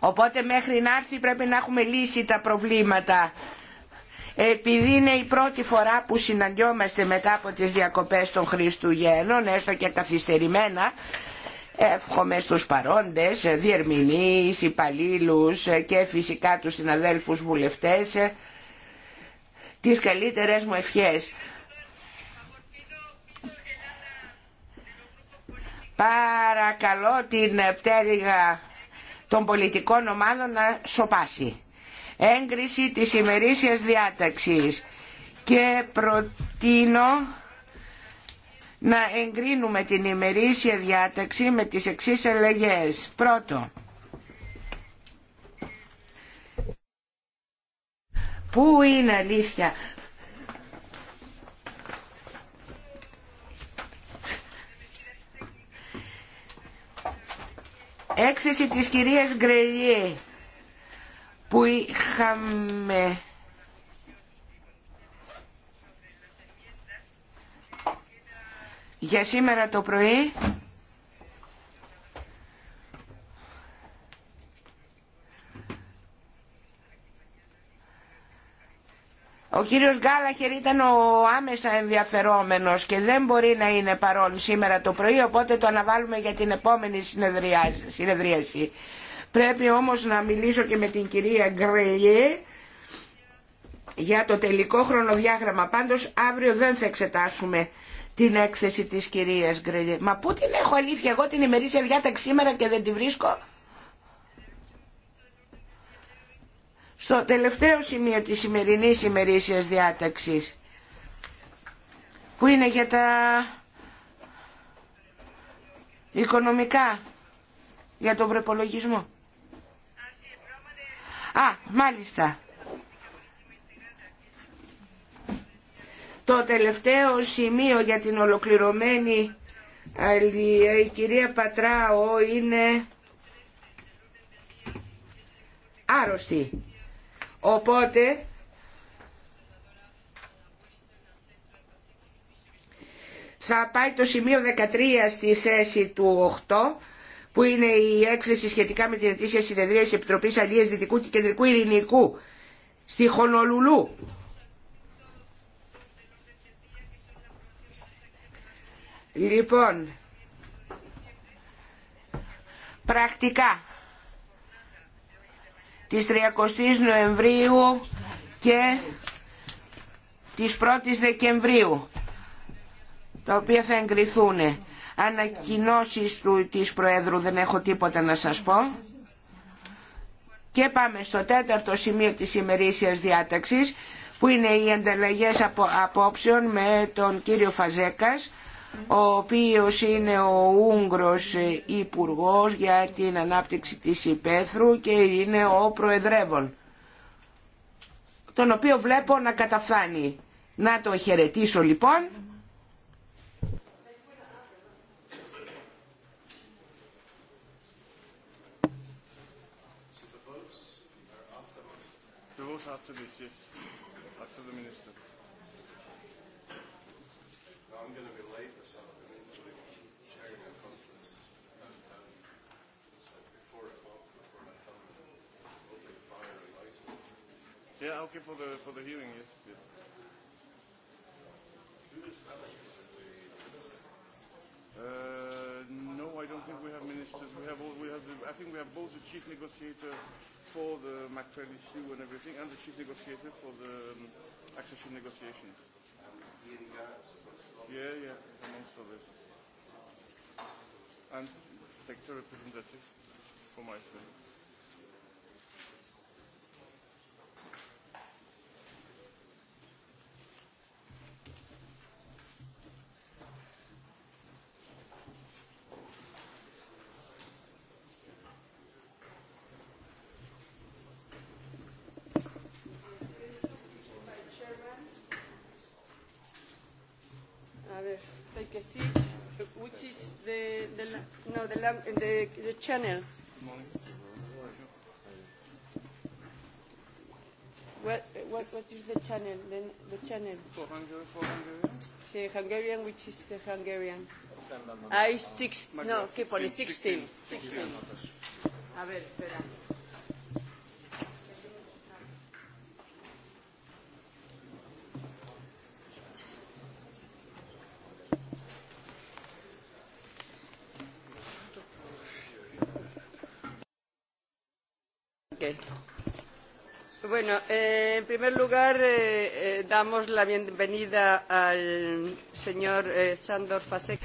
Οπότε μέχρι να έρθει πρέπει να έχουμε λύσει τα προβλήματα. Επειδή είναι η πρώτη φορά που συναντιόμαστε μετά από τις διακοπές των Χριστουγέννων, έστω και καθυστερημένα, εύχομαι στους παρόντες, διερμηνείς, υπαλλήλου και φυσικά τους συναδέλφους βουλευτές τις καλύτερες μου ευχές. Παρακαλώ την πτέρυγα των πολιτικών ομάδων να σοπάσει. Έγκριση της ημερήσιας διάταξης και προτείνω να εγκρίνουμε την ημερήσια διάταξη με τις εξής ελεγές. Πρώτο, Πού είναι αλήθεια έκθεση της κυρίας Γκρελιέ που είχαμε για σήμερα το πρωί Ο κύριος Γκάλαχερ ήταν ο άμεσα ενδιαφερόμενος και δεν μπορεί να είναι παρόν σήμερα το πρωί, οπότε το αναβάλουμε για την επόμενη συνεδρίαση. Πρέπει όμως να μιλήσω και με την κυρία Γκρελιέ για το τελικό χρονοδιάγραμμα. Πάντως αύριο δεν θα εξετάσουμε την έκθεση της κυρίας Γκρελιέ. Μα πού την έχω αλήθεια εγώ την ημερήσια διάταξη σήμερα και δεν την βρίσκω. στο τελευταίο σημείο της σημερινής ημερήσιας διάταξης που είναι για τα οικονομικά για τον προπολογισμό. Α, μάλιστα. Το τελευταίο σημείο για την ολοκληρωμένη αλληλεία, η κυρία Πατράο είναι άρρωστη. Οπότε θα πάει το σημείο 13 στη θέση του 8 που είναι η έκθεση σχετικά με την ετήσια συνεδρία της Επιτροπής Αλίας Δυτικού και Κεντρικού Ειρηνικού στη Χονολουλού. Λοιπόν, πρακτικά της 30ης Νοεμβρίου και της 1ης Δεκεμβρίου τα οποία θα εγκριθούν ανακοινώσεις του, της Προέδρου δεν έχω τίποτα να σας πω και πάμε στο τέταρτο σημείο της ημερήσιας διάταξης που είναι οι ανταλλαγές απόψεων με τον κύριο Φαζέκας ο οποίος είναι ο Ούγγρος υπουργό για την ανάπτυξη της Υπέθρου και είναι ο Προεδρεύων, τον οποίο βλέπω να καταφθάνει. Να το χαιρετήσω λοιπόν. Yeah, okay for the for the hearing, yes. yes. Uh, no, I don't think we have ministers. We have all, we have. The, I think we have both the chief negotiator for the MacTrade issue and everything, and the chief negotiator for the um, accession negotiations. Yeah, yeah, amongst others. And sector representative my Iceland. is the, the no the, the the channel. What what what is the channel? The, the channel. For Hungary, Hungarian. Hungarian, which is the Hungarian. I six no, keep on 16. 16. Okay. Bueno, eh, en primer lugar, eh, eh, damos eh,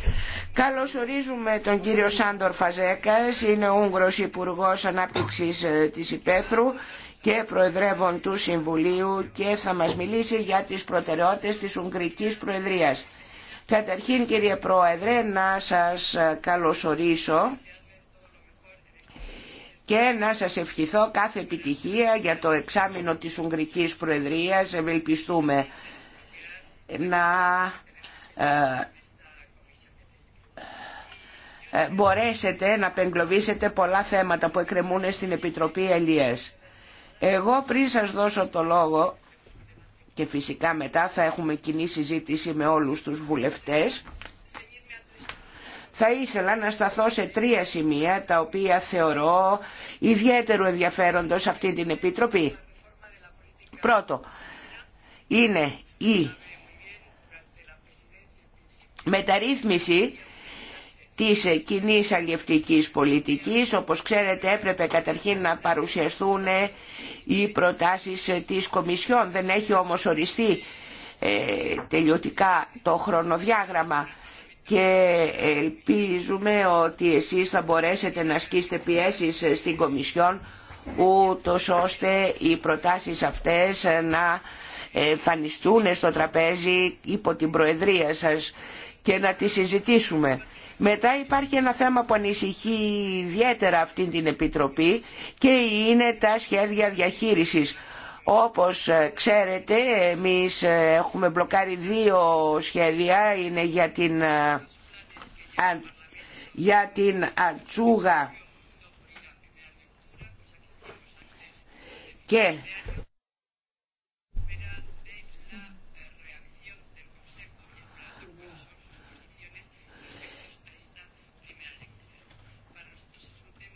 Καλώς ορίζουμε τον κύριο Σάντορ Φαζέκα, είναι Ούγγρος Υπουργός Ανάπτυξης ε, της Υπέθρου και Προεδρεύων του Συμβουλίου και θα μας μιλήσει για τις προτεραιότητες της Ουγγρικής Προεδρίας. Καταρχήν κύριε Πρόεδρε να σας ε, καλωσορίσω και να σας ευχηθώ κάθε επιτυχία για το εξάμεινο της Ουγγρικής Προεδρίας. Ευελπιστούμε να ε, ε, μπορέσετε να πεγκλωβίσετε πολλά θέματα που εκκρεμούν στην Επιτροπή Ελίας. Εγώ πριν σας δώσω το λόγο και φυσικά μετά θα έχουμε κοινή συζήτηση με όλους τους βουλευτές θα ήθελα να σταθώ σε τρία σημεία τα οποία θεωρώ ιδιαίτερου ενδιαφέροντος σε αυτή την Επιτροπή. Πρώτο, είναι η μεταρρύθμιση της κοινή αλλιευτικής πολιτικής. Όπως ξέρετε έπρεπε καταρχήν να παρουσιαστούν οι προτάσεις της Κομισιόν. Δεν έχει όμως οριστεί ε, τελειωτικά το χρονοδιάγραμμα και ελπίζουμε ότι εσείς θα μπορέσετε να ασκήσετε πιέσεις στην Κομισιόν ούτως ώστε οι προτάσεις αυτές να εμφανιστούν στο τραπέζι υπό την Προεδρία σας και να τις συζητήσουμε. Μετά υπάρχει ένα θέμα που ανησυχεί ιδιαίτερα αυτήν την Επιτροπή και είναι τα σχέδια διαχείρισης όπως ε, ξέρετε εμείς ε, έχουμε μπλοκάρει δύο σχέδια, είναι για την, ε, για την Ατσούγα και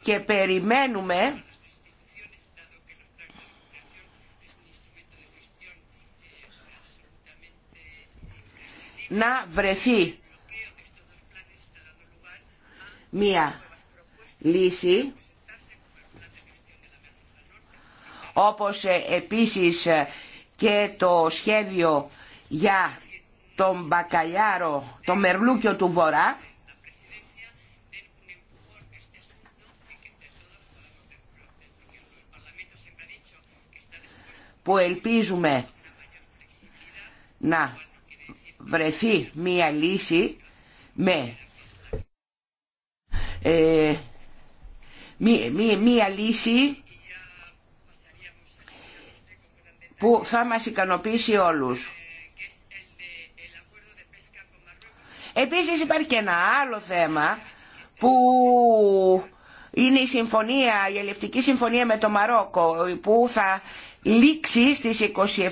και περιμένουμε να βρεθεί μία λύση όπως ε, επίσης ε, και το σχέδιο για τον μπακαλιάρο, το μερλούκιο του Βορρά που ελπίζουμε να βρεθεί μία λύση με ε, μία, λύση που θα μας ικανοποιήσει όλους. Επίσης υπάρχει και ένα άλλο θέμα που είναι η συμφωνία, η ελευτική συμφωνία με το Μαρόκο που θα λήξει στις 27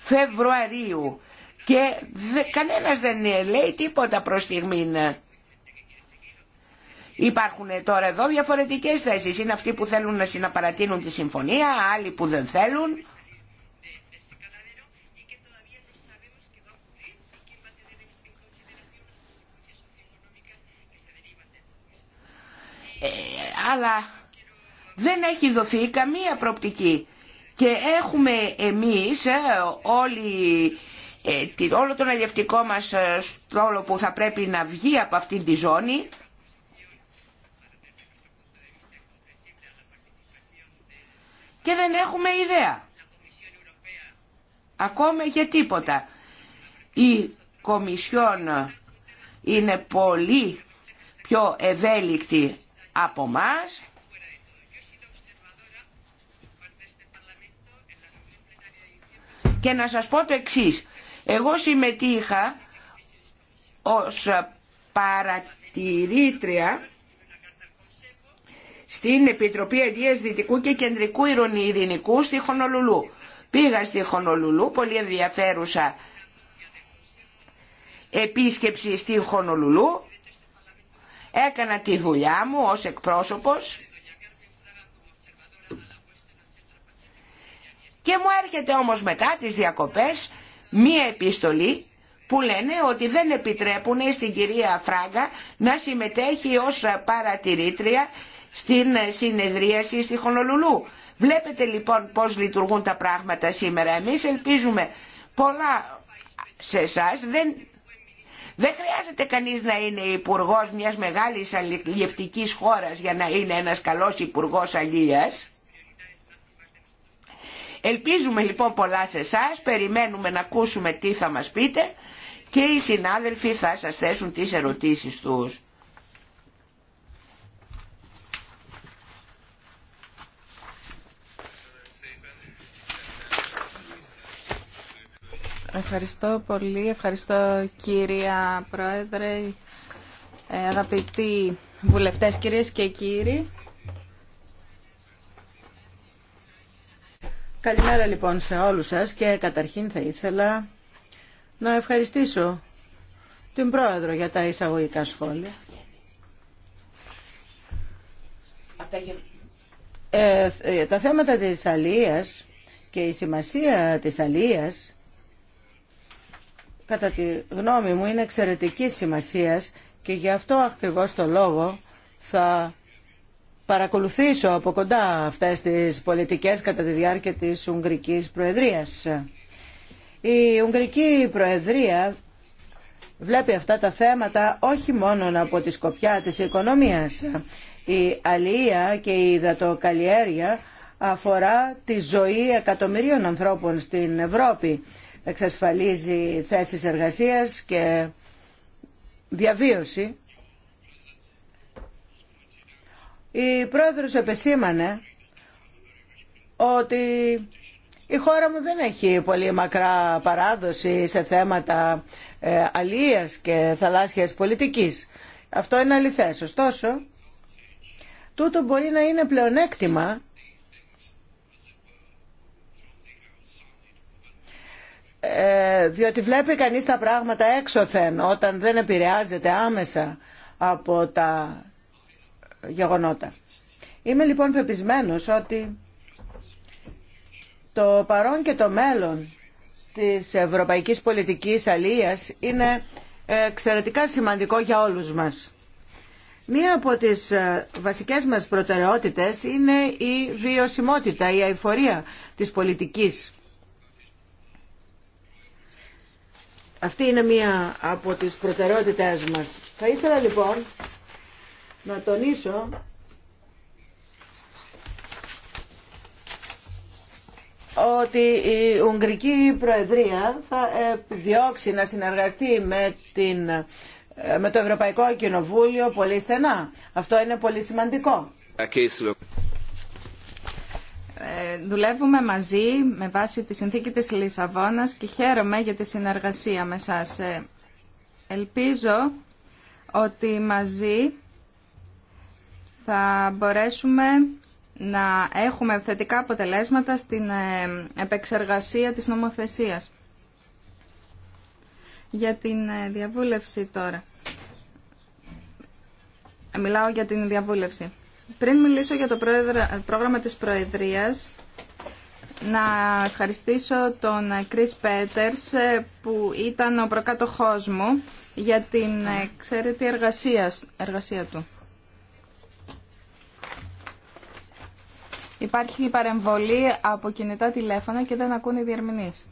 Φεβρουαρίου και κανένας δεν λέει τίποτα προς στιγμήν. Υπάρχουν τώρα εδώ διαφορετικές θέσεις. Είναι αυτοί που θέλουν να συναπαρατείνουν τη συμφωνία, άλλοι που δεν θέλουν. Ε, αλλά δεν έχει δοθεί καμία προπτική. Και έχουμε εμείς ε, όλοι ε, όλο τον αλλιευτικό μας στόλο ε, που θα πρέπει να βγει από αυτήν τη ζώνη και δεν έχουμε ιδέα ακόμα για τίποτα. Η Κομισιόν είναι πολύ πιο ευέλικτη από μας. Και να σας πω το εξής. Εγώ συμμετείχα ως παρατηρήτρια στην Επιτροπή Αιδείας Δυτικού και Κεντρικού Ηρωνιειδηνικού στη Χονολουλού. Πήγα στη Χονολουλού, πολύ ενδιαφέρουσα επίσκεψη στη Χονολουλού. Έκανα τη δουλειά μου ως εκπρόσωπος και μου έρχεται όμως μετά τις διακοπές μία επιστολή που λένε ότι δεν επιτρέπουν στην κυρία Φράγκα να συμμετέχει ως παρατηρήτρια στην συνεδρίαση στη Χονολουλού. Βλέπετε λοιπόν πώς λειτουργούν τα πράγματα σήμερα. Εμείς ελπίζουμε πολλά σε εσά δεν... Δεν χρειάζεται κανείς να είναι υπουργό μιας μεγάλης αλληλευτικής χώρας για να είναι ένας καλός υπουργό αλλίας. Ελπίζουμε λοιπόν πολλά σε εσά, περιμένουμε να ακούσουμε τι θα μας πείτε και οι συνάδελφοι θα σας θέσουν τις ερωτήσεις τους. Ευχαριστώ πολύ. Ευχαριστώ κυρία Πρόεδρε, ε, αγαπητοί βουλευτές, κυρίες και κύριοι. Καλημέρα λοιπόν σε όλους σας και καταρχήν θα ήθελα να ευχαριστήσω την Πρόεδρο για τα εισαγωγικά σχόλια. Ε, τα θέματα της αλίας και η σημασία της αλίας κατά τη γνώμη μου είναι εξαιρετική σημασίας και γι' αυτό ακριβώς το λόγο θα παρακολουθήσω από κοντά αυτές τις πολιτικές κατά τη διάρκεια της Ουγγρικής Προεδρίας. Η Ουγγρική Προεδρία βλέπει αυτά τα θέματα όχι μόνο από τη σκοπιά της οικονομίας. Η αλληλεία και η υδατοκαλλιέργεια αφορά τη ζωή εκατομμυρίων ανθρώπων στην Ευρώπη. Εξασφαλίζει θέσεις εργασίας και διαβίωση Η πρόεδρος επεσήμανε ότι η χώρα μου δεν έχει πολύ μακρά παράδοση σε θέματα ε, αλίας και θαλάσσιας πολιτικής. Αυτό είναι αληθές. Ωστόσο, τούτο μπορεί να είναι πλεονέκτημα ε, διότι βλέπει κανείς τα πράγματα έξωθεν όταν δεν επηρεάζεται άμεσα από τα γεγονότα. Είμαι λοιπόν πεπισμένος ότι το παρόν και το μέλλον της ευρωπαϊκής πολιτικής αλίας είναι εξαιρετικά σημαντικό για όλους μας. Μία από τις ε, βασικές μας προτεραιότητες είναι η βιωσιμότητα, η αηφορία της πολιτικής. Αυτή είναι μία από τις προτεραιότητες μας. Θα ήθελα λοιπόν να τονίσω ότι η Ουγγρική Προεδρία θα διώξει να συνεργαστεί με, την, με το Ευρωπαϊκό Κοινοβούλιο πολύ στενά. Αυτό είναι πολύ σημαντικό. Ε, δουλεύουμε μαζί με βάση τη συνθήκη της Λισαβόνας και χαίρομαι για τη συνεργασία με σας. Ε, ελπίζω ότι μαζί θα μπορέσουμε να έχουμε θετικά αποτελέσματα στην ε, επεξεργασία της νομοθεσίας. Για την ε, διαβούλευση τώρα. Μιλάω για την διαβούλευση. Πριν μιλήσω για το πρόγραμμα της Προεδρίας, να ευχαριστήσω τον Κρίς ε, Πέτερς που ήταν ο προκάτοχός μου για την εξαιρετή εργασία, εργασία του. Υπάρχει παρεμβολή από κινητά τηλέφωνα και δεν ακούν οι διερμηνείς.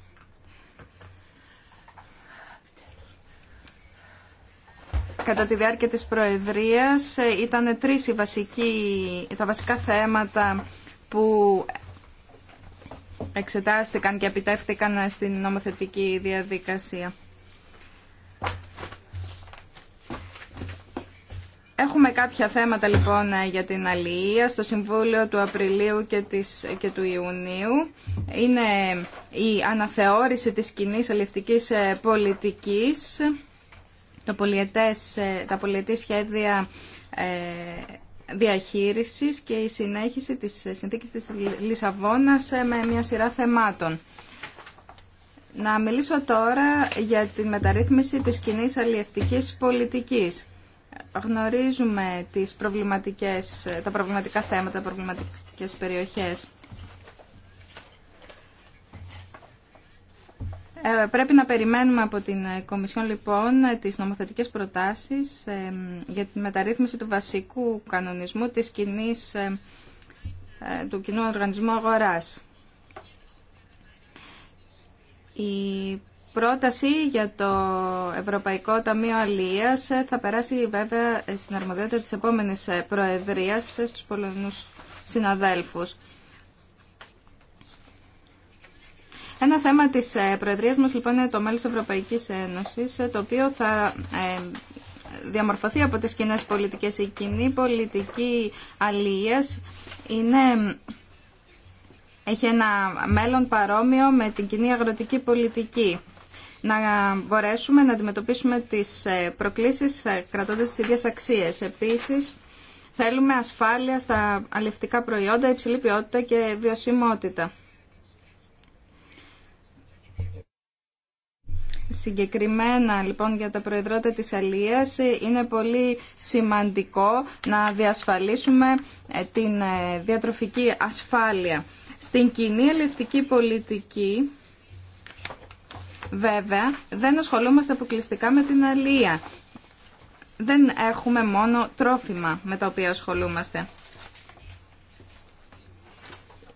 Κατά τη διάρκεια της Προεδρίας ε, ήταν τρεις βασικοί, τα βασικά θέματα που εξετάστηκαν και επιτεύχθηκαν στην νομοθετική διαδικασία. Έχουμε κάποια θέματα λοιπόν ε, για την αλληλεία στο Συμβούλιο του Απριλίου και, της, και του Ιουνίου. Είναι ε, η αναθεώρηση της κοινή αλληλευτικής ε, πολιτικής. Το πολιετές, τα πολιετή σχέδια διαχείρισης και η συνέχιση της συνθήκης της Λισαβόνας με μια σειρά θεμάτων. Να μιλήσω τώρα για τη μεταρρύθμιση της κοινή αλληλευτικής πολιτικής γνωρίζουμε τις προβληματικές, τα προβληματικά θέματα, τα προβληματικές περιοχές. Ε, πρέπει να περιμένουμε από την Κομισιόν λοιπόν τις νομοθετικές προτάσεις ε, για τη μεταρρύθμιση του βασικού κανονισμού της κοινής, ε, ε, του κοινού οργανισμού αγοράς πρόταση για το Ευρωπαϊκό Ταμείο Αλίας θα περάσει βέβαια στην αρμοδιότητα της επόμενης προεδρίας στους πολωνούς συναδέλφους. Ένα θέμα της προεδρίας μας λοιπόν είναι το μέλος τη Ευρωπαϊκής Ένωσης, το οποίο θα ε, διαμορφωθεί από τις κοινέ πολιτικές. Η κοινή πολιτική αλίας είναι... Έχει ένα μέλλον παρόμοιο με την κοινή αγροτική πολιτική να μπορέσουμε να αντιμετωπίσουμε τις ε, προκλήσεις ε, κρατώντας τις ίδιες αξίες. Επίσης, θέλουμε ασφάλεια στα αλληλευτικά προϊόντα, υψηλή ποιότητα και βιωσιμότητα. Συγκεκριμένα λοιπόν για τα προεδρότα της Αλίας ε, είναι πολύ σημαντικό να διασφαλίσουμε την διατροφική ασφάλεια. Στην κοινή αλληλευτική πολιτική Βέβαια, δεν ασχολούμαστε αποκλειστικά με την αλία. Δεν έχουμε μόνο τρόφιμα με τα οποία ασχολούμαστε.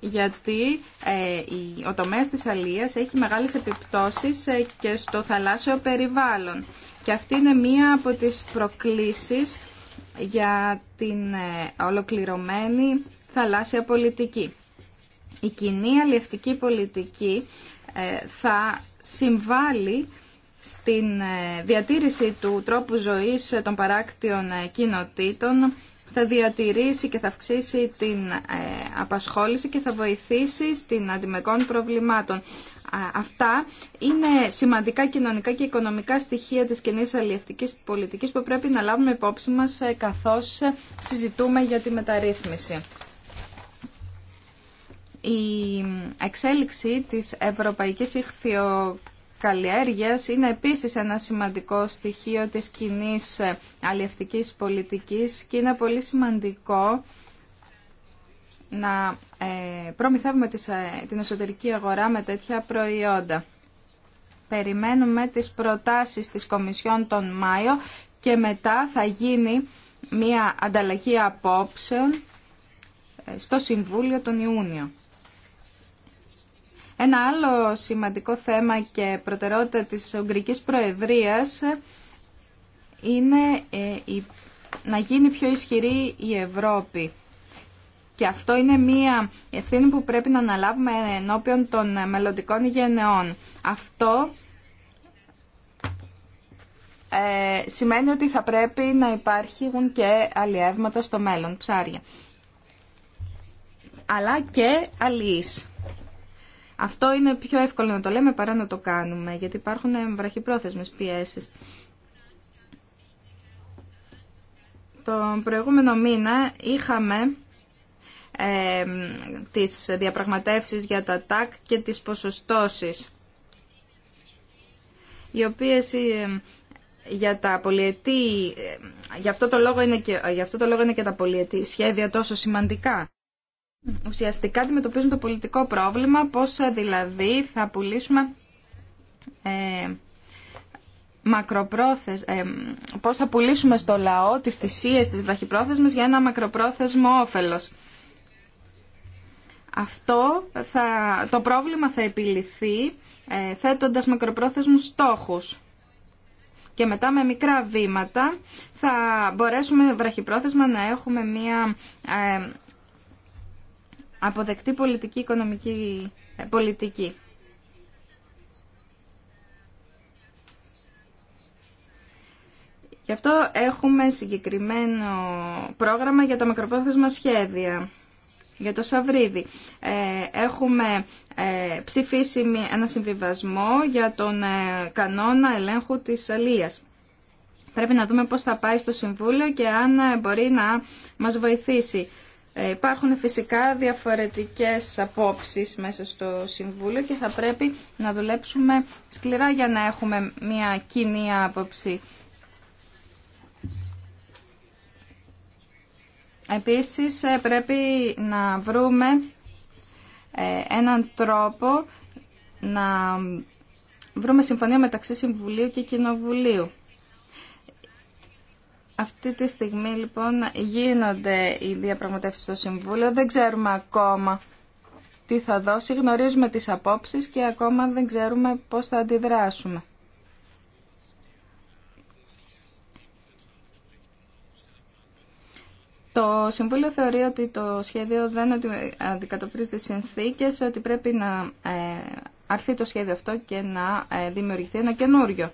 Γιατί ε, ο τομέας της αλίας έχει μεγάλες επιπτώσεις ε, και στο θαλάσσιο περιβάλλον. Και αυτή είναι μία από τις προκλήσεις για την ε, ολοκληρωμένη θαλάσσια πολιτική. Η κοινή αλιευτική πολιτική θα συμβάλλει στην ε, διατήρηση του τρόπου ζωής ε, των παράκτιων ε, κοινοτήτων, θα διατηρήσει και θα αυξήσει την απασχόληση και θα βοηθήσει στην αντιμεκών προβλημάτων. Αυτά είναι σημαντικά κοινωνικά και οικονομικά στοιχεία της κοινή αλληλευτικής πολιτικής που πρέπει να λάβουμε υπόψη μας καθώς συζητούμε για τη μεταρρύθμιση. Η εξέλιξη της ευρωπαϊκής ηχθειοκαλλιέργειας είναι επίσης ένα σημαντικό στοιχείο της κοινή αλλιευτικής πολιτικής και είναι πολύ σημαντικό να ε, προμηθεύουμε ε, την εσωτερική αγορά με τέτοια προϊόντα. Περιμένουμε τις προτάσεις της Κομισιόν τον Μάιο και μετά θα γίνει μια ανταλλαγή απόψεων ε, στο Συμβούλιο τον Ιούνιο. Ένα άλλο σημαντικό θέμα και προτεραιότητα της Ουγγρικής Προεδρίας είναι ε, να γίνει πιο ισχυρή η Ευρώπη. Και αυτό είναι μια ευθύνη που πρέπει να αναλάβουμε ενώπιον των μελλοντικών γενεών. Αυτό ε, σημαίνει ότι θα πρέπει να υπάρχουν και αλλιεύματα στο μέλλον, ψάρια. Αλλά και αλλιείς. Αυτό είναι πιο εύκολο να το λέμε παρά να το κάνουμε, γιατί υπάρχουν βραχυπρόθεσμες πιέσεις. Το προηγούμενο μήνα είχαμε ε, τις διαπραγματεύσεις για τα ΤΑΚ και τις ποσοστώσεις, οι οποίες ε, για τα πολυετή, ε, γι' αυτό το λόγο είναι και, ε, αυτό το λόγο είναι και τα πολυετή σχέδια τόσο σημαντικά ουσιαστικά αντιμετωπίζουν το πολιτικό πρόβλημα, πώς ε, δηλαδή θα πουλήσουμε ε, ε, πώς θα πουλήσουμε στο λαό τις θυσίες της βραχυπρόθεσμες για ένα μακροπρόθεσμο όφελος. Αυτό θα, το πρόβλημα θα επιληθεί ε, θέτοντας μακροπρόθεσμους στόχους. Και μετά με μικρά βήματα θα μπορέσουμε βραχυπρόθεσμα να έχουμε μια ε, αποδεκτή πολιτική οικονομική ε, πολιτική. Γι' αυτό έχουμε συγκεκριμένο πρόγραμμα για τα μακροπρόθεσμα σχέδια. Για το Σαβρίδι ε, έχουμε ε, ψηφίσει ένα συμβιβασμό για τον κανόνα ελέγχου της αλίας. Πρέπει να δούμε πώς θα πάει στο Συμβούλιο και αν μπορεί να μας βοηθήσει. Ε, υπάρχουν φυσικά διαφορετικές απόψεις μέσα στο Συμβούλιο και θα πρέπει να δουλέψουμε σκληρά για να έχουμε μια κοινή άποψη. Επίσης ε, πρέπει να βρούμε ε, έναν τρόπο να βρούμε συμφωνία μεταξύ Συμβουλίου και Κοινοβουλίου. Αυτή τη στιγμή λοιπόν γίνονται οι διαπραγματεύσεις στο Συμβούλιο. Δεν ξέρουμε ακόμα τι θα δώσει. Γνωρίζουμε τις απόψεις και ακόμα δεν ξέρουμε πώς θα αντιδράσουμε. Το Συμβούλιο θεωρεί ότι το σχέδιο δεν αντικατοπτρίζει τις συνθήκες, ότι πρέπει να ε, αρθεί το σχέδιο αυτό και να ε, δημιουργηθεί ένα καινούριο.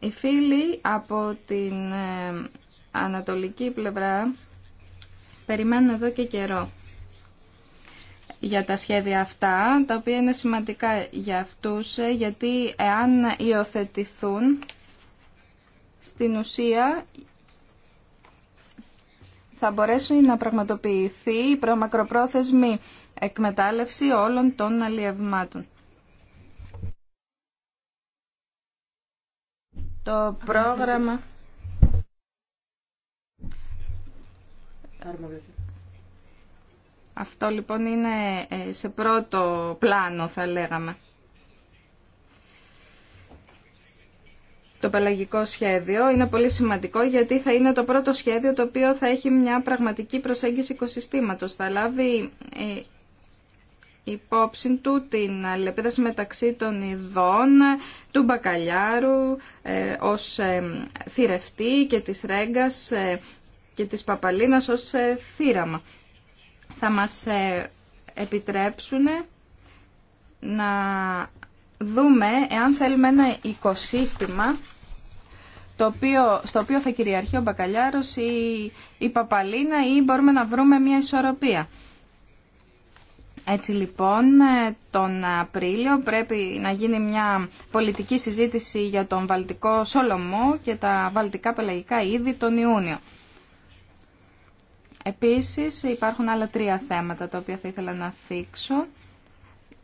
Οι φίλοι από την ε, ανατολική πλευρά περιμένουν εδώ και καιρό για τα σχέδια αυτά, τα οποία είναι σημαντικά για αυτούς, ε, γιατί εάν υιοθετηθούν, στην ουσία θα μπορέσουν να πραγματοποιηθεί η προμακροπρόθεσμη εκμετάλλευση όλων των αλλιευμάτων. Το πρόγραμμα... Αυτό λοιπόν είναι ε, σε πρώτο πλάνο θα λέγαμε. Το πελαγικό σχέδιο είναι πολύ σημαντικό γιατί θα είναι το πρώτο σχέδιο το οποίο θα έχει μια πραγματική προσέγγιση οικοσυστήματος. Θα λάβει ε, υπόψη του την αλληλεπίδραση μεταξύ των ειδών του μπακαλιάρου ε, ως ε, θηρευτή και της ρέγκας ε, και της παπαλίνας ως ε, θύραμα. Θα μας επιτρέψουν να δούμε εάν θέλουμε ένα οικοσύστημα το οποίο, στο οποίο θα κυριαρχεί ο μπακαλιάρος ή η παπαλίνα ή μπορούμε να βρούμε μια ισορροπία. Έτσι λοιπόν ε, τον Απρίλιο πρέπει να γίνει μια πολιτική συζήτηση για τον Βαλτικό Σολομό και τα Βαλτικά Πελαγικά είδη τον Ιούνιο. Επίσης υπάρχουν άλλα τρία θέματα τα οποία θα ήθελα να θίξω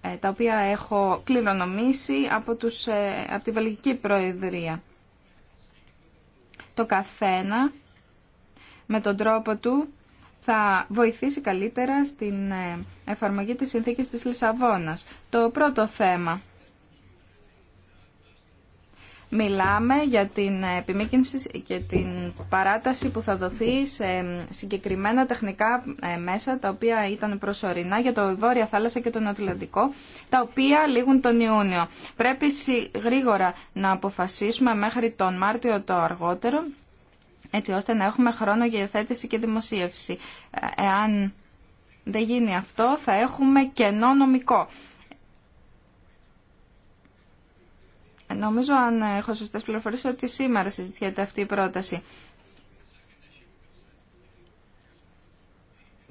ε, τα οποία έχω κληρονομήσει από, τους, ε, από τη Βαλτική Προεδρία. Το καθένα με τον τρόπο του θα βοηθήσει καλύτερα στην εφαρμογή της συνθήκης της Λισαβόνας. Το πρώτο θέμα. Μιλάμε για την επιμήκυνση και την παράταση που θα δοθεί σε συγκεκριμένα τεχνικά ε, μέσα, τα οποία ήταν προσωρινά για το Βόρεια Θάλασσα και τον Ατλαντικό, τα οποία λήγουν τον Ιούνιο. Πρέπει γρήγορα να αποφασίσουμε μέχρι τον Μάρτιο το αργότερο, έτσι ώστε να έχουμε χρόνο για υιοθέτηση και δημοσίευση. Ε, εάν δεν γίνει αυτό θα έχουμε κενό νομικό. Νομίζω αν έχω σωστέ πληροφορίες ότι σήμερα συζητιέται αυτή η πρόταση.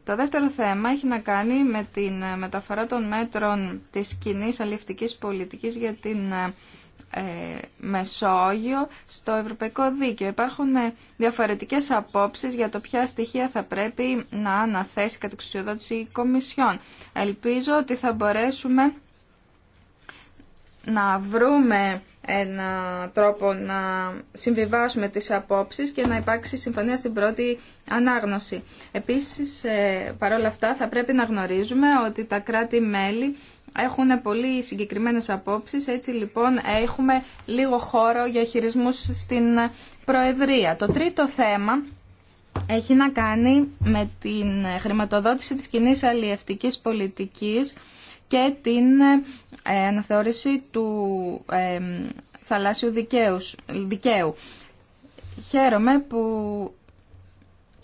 Το δεύτερο θέμα έχει να κάνει με την μεταφορά των μέτρων της κοινή αλληλευτικής πολιτικής για την ε, ε, Μεσόγειο στο Ευρωπαϊκό Δίκαιο. Υπάρχουν ε, διαφορετικές απόψεις για το ποια στοιχεία θα πρέπει να αναθέσει κατά εξουσιοδότηση Κομισιόν. Ελπίζω ότι θα μπορέσουμε να βρούμε ένα τρόπο να συμβιβάσουμε τις απόψεις και να υπάρξει συμφωνία στην πρώτη ανάγνωση. Επίσης, ε, παρόλα αυτά, θα πρέπει να γνωρίζουμε ότι τα κράτη-μέλη έχουν πολύ συγκεκριμένες απόψεις, έτσι λοιπόν έχουμε λίγο χώρο για χειρισμούς στην Προεδρία. Το τρίτο θέμα έχει να κάνει με την χρηματοδότηση της κοινή αλλιευτικής πολιτικής και την ε, αναθεώρηση του θαλάσσιου δικαίου. Χαίρομαι που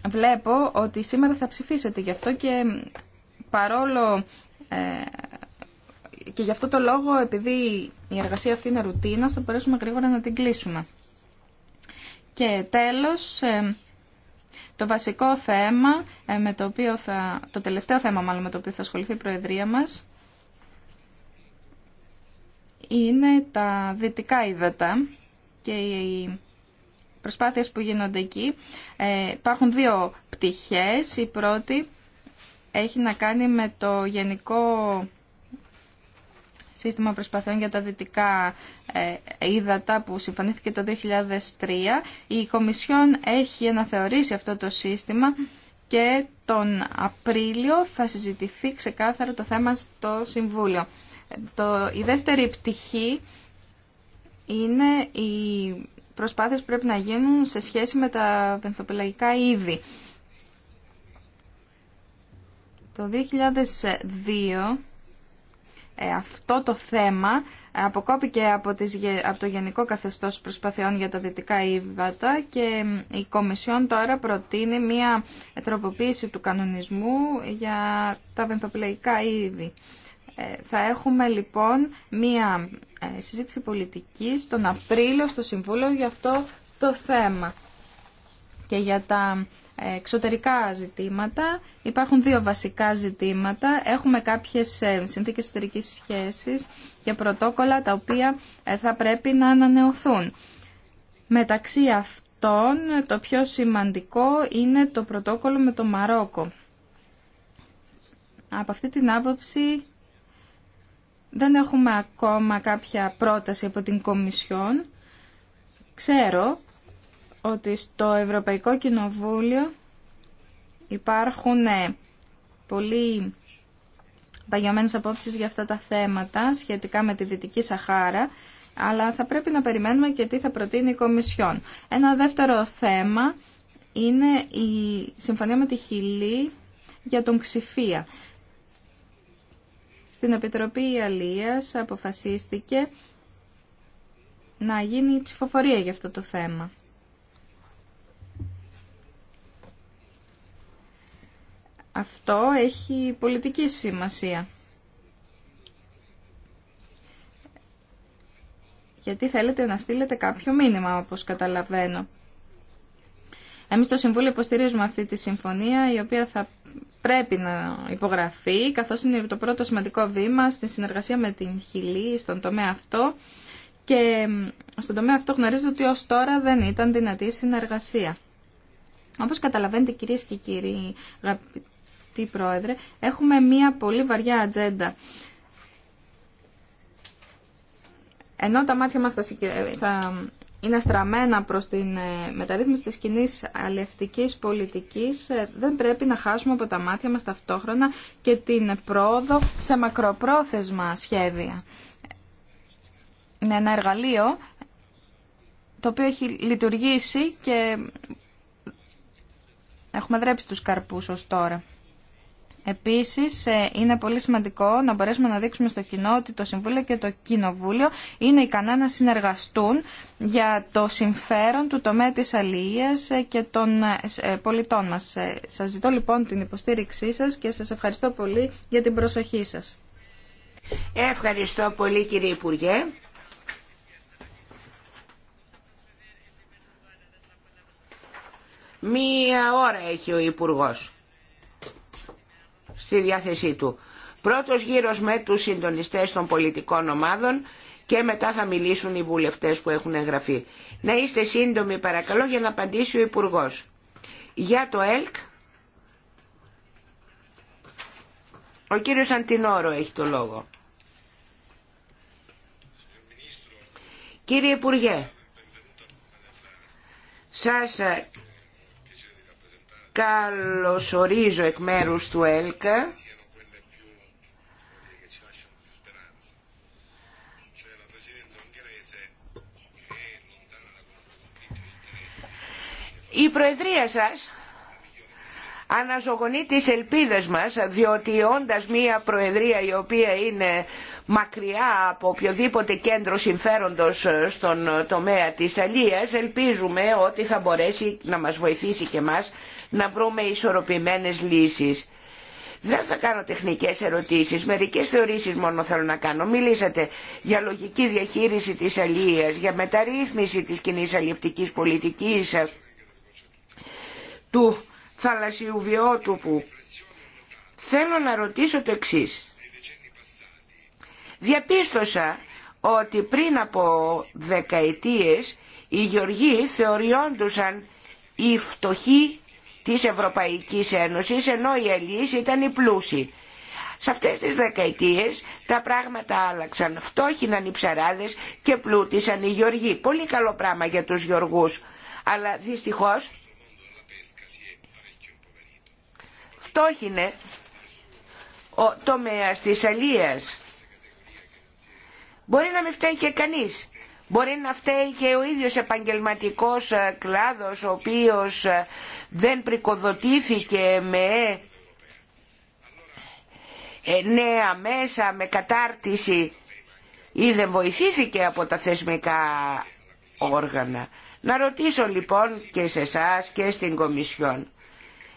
βλέπω ότι σήμερα θα ψηφίσετε γι' αυτό και παρόλο ε, και γι' αυτό το λόγο, επειδή η εργασία αυτή είναι ρουτίνα, θα μπορέσουμε γρήγορα να την κλείσουμε. Και τέλος, ε, το βασικό θέμα, ε, με το, οποίο θα, το τελευταίο θέμα μάλλον με το οποίο θα ασχοληθεί η Προεδρία μας, είναι τα δυτικά ύδατα και οι προσπάθειες που γίνονται εκεί. Ε, υπάρχουν δύο πτυχές. Η πρώτη έχει να κάνει με το γενικό σύστημα προσπαθών για τα δυτικά ε, ύδατα που συμφωνήθηκε το 2003. Η Κομισιόν έχει αναθεωρήσει αυτό το σύστημα και τον Απρίλιο θα συζητηθεί ξεκάθαρα το θέμα στο Συμβούλιο. Το, η δεύτερη πτυχή είναι οι προσπάθειες που πρέπει να γίνουν σε σχέση με τα βενθοπελαγικά είδη. Το 2002 ε, αυτό το θέμα αποκόπηκε από, τις, από το Γενικό Καθεστώς Προσπαθειών για τα Δυτικά Ήβατα και η Κομισιόν τώρα προτείνει μία τροποποίηση του κανονισμού για τα βενθοπλαϊκά είδη. Ε, θα έχουμε λοιπόν μία ε, συζήτηση πολιτικής τον Απρίλιο στο Συμβούλιο για αυτό το θέμα και για τα εξωτερικά ζητήματα. Υπάρχουν δύο βασικά ζητήματα. Έχουμε κάποιες ε, συνθήκες εσωτερικής σχέσης και πρωτόκολλα τα οποία ε, θα πρέπει να ανανεωθούν. Μεταξύ αυτών το πιο σημαντικό είναι το πρωτόκολλο με το Μαρόκο. Από αυτή την άποψη δεν έχουμε ακόμα κάποια πρόταση από την Κομισιόν. Ξέρω ότι στο Ευρωπαϊκό Κοινοβούλιο υπάρχουν ε, πολύ παγιωμένες απόψεις για αυτά τα θέματα σχετικά με τη Δυτική Σαχάρα, αλλά θα πρέπει να περιμένουμε και τι θα προτείνει η Κομισιόν. Ένα δεύτερο θέμα είναι η συμφωνία με τη Χιλή για τον Ξηφία. Στην Επιτροπή Αλίας αποφασίστηκε να γίνει ψηφοφορία για αυτό το θέμα. Αυτό έχει πολιτική σημασία. Γιατί θέλετε να στείλετε κάποιο μήνυμα, όπως καταλαβαίνω. Εμείς στο Συμβούλιο υποστηρίζουμε αυτή τη συμφωνία, η οποία θα πρέπει να υπογραφεί, καθώς είναι το πρώτο σημαντικό βήμα στη συνεργασία με την Χιλή στον τομέα αυτό. Και στον τομέα αυτό γνωρίζω ότι ως τώρα δεν ήταν δυνατή συνεργασία. Όπως καταλαβαίνετε κυρίες και κύριοι, έχουμε μία πολύ βαριά ατζέντα. Ενώ τα μάτια μας θα ε, είναι στραμμένα προς την ε, μεταρρύθμιση της κοινή αλευτικής πολιτικής, ε, δεν πρέπει να χάσουμε από τα μάτια μας ταυτόχρονα και την πρόοδο σε μακροπρόθεσμα σχέδια. Είναι ένα εργαλείο το οποίο έχει λειτουργήσει και έχουμε δρέψει τους καρπούς ως τώρα. Επίσης, ε, είναι πολύ σημαντικό να μπορέσουμε να δείξουμε στο κοινό ότι το Συμβούλιο και το Κοινοβούλιο είναι ικανά να συνεργαστούν για το συμφέρον του τομέα της αλληλείας ε, και των ε, πολιτών μας. Σας ζητώ λοιπόν την υποστήριξή σας και σας ευχαριστώ πολύ για την προσοχή σας. Ευχαριστώ πολύ κύριε Υπουργέ. Μία ώρα έχει ο Υπουργός στη διάθεσή του. Πρώτος γύρος με τους συντονιστές των πολιτικών ομάδων και μετά θα μιλήσουν οι βουλευτές που έχουν εγγραφεί. Να είστε σύντομοι παρακαλώ για να απαντήσει ο υπουργό. Για το ΕΛΚ, ο κύριος Αντινόρο έχει το λόγο. Κύριε Υπουργέ, σας καλωσορίζω εκ μέρους του ΕΛΚΑ Η Προεδρία σας αναζωογονεί τις ελπίδες μας διότι όντας μια Προεδρία η οποία είναι μακριά από οποιοδήποτε κέντρο συμφέροντος στον τομέα της αλίας ελπίζουμε ότι θα μπορέσει να μας βοηθήσει και μας να βρούμε ισορροπημένες λύσεις. Δεν θα κάνω τεχνικές ερωτήσεις, μερικές θεωρήσεις μόνο θέλω να κάνω. Μιλήσατε για λογική διαχείριση της αλίας, για μεταρρύθμιση της κοινή αλληλευτικής πολιτικής, του θαλασσιού που Θέλω να ρωτήσω το εξής. Διαπίστωσα ότι πριν από δεκαετίες οι γεωργοί θεωριόντουσαν οι φτωχοί της Ευρωπαϊκής Ένωσης ενώ οι Ελλείς ήταν οι πλούσιοι. Σε αυτές τις δεκαετίες τα πράγματα άλλαξαν. Φτώχυναν οι ψαράδες και πλούτησαν οι γεωργοί. Πολύ καλό πράγμα για τους γεωργούς. Αλλά δυστυχώς φτώχυνε ο τομέας της αλίας. Μπορεί να μην φταίει και κανείς. Μπορεί να φταίει και ο ίδιος επαγγελματικός ε, κλάδος ο οποίος ε, δεν πρικοδοτήθηκε με ε, νέα μέσα, με κατάρτιση ή δεν βοηθήθηκε από τα θεσμικά όργανα. Να ρωτήσω λοιπόν και σε εσά και στην Κομισιόν.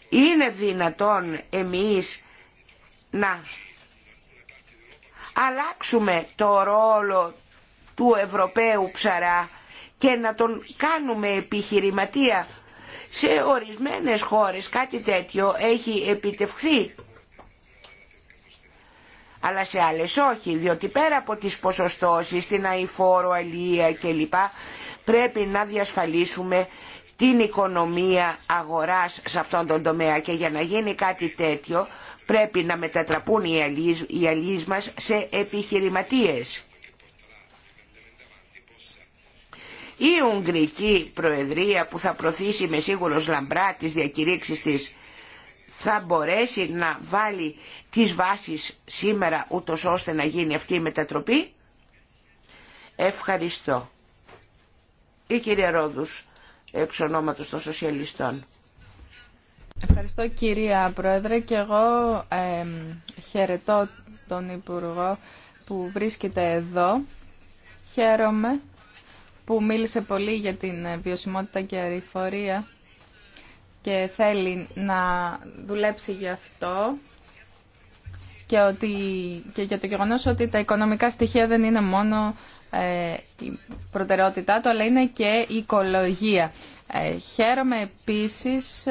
Είναι δυνατόν εμείς να αλλάξουμε το ρόλο του Ευρωπαίου ψαρά και να τον κάνουμε επιχειρηματία. Σε ορισμένες χώρες κάτι τέτοιο έχει επιτευχθεί. Αλλά σε άλλες όχι, διότι πέρα από τις ποσοστώσεις, την αηφόρο, αλληλεία κλπ. πρέπει να διασφαλίσουμε την οικονομία αγοράς σε αυτόν τον τομέα και για να γίνει κάτι τέτοιο πρέπει να μετατραπούν οι αλληλείς μας σε επιχειρηματίες. Η Ουγγρική Προεδρία που θα προθήσει με σίγουρος λαμπρά τις διακηρύξεις της θα μπορέσει να βάλει τις βάσεις σήμερα ούτως ώστε να γίνει αυτή η μετατροπή. Ευχαριστώ. Η κυρία Ρόδους, εξ ονόματος των Σοσιαλιστών. Ευχαριστώ κυρία Πρόεδρε και εγώ χαιρετώ τον Υπουργό που βρίσκεται εδώ. Χαίρομαι που μίλησε πολύ για την ε, βιωσιμότητα και αριφορία και θέλει να δουλέψει γι' αυτό και, ότι, και για το γεγονός ότι τα οικονομικά στοιχεία δεν είναι μόνο ε, η προτεραιότητά του, αλλά είναι και η οικολογία. Ε, χαίρομαι επίσης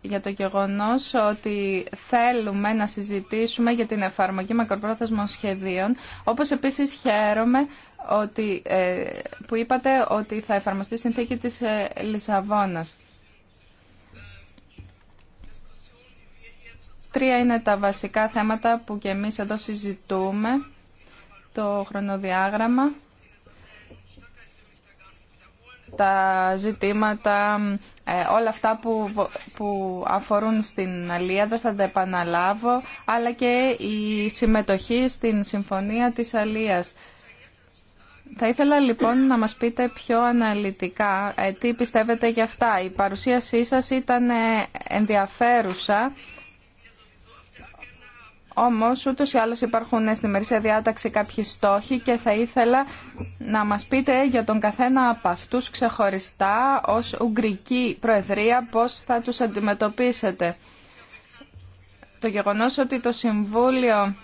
για το γεγονός ότι θέλουμε να συζητήσουμε για την εφαρμογή μακροπρόθεσμων σχεδίων, όπως επίσης χαίρομαι ότι, ε, που είπατε ότι θα εφαρμοστεί η συνθήκη της ε, Λισαβόνας. Τρία είναι τα βασικά θέματα που και εμείς εδώ συζητούμε. Το χρονοδιάγραμμα, τα ζητήματα, ε, όλα αυτά που, που αφορούν στην Αλία, δεν θα τα επαναλάβω, αλλά και η συμμετοχή στην Συμφωνία της Αλίας. Θα ήθελα λοιπόν να μας πείτε πιο αναλυτικά ε, τι πιστεύετε για αυτά. Η παρουσίασή σας ήταν ε, ενδιαφέρουσα, όμως ούτως ή άλλως υπάρχουν ε, στη μερίσια διάταξη κάποιοι στόχοι και θα ήθελα να μας πείτε για τον καθένα από αυτούς ξεχωριστά ως Ουγγρική Προεδρία πώς θα τους αντιμετωπίσετε. Το γεγονός ότι το Συμβούλιο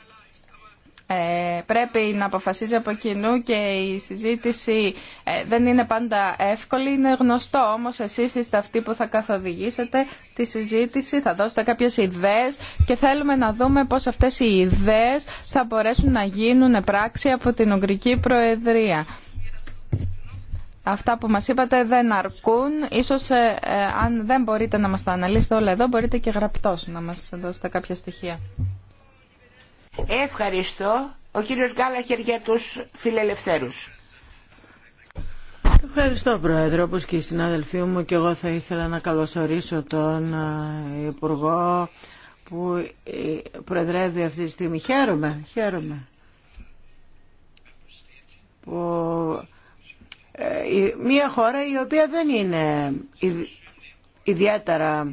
ε, πρέπει να αποφασίζει από κοινού και η συζήτηση ε, δεν είναι πάντα εύκολη. Είναι γνωστό όμως εσείς είστε αυτοί που θα καθοδηγήσετε τη συζήτηση, θα δώσετε κάποιες ιδέες και θέλουμε να δούμε πώς αυτές οι ιδέες θα μπορέσουν να γίνουν πράξη από την Ουγγρική Προεδρία. Αυτά που μας είπατε δεν αρκούν. Ίσως ε, αν δεν μπορείτε να μας τα αναλύσετε όλα εδώ, μπορείτε και γραπτός να μας δώσετε κάποια στοιχεία. Ευχαριστώ. Ο κύριος Γκάλαχερ για τους φιλελευθέρους. Ευχαριστώ Πρόεδρε, όπως και οι συνάδελφοί μου και εγώ θα ήθελα να καλωσορίσω τον ε, Υπουργό που ε, προεδρεύει αυτή τη στιγμή. Χαίρομαι, χαίρομαι. Που, ε, μια χώρα η οποία δεν είναι ιδιαίτερα,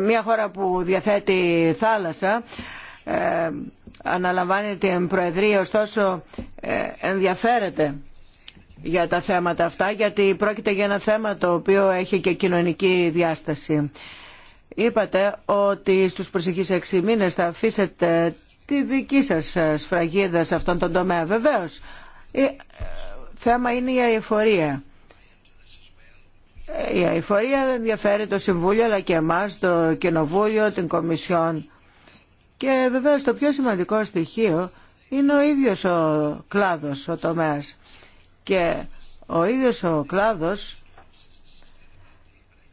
μια χώρα που διαθέτει θάλασσα, αναλαμβάνει την Προεδρία ωστόσο ε, ενδιαφέρεται για τα θέματα αυτά γιατί πρόκειται για ένα θέμα το οποίο έχει και κοινωνική διάσταση. Είπατε ότι στους προσεχείς έξι μήνες θα αφήσετε τη δική σας σφραγίδα σε αυτόν τον τομέα. Βεβαίως, ε, ε, θέμα είναι η αηφορία. Η αηφορία ενδιαφέρει το Συμβούλιο αλλά και εμάς, το Κοινοβούλιο, την Κομισιόν. Και βεβαίως το πιο σημαντικό στοιχείο είναι ο ίδιος ο κλάδος, ο τομέας. Και ο ίδιος ο κλάδος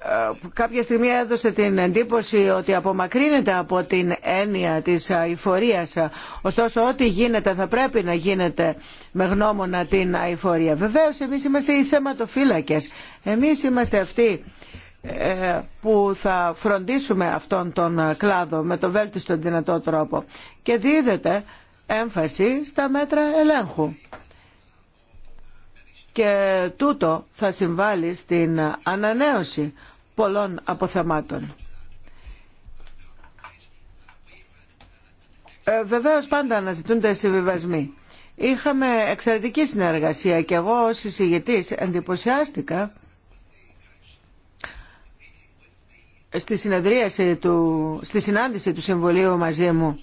ε, κάποια στιγμή έδωσε την εντύπωση ότι απομακρύνεται από την έννοια της αηφορίας. Ωστόσο, ό,τι γίνεται θα πρέπει να γίνεται με γνώμονα την αηφορία. Βεβαίως, εμείς είμαστε οι θεματοφύλακες. Εμείς είμαστε αυτοί που θα φροντίσουμε αυτόν τον κλάδο με το βέλτιστο δυνατό τρόπο και δίδεται έμφαση στα μέτρα ελέγχου. Και τούτο θα συμβάλλει στην ανανέωση πολλών αποθεμάτων. Ε, βεβαίως πάντα αναζητούνται συμβιβασμοί. Είχαμε εξαιρετική συνεργασία και εγώ ως εισηγητής εντυπωσιάστηκα στη, συνεδρίαση του, στη συνάντηση του Συμβουλίου μαζί μου.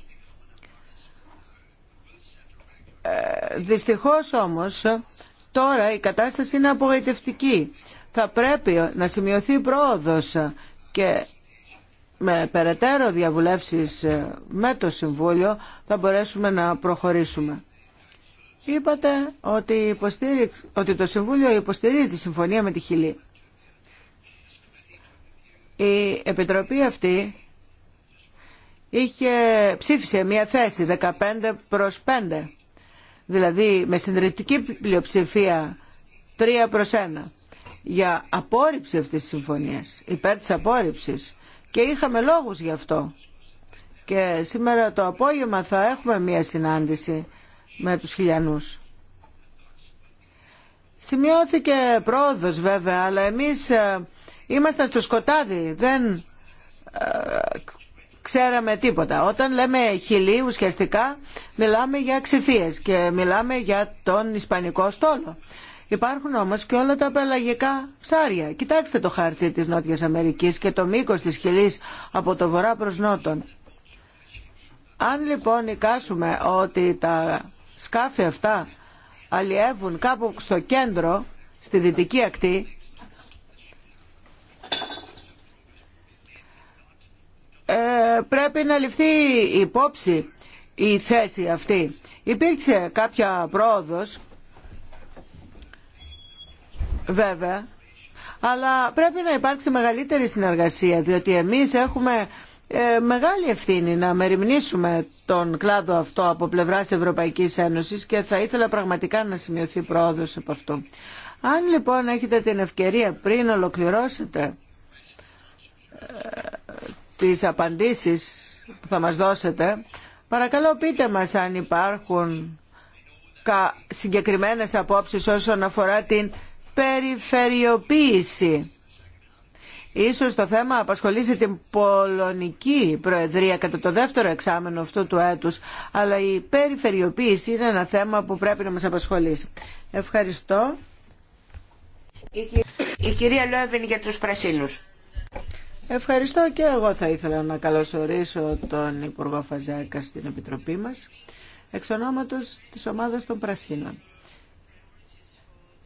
Ε, δυστυχώς όμως τώρα η κατάσταση είναι απογοητευτική. Θα πρέπει να σημειωθεί πρόοδος και με περαιτέρω διαβουλεύσεις με το Συμβούλιο θα μπορέσουμε να προχωρήσουμε. Είπατε ότι, ότι το Συμβούλιο υποστηρίζει τη συμφωνία με τη Χιλή. Η Επιτροπή αυτή είχε, ψήφισε μια θέση 15 προς 5, δηλαδή με συντηρητική πλειοψηφία 3 προς 1 για απόρριψη αυτής της συμφωνίας, υπέρ της απόρριψης και είχαμε λόγους γι' αυτό. Και σήμερα το απόγευμα θα έχουμε μια συνάντηση με τους χιλιανούς. Σημειώθηκε πρόοδος βέβαια, αλλά εμείς ε, Ήμασταν στο σκοτάδι, δεν ε, ξέραμε τίποτα. Όταν λέμε χιλί ουσιαστικά μιλάμε για ξηφίες και μιλάμε για τον Ισπανικό στόλο. Υπάρχουν όμως και όλα τα πελαγικά ψάρια. Κοιτάξτε το χάρτη της Νότιας Αμερικής και το μήκος της χιλής από το βορρά προς νότον. Αν λοιπόν εικάσουμε ότι τα σκάφη αυτά αλλιεύουν κάπου στο κέντρο, στη δυτική ακτή, Ε, πρέπει να ληφθεί υπόψη η θέση αυτή. Υπήρξε κάποια πρόοδος, βέβαια, αλλά πρέπει να υπάρξει μεγαλύτερη συνεργασία, διότι εμείς έχουμε ε, μεγάλη ευθύνη να μεριμνήσουμε τον κλάδο αυτό από πλευράς Ευρωπαϊκής Ένωσης και θα ήθελα πραγματικά να σημειωθεί πρόοδος από αυτό. Αν λοιπόν έχετε την ευκαιρία πριν ολοκληρώσετε ε, τις απαντήσεις που θα μας δώσετε, παρακαλώ πείτε μας αν υπάρχουν συγκεκριμένες απόψεις όσον αφορά την περιφερειοποίηση. Ίσως το θέμα απασχολήσει την Πολωνική Προεδρία κατά το δεύτερο εξάμενο αυτού του έτους, αλλά η περιφερειοποίηση είναι ένα θέμα που πρέπει να μας απασχολήσει. Ευχαριστώ. Η κυρία Λόεβιν για τους Πρασίνους. Ευχαριστώ και εγώ θα ήθελα να καλωσορίσω τον Υπουργό Φαζάκα στην Επιτροπή μας εξ ονόματος της ομάδας των Πρασίνων.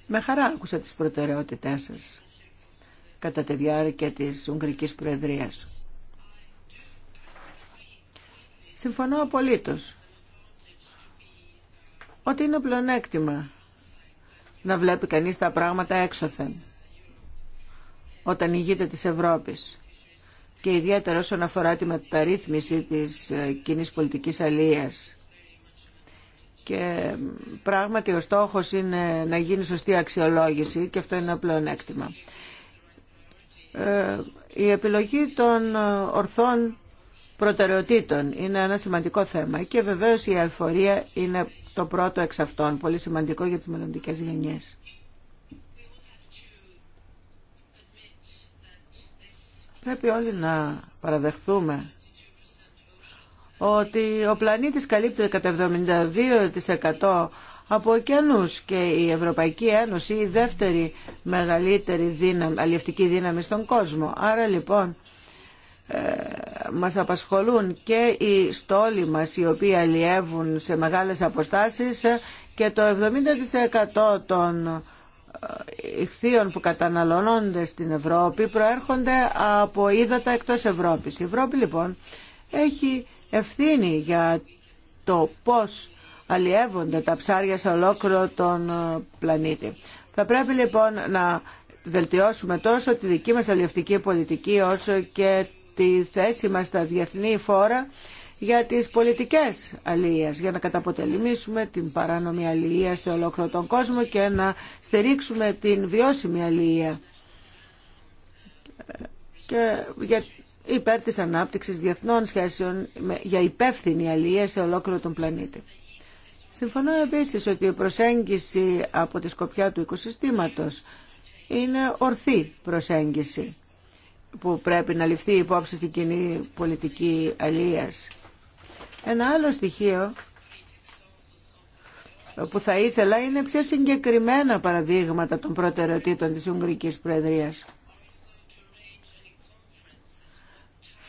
Με χαρά άκουσα τις προτεραιότητές σας κατά τη διάρκεια της Ουγγρικής Προεδρίας. Συμφωνώ απολύτως ότι είναι πλεονέκτημα να βλέπει κανείς τα πράγματα έξωθεν όταν ηγείται της Ευρώπης και ιδιαίτερα όσον αφορά τη μεταρρύθμιση της ε, κοινή πολιτικής αλίας. Και πράγματι ο στόχος είναι να γίνει σωστή αξιολόγηση και αυτό είναι ένα πλεονέκτημα. Ε, η επιλογή των ε, ορθών προτεραιοτήτων είναι ένα σημαντικό θέμα και βεβαίως η αεφορία είναι το πρώτο εξ αυτών, πολύ σημαντικό για τις μελλοντικές γενιές. πρέπει όλοι να παραδεχθούμε ότι ο πλανήτης καλύπτει κατά 72% από ωκεανούς και η Ευρωπαϊκή Ένωση η δεύτερη μεγαλύτερη δύναμη, δύναμη στον κόσμο. Άρα λοιπόν ε, μας απασχολούν και οι στόλοι μας οι οποίοι αλλιεύουν σε μεγάλες αποστάσεις και το 70% των ηχθείων που καταναλώνονται στην Ευρώπη προέρχονται από ύδατα εκτός Ευρώπης. Η Ευρώπη λοιπόν έχει ευθύνη για το πώς αλλιεύονται τα ψάρια σε ολόκληρο τον ε, πλανήτη. Θα πρέπει λοιπόν να βελτιώσουμε τόσο τη δική μας αλλιευτική πολιτική όσο και τη θέση μας στα διεθνή φόρα για τις πολιτικές αλληλείας, για να καταποτελήσουμε την παράνομη αλληλεία στο ολόκληρο τον κόσμο και να στηρίξουμε την βιώσιμη αλληλεία και για υπέρ της ανάπτυξης διεθνών σχέσεων για υπεύθυνη αλληλεία σε ολόκληρο τον πλανήτη. Συμφωνώ επίσης ότι η προσέγγιση από τη σκοπιά του οικοσυστήματος είναι ορθή προσέγγιση που πρέπει να ληφθεί υπόψη στην κοινή πολιτική αλίας. Ένα άλλο στοιχείο που θα ήθελα είναι πιο συγκεκριμένα παραδείγματα των προτεραιοτήτων της Ουγγρικής Προεδρίας.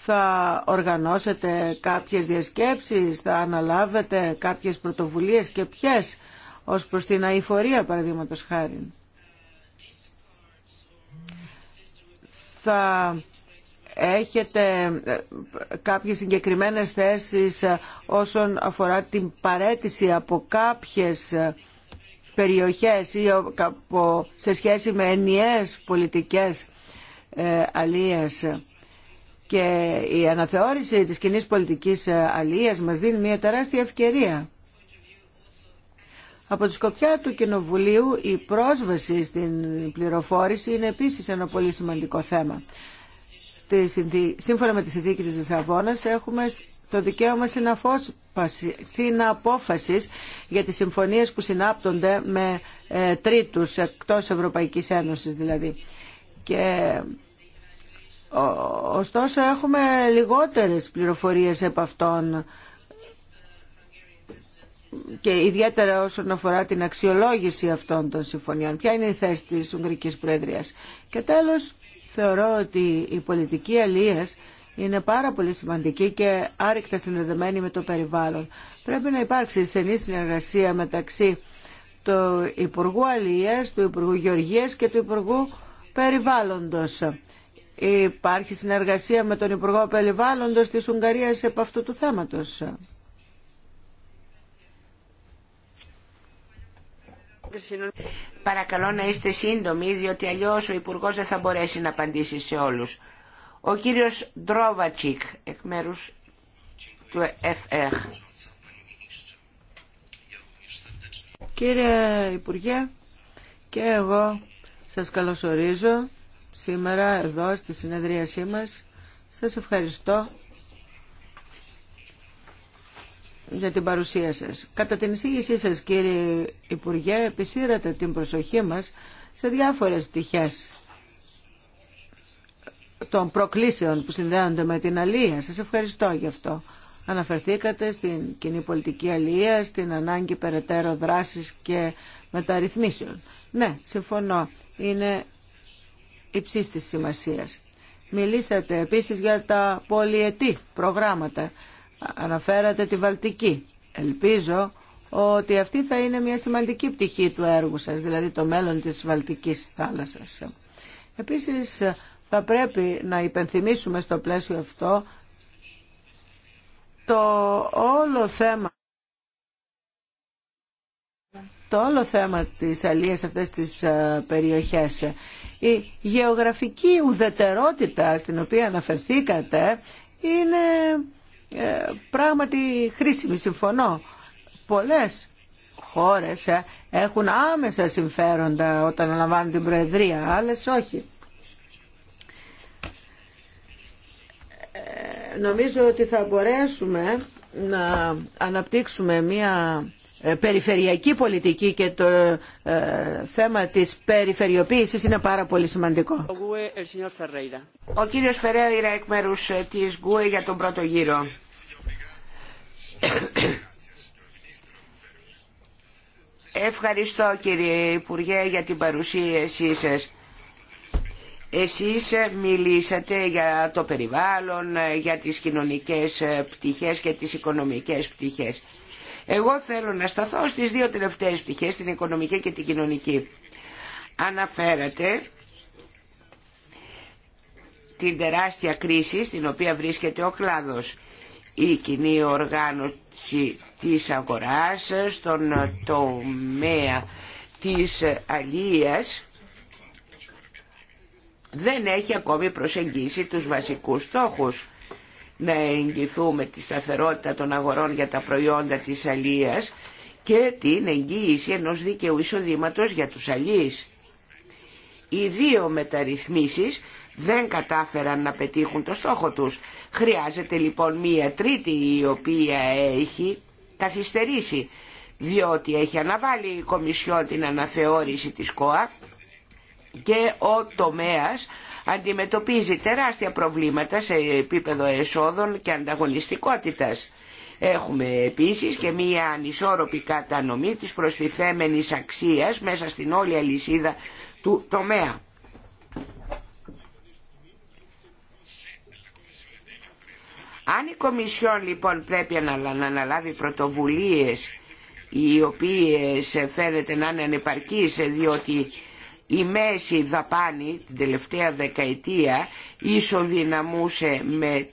Θα οργανώσετε κάποιες διασκέψεις, θα αναλάβετε κάποιες πρωτοβουλίες και ποιες ως προς την αηφορία παραδείγματος χάρη. Θα Έχετε ε, κάποιες συγκεκριμένες θέσεις ε, όσον αφορά την παρέτηση από κάποιες ε, περιοχές ή σε σχέση με ενιαίες πολιτικές αλίες. Και η αναθεώρηση της κοινή πολιτικής αλίας μας δίνει μια τεράστια ευκαιρία. Από τη σκοπιά του Κοινοβουλίου η πρόσβαση στην πληροφόρηση είναι επίσης ένα πολύ σημαντικό θέμα στη σύμφωνα με τη συνθήκη της Λισαβόνας έχουμε το δικαίωμα συναπόφαση για τις συμφωνίες που συνάπτονται με ε, τρίτους εκτός Ευρωπαϊκής Ένωσης δηλαδή. Και ωστόσο έχουμε λιγότερες πληροφορίες από αυτόν και ιδιαίτερα όσον αφορά την αξιολόγηση αυτών των συμφωνιών. Ποια είναι η θέση της Ουγγρικής Προεδρίας. Και τέλος, θεωρώ ότι η πολιτική αλίας είναι πάρα πολύ σημαντική και άρρηκτα συνδεδεμένη με το περιβάλλον. Πρέπει να υπάρξει στενή συνεργασία μεταξύ του Υπουργού Αλίας, του Υπουργού Γεωργίας και του Υπουργού Περιβάλλοντος. Υπάρχει συνεργασία με τον Υπουργό Περιβάλλοντος της Ουγγαρίας επ' αυτού του θέματος. Παρακαλώ να είστε σύντομοι, διότι αλλιώ ο Υπουργό δεν θα μπορέσει να απαντήσει σε όλου. Ο κύριος Ντρόβατσικ, εκ μέρου του ΕΦΕΧ. Κύριε Υπουργέ, και εγώ σας καλωσορίζω σήμερα εδώ στη συνεδρίασή μας. Σας ευχαριστώ για την παρουσία σας. Κατά την εισήγησή σας, κύριε Υπουργέ, επισήρατε την προσοχή μας σε διάφορες πτυχές των προκλήσεων που συνδέονται με την αλία. Σας ευχαριστώ γι' αυτό. Αναφερθήκατε στην κοινή πολιτική αλία, στην ανάγκη περαιτέρω δράσης και μεταρρυθμίσεων. Ναι, συμφωνώ. Είναι υψής της σημασίας. Μιλήσατε επίσης για τα πολυετή προγράμματα Αναφέρατε τη Βαλτική. Ελπίζω ότι αυτή θα είναι μια σημαντική πτυχή του έργου σας, δηλαδή το μέλλον της Βαλτικής θάλασσας. Επίσης θα πρέπει να υπενθυμίσουμε στο πλαίσιο αυτό το όλο θέμα το όλο θέμα της αλίας αυτές τις ε, περιοχές. Η γεωγραφική ουδετερότητα στην οποία αναφερθήκατε είναι ε, πράγματι χρήσιμη, συμφωνώ. Πολλές χώρες ε, έχουν άμεσα συμφέροντα όταν αναλαμβάνουν την Προεδρία, άλλες όχι. Ε, νομίζω ότι θα μπορέσουμε να αναπτύξουμε μια ε, περιφερειακή πολιτική και το ε, θέμα της περιφερειοποίησης είναι πάρα πολύ σημαντικό. Ο ε, κύριος Φερέιρα εκ μέρους της Γουέ για τον πρώτο γύρο. Ευχαριστώ κύριε Υπουργέ για την παρουσίασή σας. Εσείς μιλήσατε για το περιβάλλον, για τις κοινωνικές πτυχές και τις οικονομικές πτυχές. Εγώ θέλω να σταθώ στις δύο τελευταίες πτυχές, την οικονομική και την κοινωνική. Αναφέρατε την τεράστια κρίση στην οποία βρίσκεται ο κλάδος. Η κοινή οργάνωση της αγοράς στον τομέα της αλίας δεν έχει ακόμη προσεγγίσει τους βασικούς στόχους. Να εγγυθούμε τη σταθερότητα των αγορών για τα προϊόντα της αλίας και την εγγύηση ενός δίκαιου εισοδήματος για τους αλίες. Οι δύο μεταρρυθμίσεις δεν κατάφεραν να πετύχουν το στόχο τους. Χρειάζεται λοιπόν μία τρίτη η οποία έχει καθυστερήσει, διότι έχει αναβάλει η Κομισιόν την αναθεώρηση της ΚΟΑ και ο τομέας αντιμετωπίζει τεράστια προβλήματα σε επίπεδο εσόδων και ανταγωνιστικότητας. Έχουμε επίσης και μία ανισόρροπη κατανομή της προστιθέμενης αξίας μέσα στην όλη αλυσίδα του τομέα. Αν η Κομισιόν λοιπόν πρέπει να αναλάβει πρωτοβουλίες οι οποίες φαίνεται να είναι ανεπαρκείς διότι η μέση δαπάνη την τελευταία δεκαετία ισοδυναμούσε με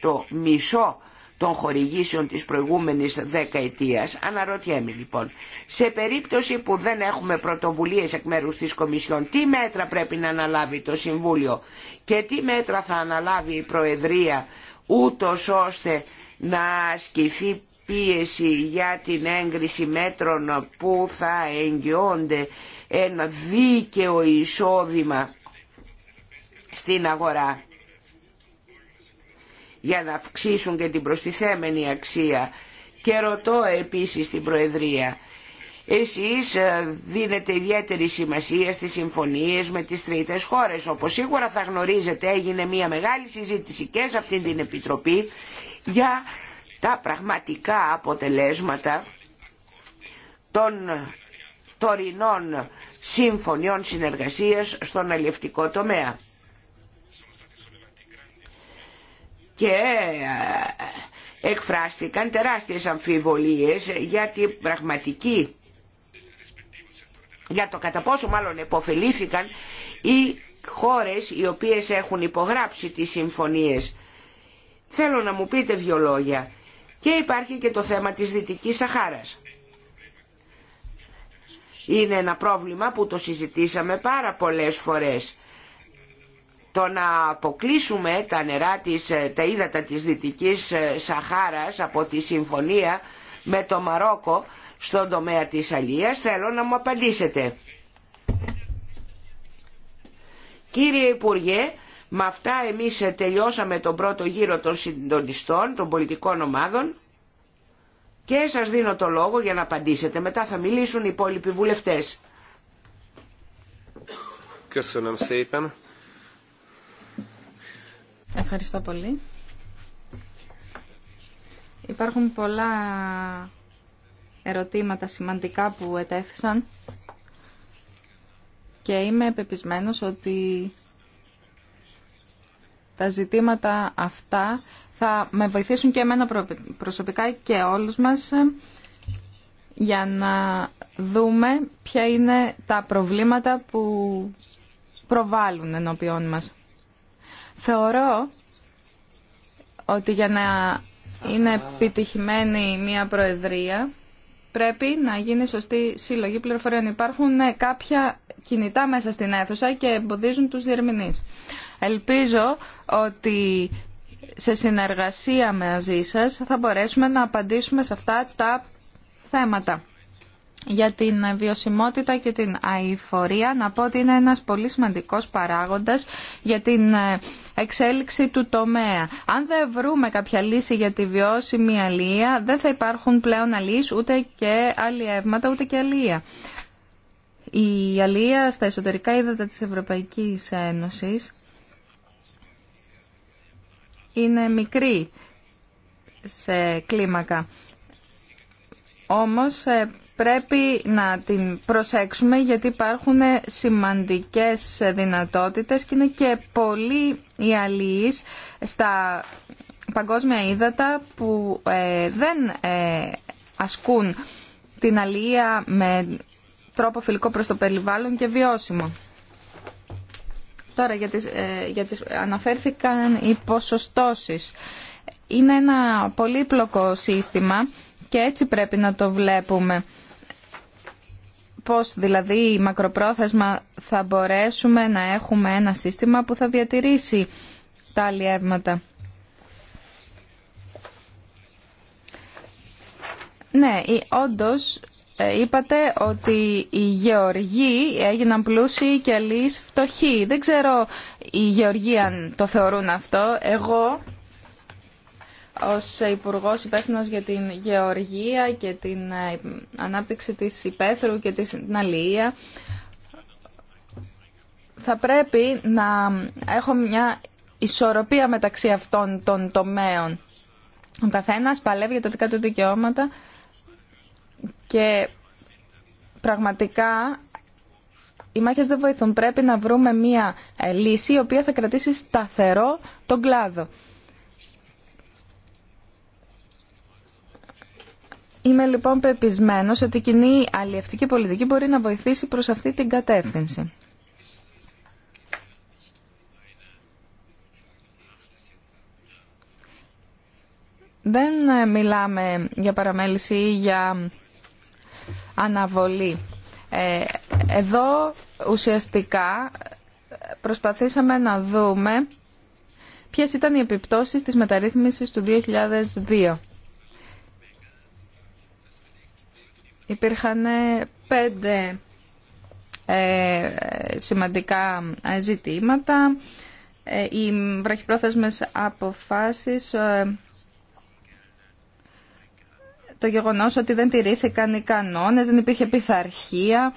το μισό των χορηγήσεων της προηγούμενης δεκαετίας. Αναρωτιέμαι λοιπόν, σε περίπτωση που δεν έχουμε πρωτοβουλίες εκ μέρους της Κομισιόν, τι μέτρα πρέπει να αναλάβει το Συμβούλιο και τι μέτρα θα αναλάβει η Προεδρία ούτως ώστε να ασκηθεί πίεση για την έγκριση μέτρων που θα εγγυώνται ένα δίκαιο εισόδημα στην αγορά για να αυξήσουν και την προστιθέμενη αξία. Και ρωτώ επίσης την Προεδρία, εσείς ε, δίνετε ιδιαίτερη σημασία στις συμφωνίες με τις τρίτες χώρες. Όπως σίγουρα θα γνωρίζετε έγινε μια μεγάλη συζήτηση και σε αυτήν την Επιτροπή για τα πραγματικά αποτελέσματα των τωρινών συμφωνιών συνεργασίας στον αλληλευτικό τομέα. Και ε, εκφράστηκαν τεράστιες αμφιβολίες για την πραγματική για το κατά πόσο μάλλον επωφελήθηκαν οι χώρες οι οποίες έχουν υπογράψει τις συμφωνίες. Θέλω να μου πείτε δύο λόγια και υπάρχει και το θέμα της Δυτικής Σαχάρας. Είναι ένα πρόβλημα που το συζητήσαμε πάρα πολλές φορές. Το να αποκλείσουμε τα νερά της, τα ύδατα της Δυτικής Σαχάρας από τη συμφωνία με το Μαρόκο στον τομέα της Αλίας θέλω να μου απαντήσετε. Κύριε Υπουργέ, με αυτά εμείς τελειώσαμε τον πρώτο γύρο των συντονιστών, των πολιτικών ομάδων και σας δίνω το λόγο για να απαντήσετε. Μετά θα μιλήσουν οι υπόλοιποι βουλευτές. Ευχαριστώ πολύ. Υπάρχουν πολλά ερωτήματα σημαντικά που ετέθησαν και είμαι επεπισμένος ότι τα ζητήματα αυτά θα με βοηθήσουν και εμένα προσωπικά και όλους μας ε, για να δούμε ποια είναι τα προβλήματα που προβάλλουν ενώπιόν μας. Θεωρώ ότι για να είναι επιτυχημένη μια προεδρία πρέπει να γίνει σωστή συλλογή πληροφοριών. Υπάρχουν ε, κάποια κινητά μέσα στην αίθουσα και εμποδίζουν τους διερμηνείς. Ελπίζω ότι σε συνεργασία μαζί σας θα μπορέσουμε να απαντήσουμε σε αυτά τα θέματα. Για την βιωσιμότητα και την αηφορία να πω ότι είναι ένας πολύ σημαντικός παράγοντας για την εξέλιξη του τομέα. Αν δεν βρούμε κάποια λύση για τη βιώσιμη αλία δεν θα υπάρχουν πλέον αλίες ούτε και αλλιεύματα ούτε και αλία. Η αλία στα εσωτερικά είδατα της Ευρωπαϊκής Ένωσης είναι μικρή σε κλίμακα. Όμως ε, πρέπει να την προσέξουμε γιατί υπάρχουν σημαντικές δυνατότητες και είναι και πολλοί οι στα παγκόσμια ύδατα που ε, δεν ε, ασκούν την αλληλεία με τρόπο φιλικό προς το περιβάλλον και βιώσιμο. Τώρα, ε, για τις, αναφέρθηκαν οι ποσοστώσεις. Είναι ένα πολύπλοκο σύστημα και έτσι πρέπει να το βλέπουμε. Πώς δηλαδή μακροπρόθεσμα θα μπορέσουμε να έχουμε ένα σύστημα που θα διατηρήσει τα αλλιεύματα. Ναι, όντως ε, είπατε ότι οι γεωργοί έγιναν πλούσιοι και αλληλείς φτωχοί. Δεν ξέρω οι γεωργοί αν το θεωρούν αυτό. Εγώ ως υπουργό υπεύθυνο για την γεωργία και την ε, ανάπτυξη της υπαίθρου και την αλληλεία θα πρέπει να έχω μια ισορροπία μεταξύ αυτών των τομέων. Ο καθένας παλεύει για τα δικά του δικαιώματα και πραγματικά οι μάχες δεν βοηθούν. Πρέπει να βρούμε μία ε, λύση η οποία θα κρατήσει σταθερό τον κλάδο. Είμαι λοιπόν πεπισμένος ότι η κοινή αλλιευτική πολιτική μπορεί να βοηθήσει προς αυτή την κατεύθυνση. Δεν ε, μιλάμε για παραμέληση ή για αναβολή. Ε, εδώ ουσιαστικά προσπαθήσαμε να δούμε ποιες ήταν οι επιπτώσεις της μεταρρύθμισης του 2002. Υπήρχαν πέντε ε, σημαντικά ζητήματα, ε, οι βραχυπρόθεσμες αποφάσεις, το γεγονός ότι δεν τηρήθηκαν οι κανόνες, δεν υπήρχε πειθαρχία,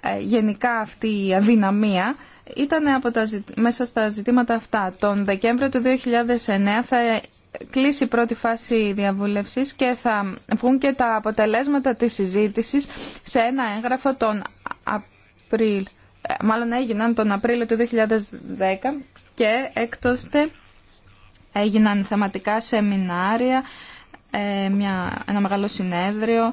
ε, γενικά αυτή η αδυναμία ήταν από τα, μέσα στα ζητήματα αυτά. Τον Δεκέμβριο του 2009 θα κλείσει η πρώτη φάση διαβούλευσης και θα βγουν και τα αποτελέσματα της συζήτησης σε ένα έγγραφο τον Απρίλ. Ε, μάλλον έγιναν τον Απρίλιο του 2010 και έκτοτε έγιναν θεματικά σεμινάρια ε, μια, ένα μεγάλο συνέδριο.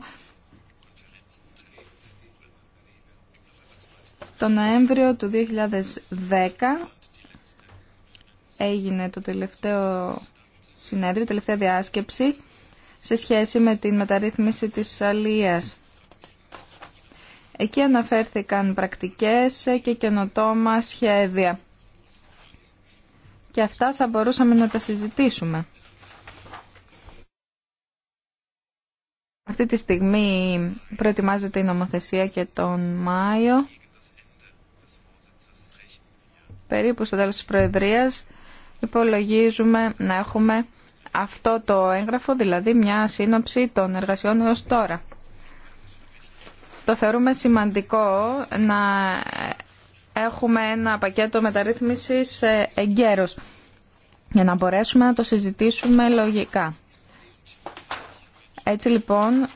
Το Νοέμβριο του 2010 έγινε το τελευταίο συνέδριο, τελευταία διάσκεψη σε σχέση με την μεταρρύθμιση της αλίας. Εκεί αναφέρθηκαν πρακτικές και καινοτόμα σχέδια. Και αυτά θα μπορούσαμε να τα συζητήσουμε. Αυτή τη στιγμή προετοιμάζεται η νομοθεσία και τον Μάιο. Περίπου στο τέλος της Προεδρίας υπολογίζουμε να έχουμε αυτό το έγγραφο, δηλαδή μια σύνοψη των εργασιών έως τώρα. Το θεωρούμε σημαντικό να έχουμε ένα πακέτο μεταρρύθμισης ε, εγκαίρως για να μπορέσουμε να το συζητήσουμε λογικά. Έτσι λοιπόν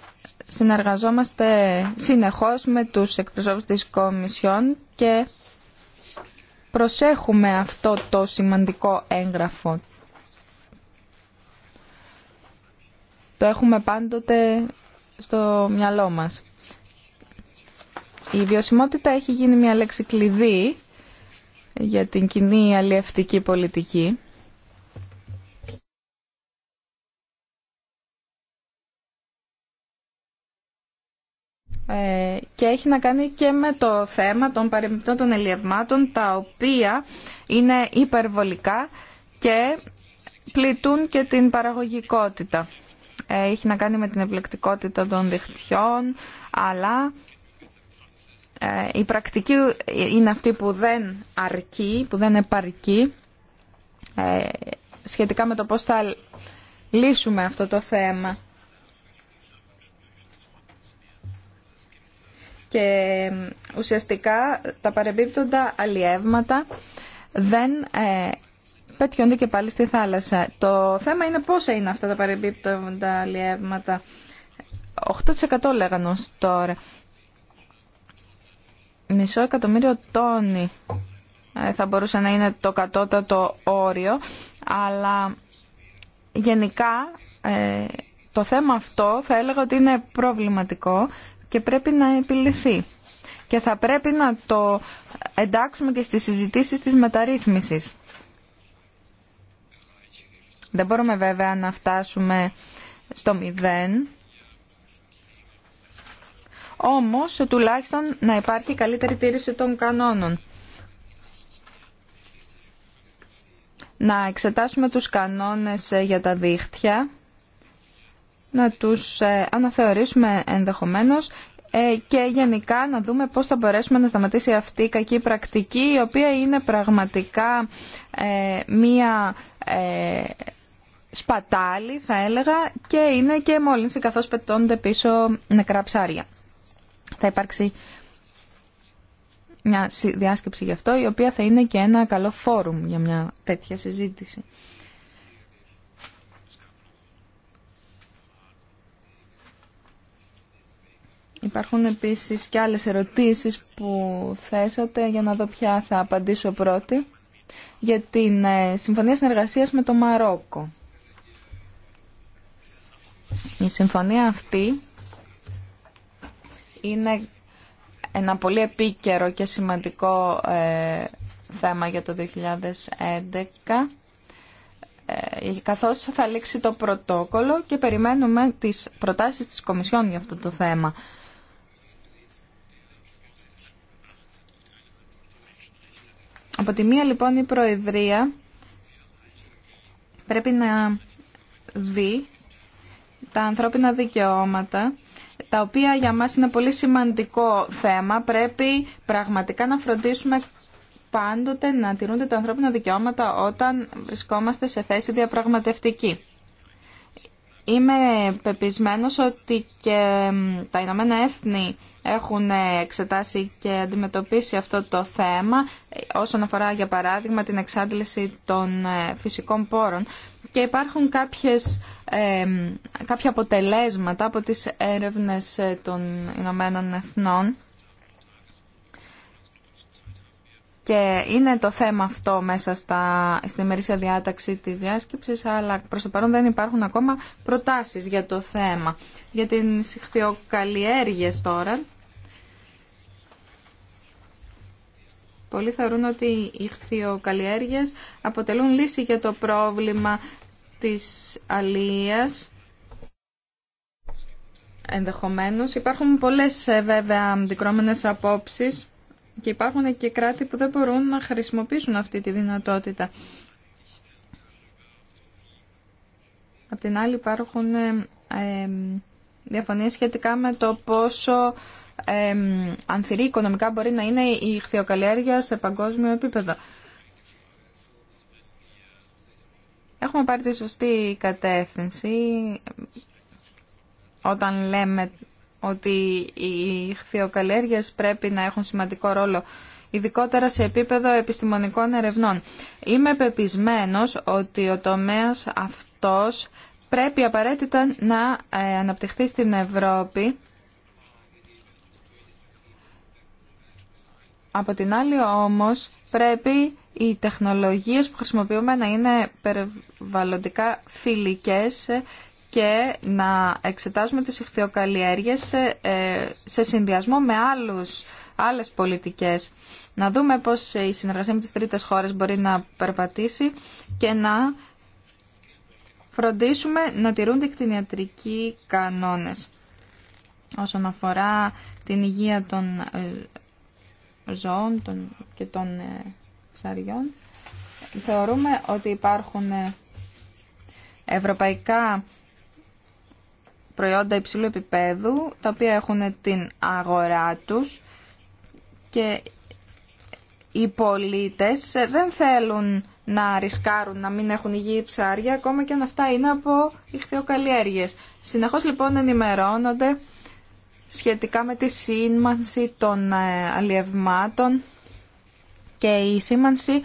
συνεργαζόμαστε συνεχώς με τους εκπροσώπους της Κομισιόν και προσέχουμε αυτό το σημαντικό έγγραφο. Το έχουμε πάντοτε στο μυαλό μας. Η βιωσιμότητα έχει γίνει μια λέξη κλειδί για την κοινή αλλιευτική πολιτική. Ε, και έχει να κάνει και με το θέμα των παρεμπιπτών των ελιευμάτων τα οποία είναι υπερβολικά και πλητούν και την παραγωγικότητα. Ε, έχει να κάνει με την επιλεκτικότητα των διχτυών, αλλά ε, η πρακτική είναι αυτή που δεν αρκεί, που δεν επαρκεί σχετικά με το πώς θα λύσουμε αυτό το θέμα. και ουσιαστικά τα παρεμπίπτοντα αλλιεύματα δεν ε, πετιώνται και πάλι στη θάλασσα. Το θέμα είναι πόσα είναι αυτά τα παρεμπίπτοντα αλλιεύματα. 8% λέγανε ως τώρα. Μισό εκατομμύριο τόνοι ε, θα μπορούσε να είναι το κατώτατο όριο, αλλά γενικά ε, το θέμα αυτό θα έλεγα ότι είναι προβληματικό και πρέπει να επιληθεί. Και θα πρέπει να το εντάξουμε και στις συζητήσεις της μεταρρύθμισης. Δεν μπορούμε βέβαια να φτάσουμε στο μηδέν, όμως τουλάχιστον να υπάρχει καλύτερη τήρηση των κανόνων. Να εξετάσουμε τους κανόνες ε, για τα δίχτυα να τους ε, αναθεωρήσουμε ενδεχομένως ε, και γενικά να δούμε πώς θα μπορέσουμε να σταματήσει αυτή η κακή πρακτική η οποία είναι πραγματικά ε, μία σπατάλη θα έλεγα και είναι και μόλυνση καθώς πετώνται πίσω νεκρά ψάρια. Θα υπάρξει μια διάσκεψη γι' αυτό η οποία θα είναι και ένα καλό φόρουμ για μια τέτοια συζήτηση. Υπάρχουν επίσης και άλλες ερωτήσεις που θέσατε για να δω ποια θα απαντήσω πρώτη για την ε, Συμφωνία Συνεργασίας με το Μαρόκο. Η συμφωνία αυτή είναι ένα πολύ επίκαιρο και σημαντικό ε, θέμα για το 2011 ε, καθώς θα λήξει το πρωτόκολλο και περιμένουμε τις προτάσεις της Κομισιόν για αυτό το θέμα. Από τη μία λοιπόν η Προεδρία πρέπει να δει τα ανθρώπινα δικαιώματα, τα οποία για μας είναι πολύ σημαντικό θέμα. Πρέπει πραγματικά να φροντίσουμε πάντοτε να τηρούνται τα ανθρώπινα δικαιώματα όταν βρισκόμαστε σε θέση διαπραγματευτική. Είμαι πεπισμένος ότι και τα Ηνωμένα Έθνη έχουν εξετάσει και αντιμετωπίσει αυτό το θέμα ε, όσον αφορά για παράδειγμα την εξάντληση των ε, φυσικών πόρων και υπάρχουν κάποιες, ε, κάποια αποτελέσματα από τις έρευνες των Ηνωμένων Εθνών και είναι το θέμα αυτό μέσα στα, στην ημερήσια διάταξη της διάσκεψης, αλλά προς το παρόν δεν υπάρχουν ακόμα προτάσεις για το θέμα. Για την συχθειοκαλλιέργειες τώρα, πολλοί θεωρούν ότι οι χθειοκαλλιέργειες αποτελούν λύση για το πρόβλημα της αλίας. Ενδεχομένως υπάρχουν πολλές ε, βέβαια αντικρώμενες απόψεις και υπάρχουν και κράτη που δεν μπορούν να χρησιμοποιήσουν αυτή τη δυνατότητα. Απ' την άλλη υπάρχουν ε, διαφωνίες σχετικά με το πόσο ε, ανθυρή οικονομικά μπορεί να είναι η χθιοκαλλιέργεια σε παγκόσμιο επίπεδο. Έχουμε πάρει τη σωστή κατεύθυνση όταν λέμε ότι οι χθιοκαλλιέργειες πρέπει να έχουν σημαντικό ρόλο ειδικότερα σε επίπεδο επιστημονικών ερευνών. Είμαι πεπισμένος ότι ο τομέας αυτός πρέπει απαραίτητα να ε, αναπτυχθεί στην Ευρώπη. Από την άλλη όμως πρέπει οι τεχνολογίες που χρησιμοποιούμε να είναι περιβαλλοντικά φιλικές και να εξετάζουμε τις ηχθειοκαλλιέργειες σε, ε, σε συνδυασμό με άλλους, άλλες πολιτικές. Να δούμε πώς η συνεργασία με τις τρίτες χώρες μπορεί να περπατήσει και να φροντίσουμε να τηρούνται οι κτηνιατρικοί κανόνες. Όσον αφορά την υγεία των ε, ζώων και των ε, ψαριών, θεωρούμε ότι υπάρχουν ευρωπαϊκά προϊόντα υψηλού επίπεδου, τα οποία έχουν την αγορά τους και οι πολίτες δεν θέλουν να ρισκάρουν να μην έχουν υγιή ψάρια, ακόμα και αν αυτά είναι από ηχθειοκαλλιέργειες. Συνεχώς λοιπόν ενημερώνονται σχετικά με τη σήμανση των ε, αλλιευμάτων και η σήμανση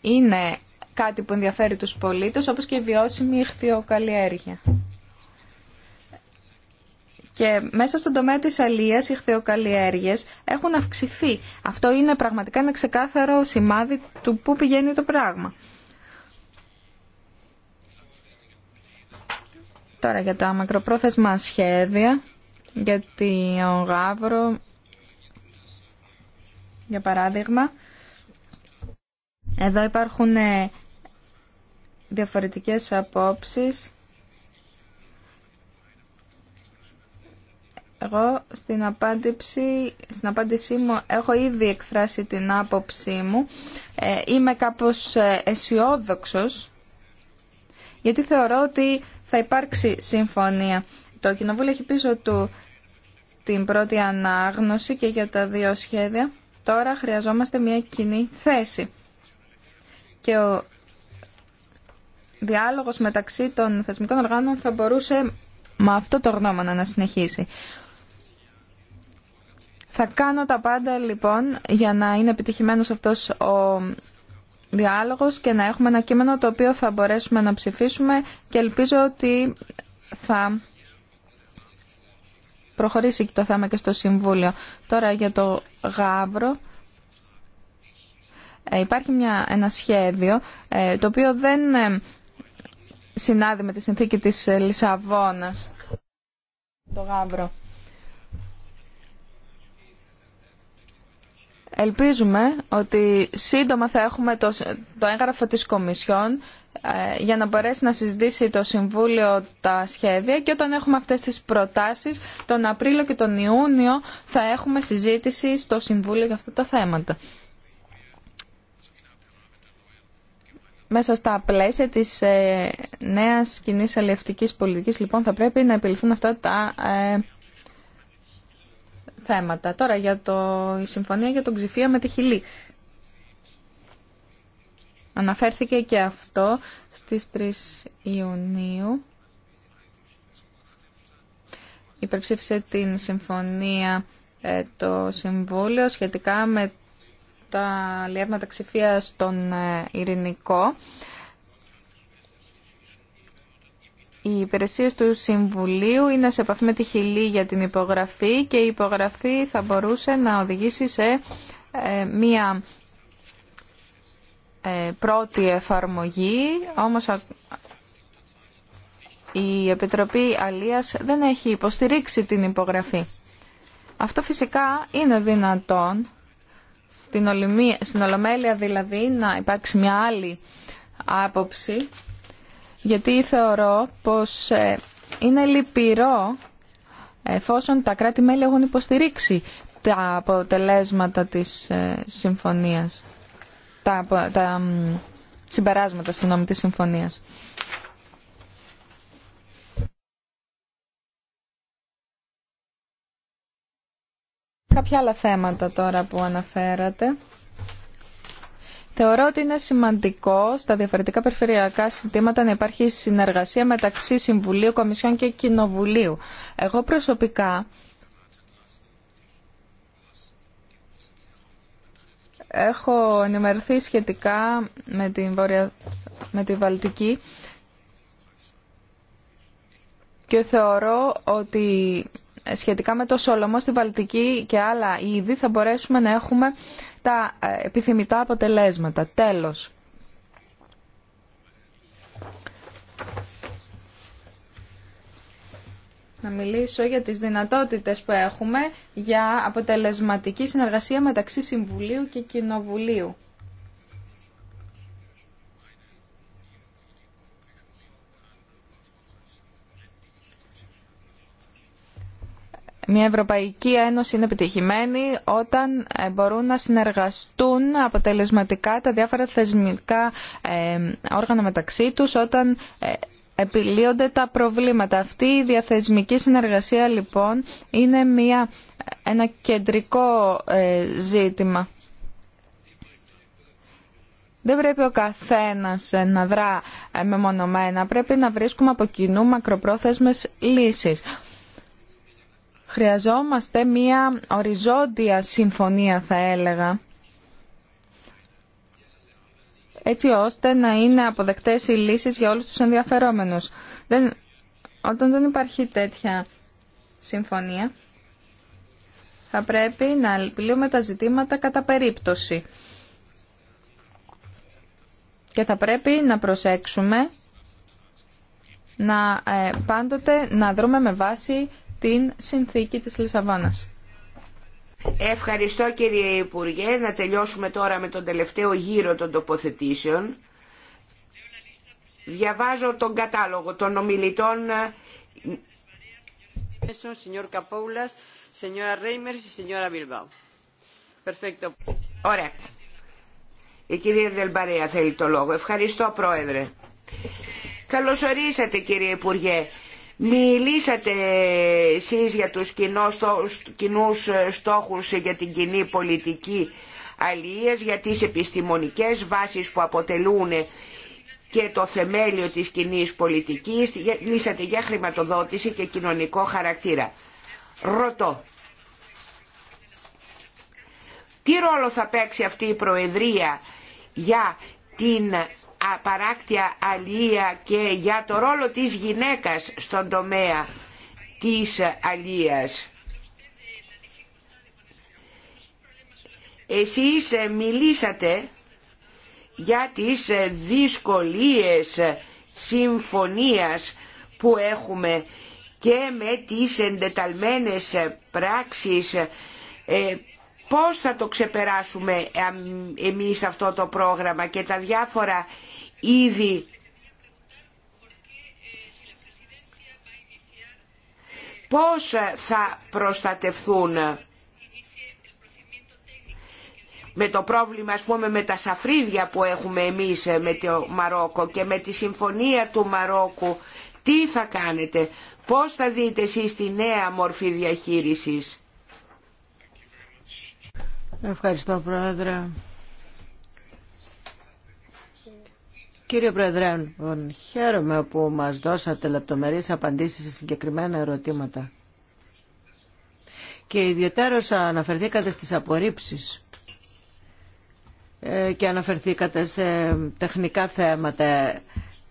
είναι κάτι που ενδιαφέρει τους πολίτες, όπως και η βιώσιμη ηχθειοκαλλιέργεια. Και μέσα στον τομέα της αλίας οι χθεοκαλλιέργειες έχουν αυξηθεί. Αυτό είναι πραγματικά ένα ξεκάθαρο σημάδι του πού πηγαίνει το πράγμα. Τώρα για τα μακροπρόθεσμα σχέδια, για ο γάβρο, για παράδειγμα. Εδώ υπάρχουν ε, διαφορετικές απόψεις. Εγώ στην, απάντηση, μου έχω ήδη εκφράσει την άποψή μου. Ε, είμαι κάπως ε, αισιόδοξο, γιατί θεωρώ ότι θα υπάρξει συμφωνία. Το Κοινοβούλιο έχει πίσω του την πρώτη ανάγνωση και για τα δύο σχέδια. Τώρα χρειαζόμαστε μια κοινή θέση. Και ο διάλογος μεταξύ των θεσμικών οργάνων θα μπορούσε με αυτό το γνώμα να συνεχίσει. Θα κάνω τα πάντα λοιπόν για να είναι επιτυχημένος αυτός ο διάλογος και να έχουμε ένα κείμενο το οποίο θα μπορέσουμε να ψηφίσουμε και ελπίζω ότι θα προχωρήσει το θέμα και στο Συμβούλιο. Τώρα για το Γάβρο ε, υπάρχει μια, ένα σχέδιο ε, το οποίο δεν ε, συνάδει με τη συνθήκη της Λισαβόνας. Το Γάβρο. Ελπίζουμε ότι σύντομα θα έχουμε το, το έγγραφο της Κομισιόν ε, για να μπορέσει να συζητήσει το Συμβούλιο τα σχέδια και όταν έχουμε αυτές τις προτάσεις τον Απρίλιο και τον Ιούνιο θα έχουμε συζήτηση στο Συμβούλιο για αυτά τα θέματα. Μέσα στα πλαίσια της ε, νέας κοινή αλληλευτικής πολιτικής λοιπόν θα πρέπει να επιληθούν αυτά τα ε, θέματα. Τώρα για το, η συμφωνία για τον Ξηφία με τη Χιλή. Αναφέρθηκε και αυτό στις 3 Ιουνίου. Υπερψήφισε την συμφωνία ε, το Συμβούλιο σχετικά με τα λιεύματα Ξηφίας στον ε, Ειρηνικό οι υπηρεσίε του Συμβουλίου είναι σε επαφή με τη Χιλή για την υπογραφή και η υπογραφή θα μπορούσε να οδηγήσει σε ε, μία ε, πρώτη εφαρμογή, όμως η Επιτροπή Αλίας δεν έχει υποστηρίξει την υπογραφή. Αυτό φυσικά είναι δυνατόν, στην Ολομέλεια δηλαδή, να υπάρξει μια άλλη άποψη γιατί θεωρώ πως ε, είναι λυπηρό εφόσον τα κράτη-μέλη έχουν υποστηρίξει τα αποτελέσματα της ε, συμφωνίας, τα, τα συμπεράσματα συγγνώμη, της συμφωνίας. Κάποια άλλα θέματα τώρα που αναφέρατε. Θεωρώ ότι είναι σημαντικό στα διαφορετικά περιφερειακά συστήματα να υπάρχει συνεργασία μεταξύ Συμβουλίου, Κομισιών και Κοινοβουλίου. Εγώ προσωπικά έχω ενημερωθεί σχετικά με, την Βορεια... με τη Βαλτική και θεωρώ ότι σχετικά με το σολομό στη Βαλτική και άλλα είδη θα μπορέσουμε να έχουμε τα ε, επιθυμητά αποτελέσματα. Τέλος. Να μιλήσω για τις δυνατότητες που έχουμε για αποτελεσματική συνεργασία μεταξύ Συμβουλίου και Κοινοβουλίου. Μια Ευρωπαϊκή Ένωση είναι επιτυχημένη όταν ε, μπορούν να συνεργαστούν αποτελεσματικά τα διάφορα θεσμικά ε, όργανα μεταξύ τους, όταν ε, επιλύονται τα προβλήματα. Αυτή η διαθεσμική συνεργασία λοιπόν είναι μια, ένα κεντρικό ζήτημα. Δεν πρέπει ο καθένας να δρά μεμονωμένα, πρέπει να βρίσκουμε από κοινού μακροπρόθεσμες λύσεις. Χρειαζόμαστε μία οριζόντια συμφωνία θα έλεγα έτσι ώστε να είναι αποδεκτές οι λύσεις για όλους τους ενδιαφερόμενους. Δεν, όταν δεν υπάρχει τέτοια συμφωνία, θα πρέπει να επιλύουμε τα ζητήματα κατά περίπτωση. Και θα πρέπει να προσέξουμε να ε, πάντοτε να δρούμε με βάση την συνθήκη της Λισαβάνας. Ευχαριστώ κύριε Υπουργέ. Να τελειώσουμε τώρα με τον τελευταίο γύρο των τοποθετήσεων. Διαβάζω τον κατάλογο των ομιλητών. Ωραία. Η κυρία Δελμπαρέα θέλει το λόγο. Ευχαριστώ πρόεδρε. Καλωσορίσατε κύριε Υπουργέ. Μιλήσατε εσείς για τους κοινούς στόχους για την κοινή πολιτική αλληλείας, για τις επιστημονικές βάσεις που αποτελούν και το θεμέλιο της κοινή πολιτικής, μιλήσατε για χρηματοδότηση και κοινωνικό χαρακτήρα. Ρωτώ, τι ρόλο θα παίξει αυτή η Προεδρία για την απαράκτια αλία και για το ρόλο της γυναίκας στον τομέα της αλίας. Εσείς ε, μιλήσατε για τις ε, δυσκολίες συμφωνίας που έχουμε και με τις εντεταλμένες πράξεις ε, πώς θα το ξεπεράσουμε εμείς αυτό το πρόγραμμα και τα διάφορα είδη πώς θα προστατευθούν με το πρόβλημα ας πούμε με τα σαφρίδια που έχουμε εμείς ε, με το Μαρόκο και με τη συμφωνία του Μαρόκου τι θα κάνετε, πώς θα δείτε εσείς τη νέα μορφή διαχείρισης. Ευχαριστώ, Πρόεδρε. Κύριε Πρόεδρε, λοιπόν, χαίρομαι που μας δώσατε λεπτομερείς απαντήσεις σε συγκεκριμένα ερωτήματα. Και ιδιαίτερως αναφερθήκατε στις απορρίψεις ε, και αναφερθήκατε σε τεχνικά θέματα,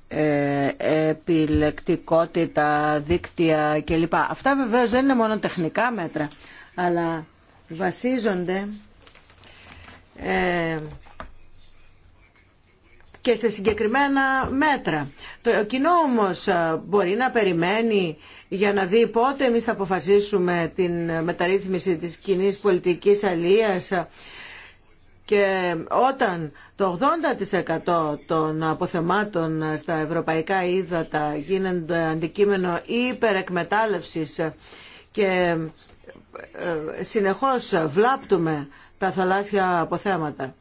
ε, επιλεκτικότητα, δίκτυα κλπ. Αυτά βεβαίως δεν είναι μόνο τεχνικά μέτρα, αλλά βασίζονται ε, και σε συγκεκριμένα μέτρα. Το κοινό όμως ε, μπορεί να περιμένει για να δει πότε εμείς θα αποφασίσουμε την μεταρρύθμιση της κοινή πολιτικής αλίας και όταν το 80% των αποθεμάτων στα ευρωπαϊκά ύδατα γίνονται αντικείμενο υπερεκμετάλλευσης και ε, συνεχώς βλάπτουμε τα θαλάσσια αποθέματα.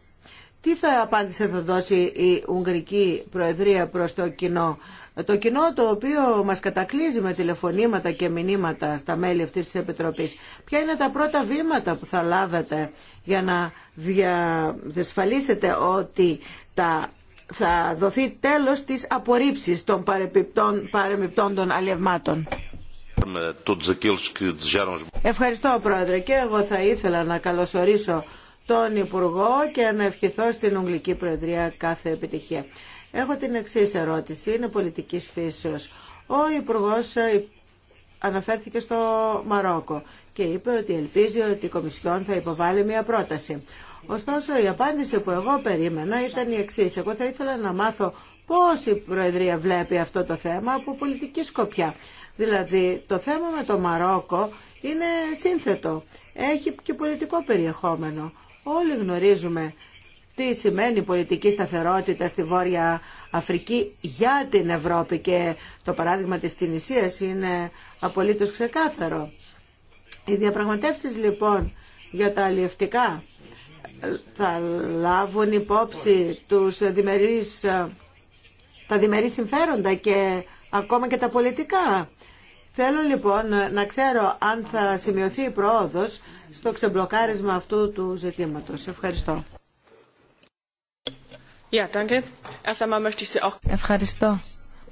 Τι θα απάντησε θα δώσει η Ουγγρική Προεδρία προς το κοινό. Το κοινό το οποίο μας κατακλείζει με τηλεφωνήματα και μηνύματα στα μέλη αυτής της Επιτροπής. Ποια είναι τα πρώτα βήματα που θα λάβετε για να διασφαλίσετε ότι τα θα δοθεί τέλος της απορρίψης των παρεμπιπτών των αλλιευμάτων. Ευχαριστώ Πρόεδρε και εγώ θα ήθελα να καλωσορίσω τον Υπουργό και να ευχηθώ στην Ουγγλική Προεδρία κάθε επιτυχία. Έχω την εξή ερώτηση, είναι πολιτικής φύσεως. Ο Υπουργό ε, αναφέρθηκε στο Μαρόκο και είπε ότι ελπίζει ότι η Κομισιόν θα υποβάλει μια πρόταση. Ωστόσο η απάντηση που εγώ περίμενα ήταν η εξή. Εγώ θα ήθελα να μάθω πώς η Προεδρία βλέπει αυτό το θέμα από πολιτική σκοπιά. Δηλαδή το θέμα με το Μαρόκο είναι σύνθετο. Έχει και πολιτικό περιεχόμενο. Όλοι γνωρίζουμε τι σημαίνει πολιτική σταθερότητα στη Βόρεια Αφρική για την Ευρώπη και το παράδειγμα της Τινησίας είναι απολύτως ξεκάθαρο. Οι διαπραγματεύσεις λοιπόν για τα αλλιευτικά θα λάβουν υπόψη τους διμερείς, τα διμερείς συμφέροντα και ακόμα και τα πολιτικά. Θέλω λοιπόν να ξέρω αν θα σημειωθεί η πρόοδος στο ξεμπλοκάρισμα αυτού του ζητήματος. Ευχαριστώ. Ευχαριστώ.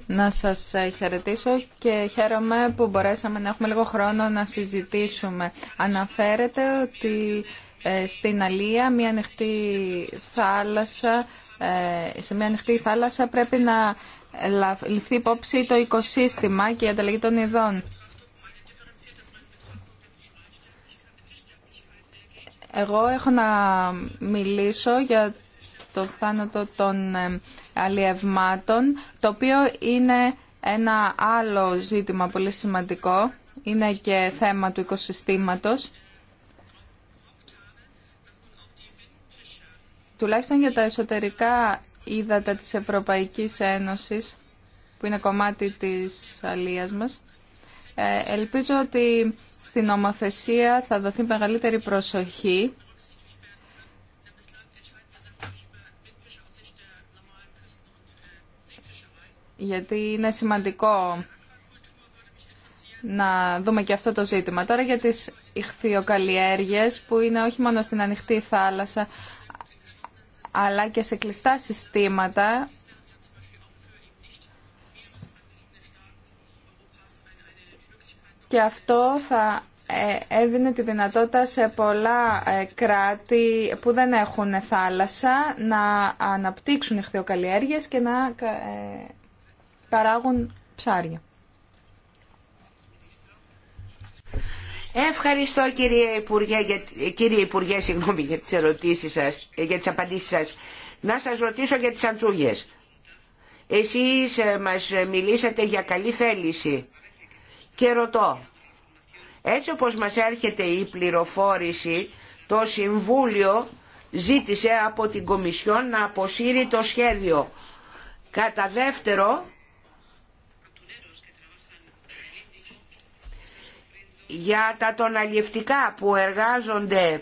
Να σας ε, χαιρετήσω και χαίρομαι που μπορέσαμε να έχουμε λίγο χρόνο να συζητήσουμε. Αναφέρεται ότι ε, στην Αλία μια ανοιχτή θάλασσα ε, σε μια ανοιχτή θάλασσα πρέπει να ληφθεί υπόψη το οικοσύστημα και η ανταλλαγή των ειδών. Εγώ έχω να μιλήσω για το θάνατο των ε, αλλιευμάτων, το οποίο είναι ένα άλλο ζήτημα πολύ σημαντικό. Είναι και θέμα του οικοσυστήματος. τουλάχιστον για τα εσωτερικά ύδατα της Ευρωπαϊκής Ένωσης, που είναι κομμάτι της αλίας μας, ε, ελπίζω ότι στην νομοθεσία θα δοθεί μεγαλύτερη προσοχή γιατί είναι σημαντικό να δούμε και αυτό το ζήτημα. Τώρα για τις ηχθειοκαλλιέργειες που είναι όχι μόνο στην ανοιχτή θάλασσα αλλά και σε κλειστά συστήματα και αυτό θα ε, έδινε τη δυνατότητα σε πολλά ε, κράτη που δεν έχουν θάλασσα να αναπτύξουν ηχθειοκαλλιέργειες και να ε, παράγουν ψάρια. Ευχαριστώ κύριε Υπουργέ, για, κύριε Υπουργέ συγγνώμη, για τις ερωτήσεις σας, για τις απαντήσεις σας. Να σας ρωτήσω για τις αντσούγες. Εσείς ε, μας μιλήσατε για καλή θέληση και ρωτώ. Έτσι όπως μας έρχεται η πληροφόρηση, το Συμβούλιο ζήτησε από την Κομισιόν να αποσύρει το σχέδιο. Κατά δεύτερο, για τα τον αλλιευτικά που εργάζονται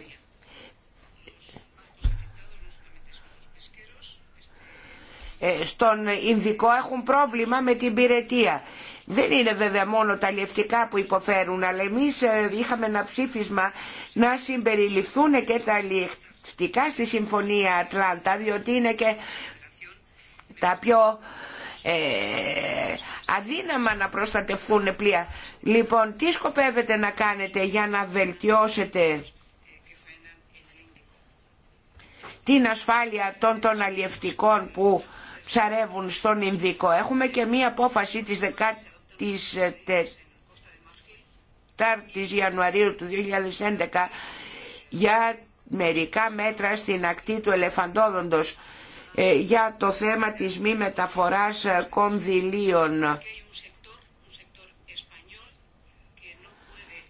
ε, στον Ινδικό έχουν πρόβλημα με την πυρετία. Δεν είναι βέβαια μόνο τα αλλιευτικά που υποφέρουν, αλλά εμείς ε, είχαμε ένα ψήφισμα να συμπεριληφθούν και τα αλλιευτικά στη Συμφωνία Ατλάντα, διότι είναι και τα πιο ε, αδύναμα να προστατευτούν πλοία. Λοιπόν, τι σκοπεύετε να κάνετε για να βελτιώσετε την ασφάλεια των, των αλλιευτικών που ψαρεύουν στον Ινδικό. Έχουμε και μία απόφαση της 14ης Ιανουαρίου του 2011 για μερικά μέτρα στην ακτή του Ελεφαντόδοντος ε, για το θέμα της μη μεταφοράς κονδυλίων.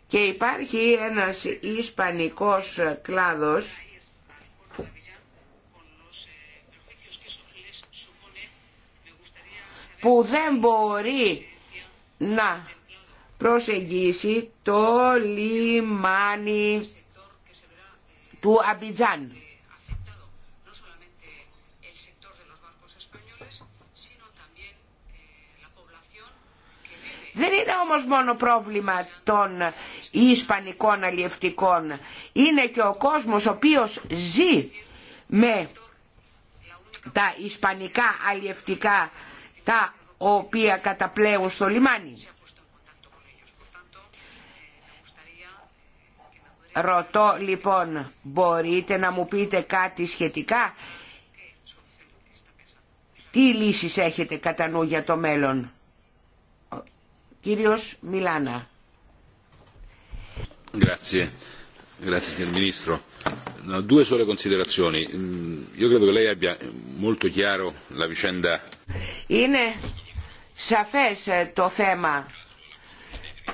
Και υπάρχει ένας ισπανικός κλάδος που δεν μπορεί να προσεγγίσει το λιμάνι του Αμπιτζάν. Δεν είναι όμως μόνο πρόβλημα των ισπανικών αλλιευτικών. Είναι και ο κόσμος ο οποίος ζει με τα ισπανικά αλλιευτικά τα οποία καταπλέουν στο λιμάνι. Ρωτώ λοιπόν, μπορείτε να μου πείτε κάτι σχετικά. Τι λύσεις έχετε κατά νου για το μέλλον. Κύριος Μιλάνα. Grazie. Grazie signor Ministro. No, due sole considerazioni. Mm, io credo che lei abbia molto chiaro la vicenda. Είναι σαφές ε, το θέμα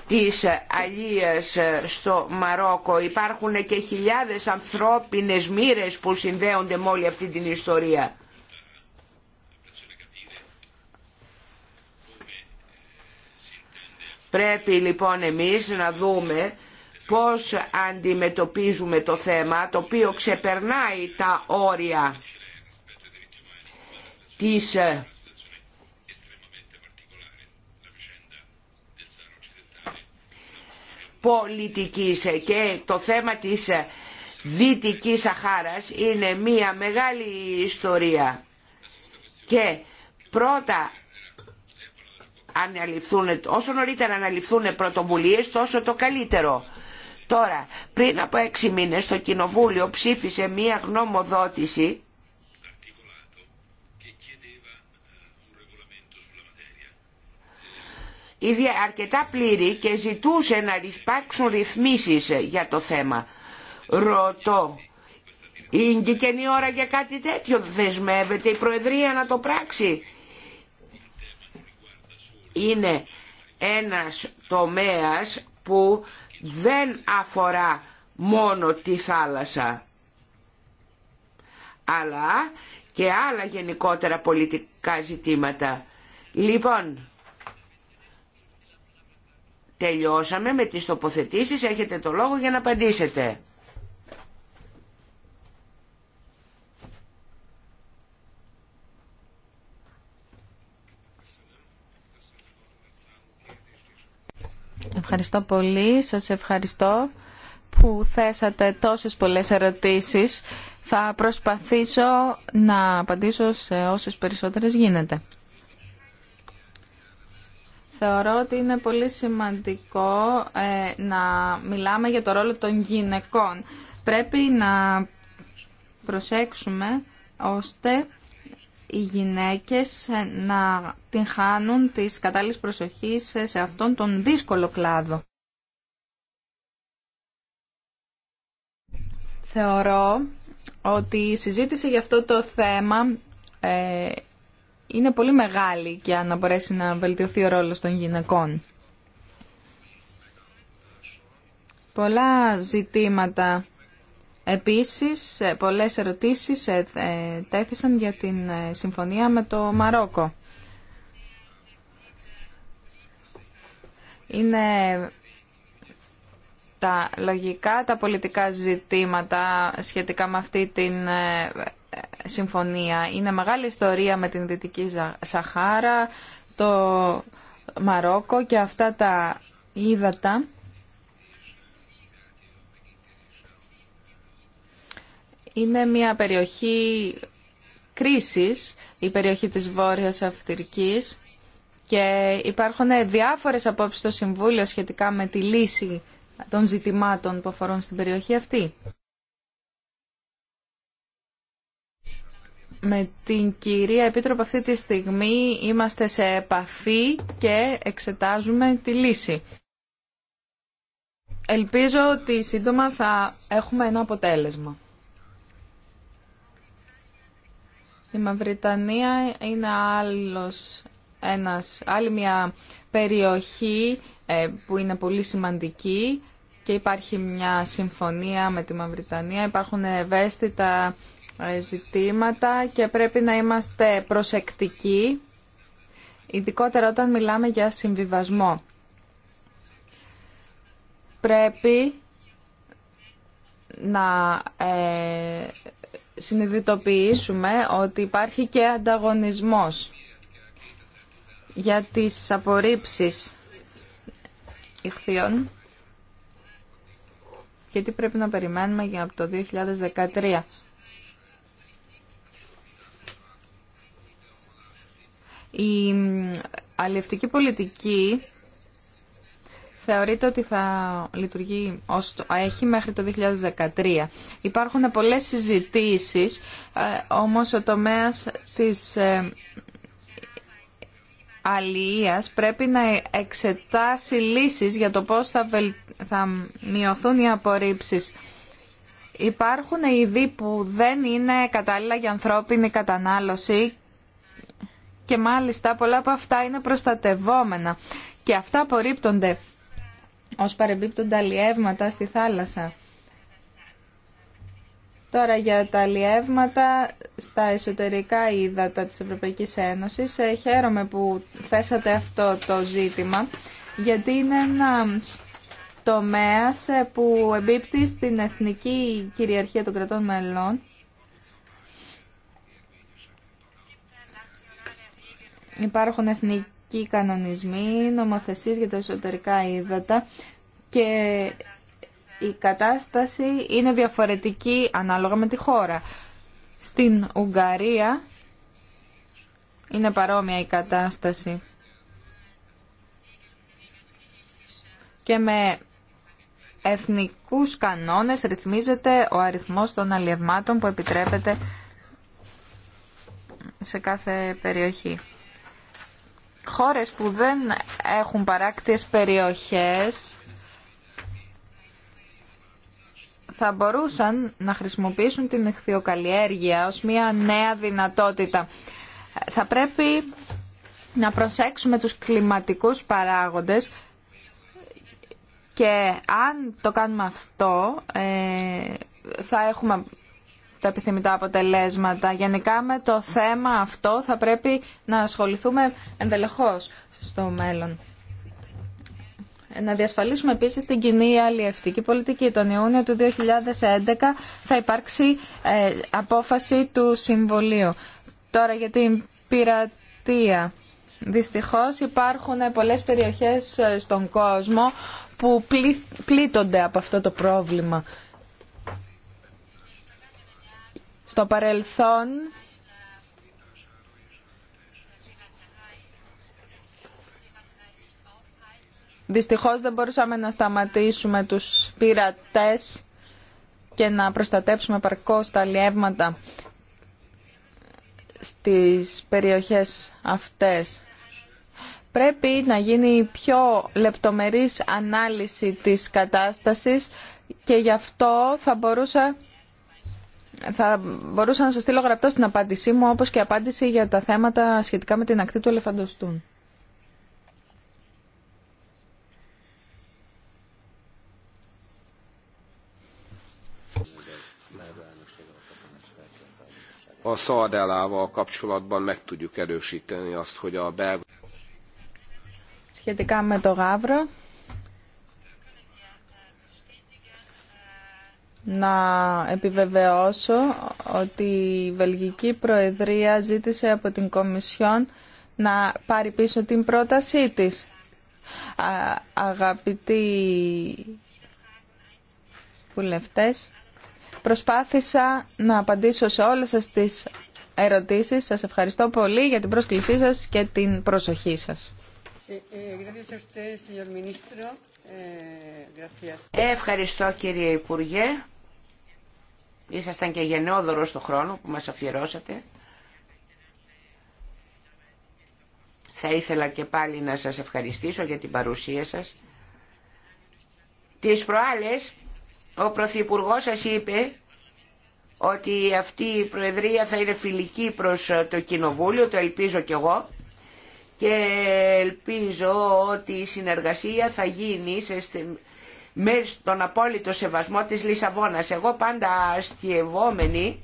της αλίας ε, στο Μαρόκο. Υπάρχουν και χιλιάδες ανθρώπινες μοίρες που συνδέονται με όλη αυτή την ιστορία. Πρέπει λοιπόν εμείς να δούμε πώς αντιμετωπίζουμε το θέμα το οποίο ξεπερνάει τα όρια της ε, πολιτικής και το θέμα της ε, Δυτικής Σαχάρας είναι μία μεγάλη ιστορία και πρώτα όσο νωρίτερα αναλυθούν πρωτοβουλίες τόσο το καλύτερο. Τώρα, πριν από έξι μήνες το Κοινοβούλιο ψήφισε μία γνωμοδότηση αρκετά πλήρη και ζητούσε να υπάρξουν ρυθμίσεις για το θέμα. Ρωτώ, είναι και η ώρα για κάτι τέτοιο, δεσμεύεται η Προεδρία να το πράξει είναι ένας τομέας που δεν αφορά μόνο τη θάλασσα αλλά και άλλα γενικότερα πολιτικά ζητήματα. Λοιπόν, τελειώσαμε με τις τοποθετήσεις, έχετε το λόγο για να απαντήσετε. Ευχαριστώ πολύ. Σας ευχαριστώ που θέσατε τόσες πολλές ερωτήσεις. Θα προσπαθήσω να απαντήσω σε όσες περισσότερες γίνεται. Θεωρώ ότι είναι πολύ σημαντικό ε, να μιλάμε για το ρόλο των γυναικών. Πρέπει να προσέξουμε ώστε οι γυναίκες ε, να την χάνουν της κατάλληλης προσοχής ε, σε αυτόν τον δύσκολο κλάδο. Θεωρώ ότι η συζήτηση για αυτό το θέμα ε, είναι πολύ μεγάλη για να μπορέσει να βελτιωθεί ο ρόλος των γυναικών. Πολλά ζητήματα Επίσης, πολλές ερωτήσεις ε, ε, τέθησαν για την ε, συμφωνία με το Μαρόκο. Είναι τα λογικά, τα πολιτικά ζητήματα σχετικά με αυτή την συμφωνία. Είναι μεγάλη ιστορία με την Δυτική Σαχάρα, το Μαρόκο και αυτά τα ύδατα είναι μια περιοχή κρίσης, η περιοχή της Βόρειας Αυτηρικής και υπάρχουν διάφορες απόψεις στο Συμβούλιο σχετικά με τη λύση των ζητημάτων που αφορούν στην περιοχή αυτή. με την κυρία Επίτροπο αυτή τη στιγμή είμαστε σε επαφή και εξετάζουμε τη λύση. Ελπίζω ότι σύντομα θα έχουμε ένα αποτέλεσμα. Η Μαυριτανία είναι άλλος ένας, άλλη μια περιοχή ε, που είναι πολύ σημαντική και υπάρχει μια συμφωνία με τη Μαυριτανία. Υπάρχουν ευαίσθητα ε, ζητήματα και πρέπει να είμαστε προσεκτικοί, ειδικότερα όταν μιλάμε για συμβιβασμό. Πρέπει να ε, συνειδητοποιήσουμε ότι υπάρχει και ανταγωνισμός για τις απορρίψεις ηχθείων και τι πρέπει να περιμένουμε για από το 2013. Η αλληλευτική πολιτική θεωρείται ότι θα λειτουργεί ως έχει μέχρι το 2013. Υπάρχουν πολλές συζητήσεις, ε, όμως ο τομέας της ε, αλληλείας πρέπει να εξετάσει λύσεις για το πώς θα, μειωθούν οι απορρίψεις. Υπάρχουν είδη που δεν είναι κατάλληλα για ανθρώπινη κατανάλωση και μάλιστα πολλά από αυτά είναι προστατευόμενα και αυτά απορρίπτονται ως τα λιεύματα στη θάλασσα. Τώρα για τα λιεύματα στα εσωτερικά ύδατα της Ευρωπαϊκής Ένωσης. Ε, χαίρομαι που θέσατε αυτό το ζήτημα, γιατί είναι ένα τομέα ε, που εμπίπτει στην εθνική κυριαρχία των κρατών μελών. Υπάρχουν εθνικοί σχετικοί κανονισμοί, νομοθεσίες για τα εσωτερικά ύδατα και η κατάσταση είναι διαφορετική ανάλογα με τη χώρα. Στην Ουγγαρία είναι παρόμοια η κατάσταση. Και με εθνικούς κανόνες ρυθμίζεται ο αριθμός των αλλιευμάτων που επιτρέπεται σε κάθε περιοχή χώρες που δεν έχουν παράκτιες περιοχές θα μπορούσαν να χρησιμοποιήσουν την ηχθειοκαλλιέργεια ως μια νέα δυνατότητα. Θα πρέπει να προσέξουμε τους κλιματικούς παράγοντες και αν το κάνουμε αυτό ε, θα έχουμε τα επιθυμητά αποτελέσματα. Γενικά με το θέμα αυτό θα πρέπει να ασχοληθούμε ενδελεχώς στο μέλλον. Να διασφαλίσουμε επίσης την κοινή αλλιευτική πολιτική. Τον Ιούνιο του 2011 θα υπάρξει ε, απόφαση του Συμβολίου. Τώρα για την πειρατεία. Δυστυχώς υπάρχουν πολλές περιοχές ε, στον κόσμο που πλήττονται από αυτό το πρόβλημα. Στο παρελθόν δυστυχώς δεν μπορούσαμε να σταματήσουμε τους πειρατές και να προστατέψουμε παρκώς τα λιεύματα στις περιοχές αυτές. Πρέπει να γίνει πιο λεπτομερής ανάλυση της κατάστασης και γι' αυτό θα μπορούσα θα μπορούσα να σας στείλω γραπτό στην απάντησή μου, όπως και απάντηση για τα θέματα σχετικά με την ακτή του ελεφαντοστούν. A szardellával kapcsolatban meg tudjuk erősíteni azt, hogy a Σχετικά με το γάβρο, να επιβεβαιώσω ότι η Βελγική Προεδρία ζήτησε από την Κομισιόν να πάρει πίσω την πρότασή της. αγαπητοί βουλευτές, προσπάθησα να απαντήσω σε όλες σας τις ερωτήσεις. Σας ευχαριστώ πολύ για την πρόσκλησή σας και την προσοχή σας. Eh, eh, ευχαριστώ κύριε Υπουργέ. Ήσασταν και γενναιόδωρος του χρόνου που μας αφιερώσατε. Θα ήθελα και πάλι να σας ευχαριστήσω για την παρουσία σας. Τις προάλλες ο Πρωθυπουργός σας είπε ότι αυτή η Προεδρία θα είναι φιλική προς το Κοινοβούλιο, το ελπίζω κι εγώ και ελπίζω ότι η συνεργασία θα γίνει σε με τον απόλυτο σεβασμό της Λισαβόνας. Εγώ πάντα αστιευόμενη,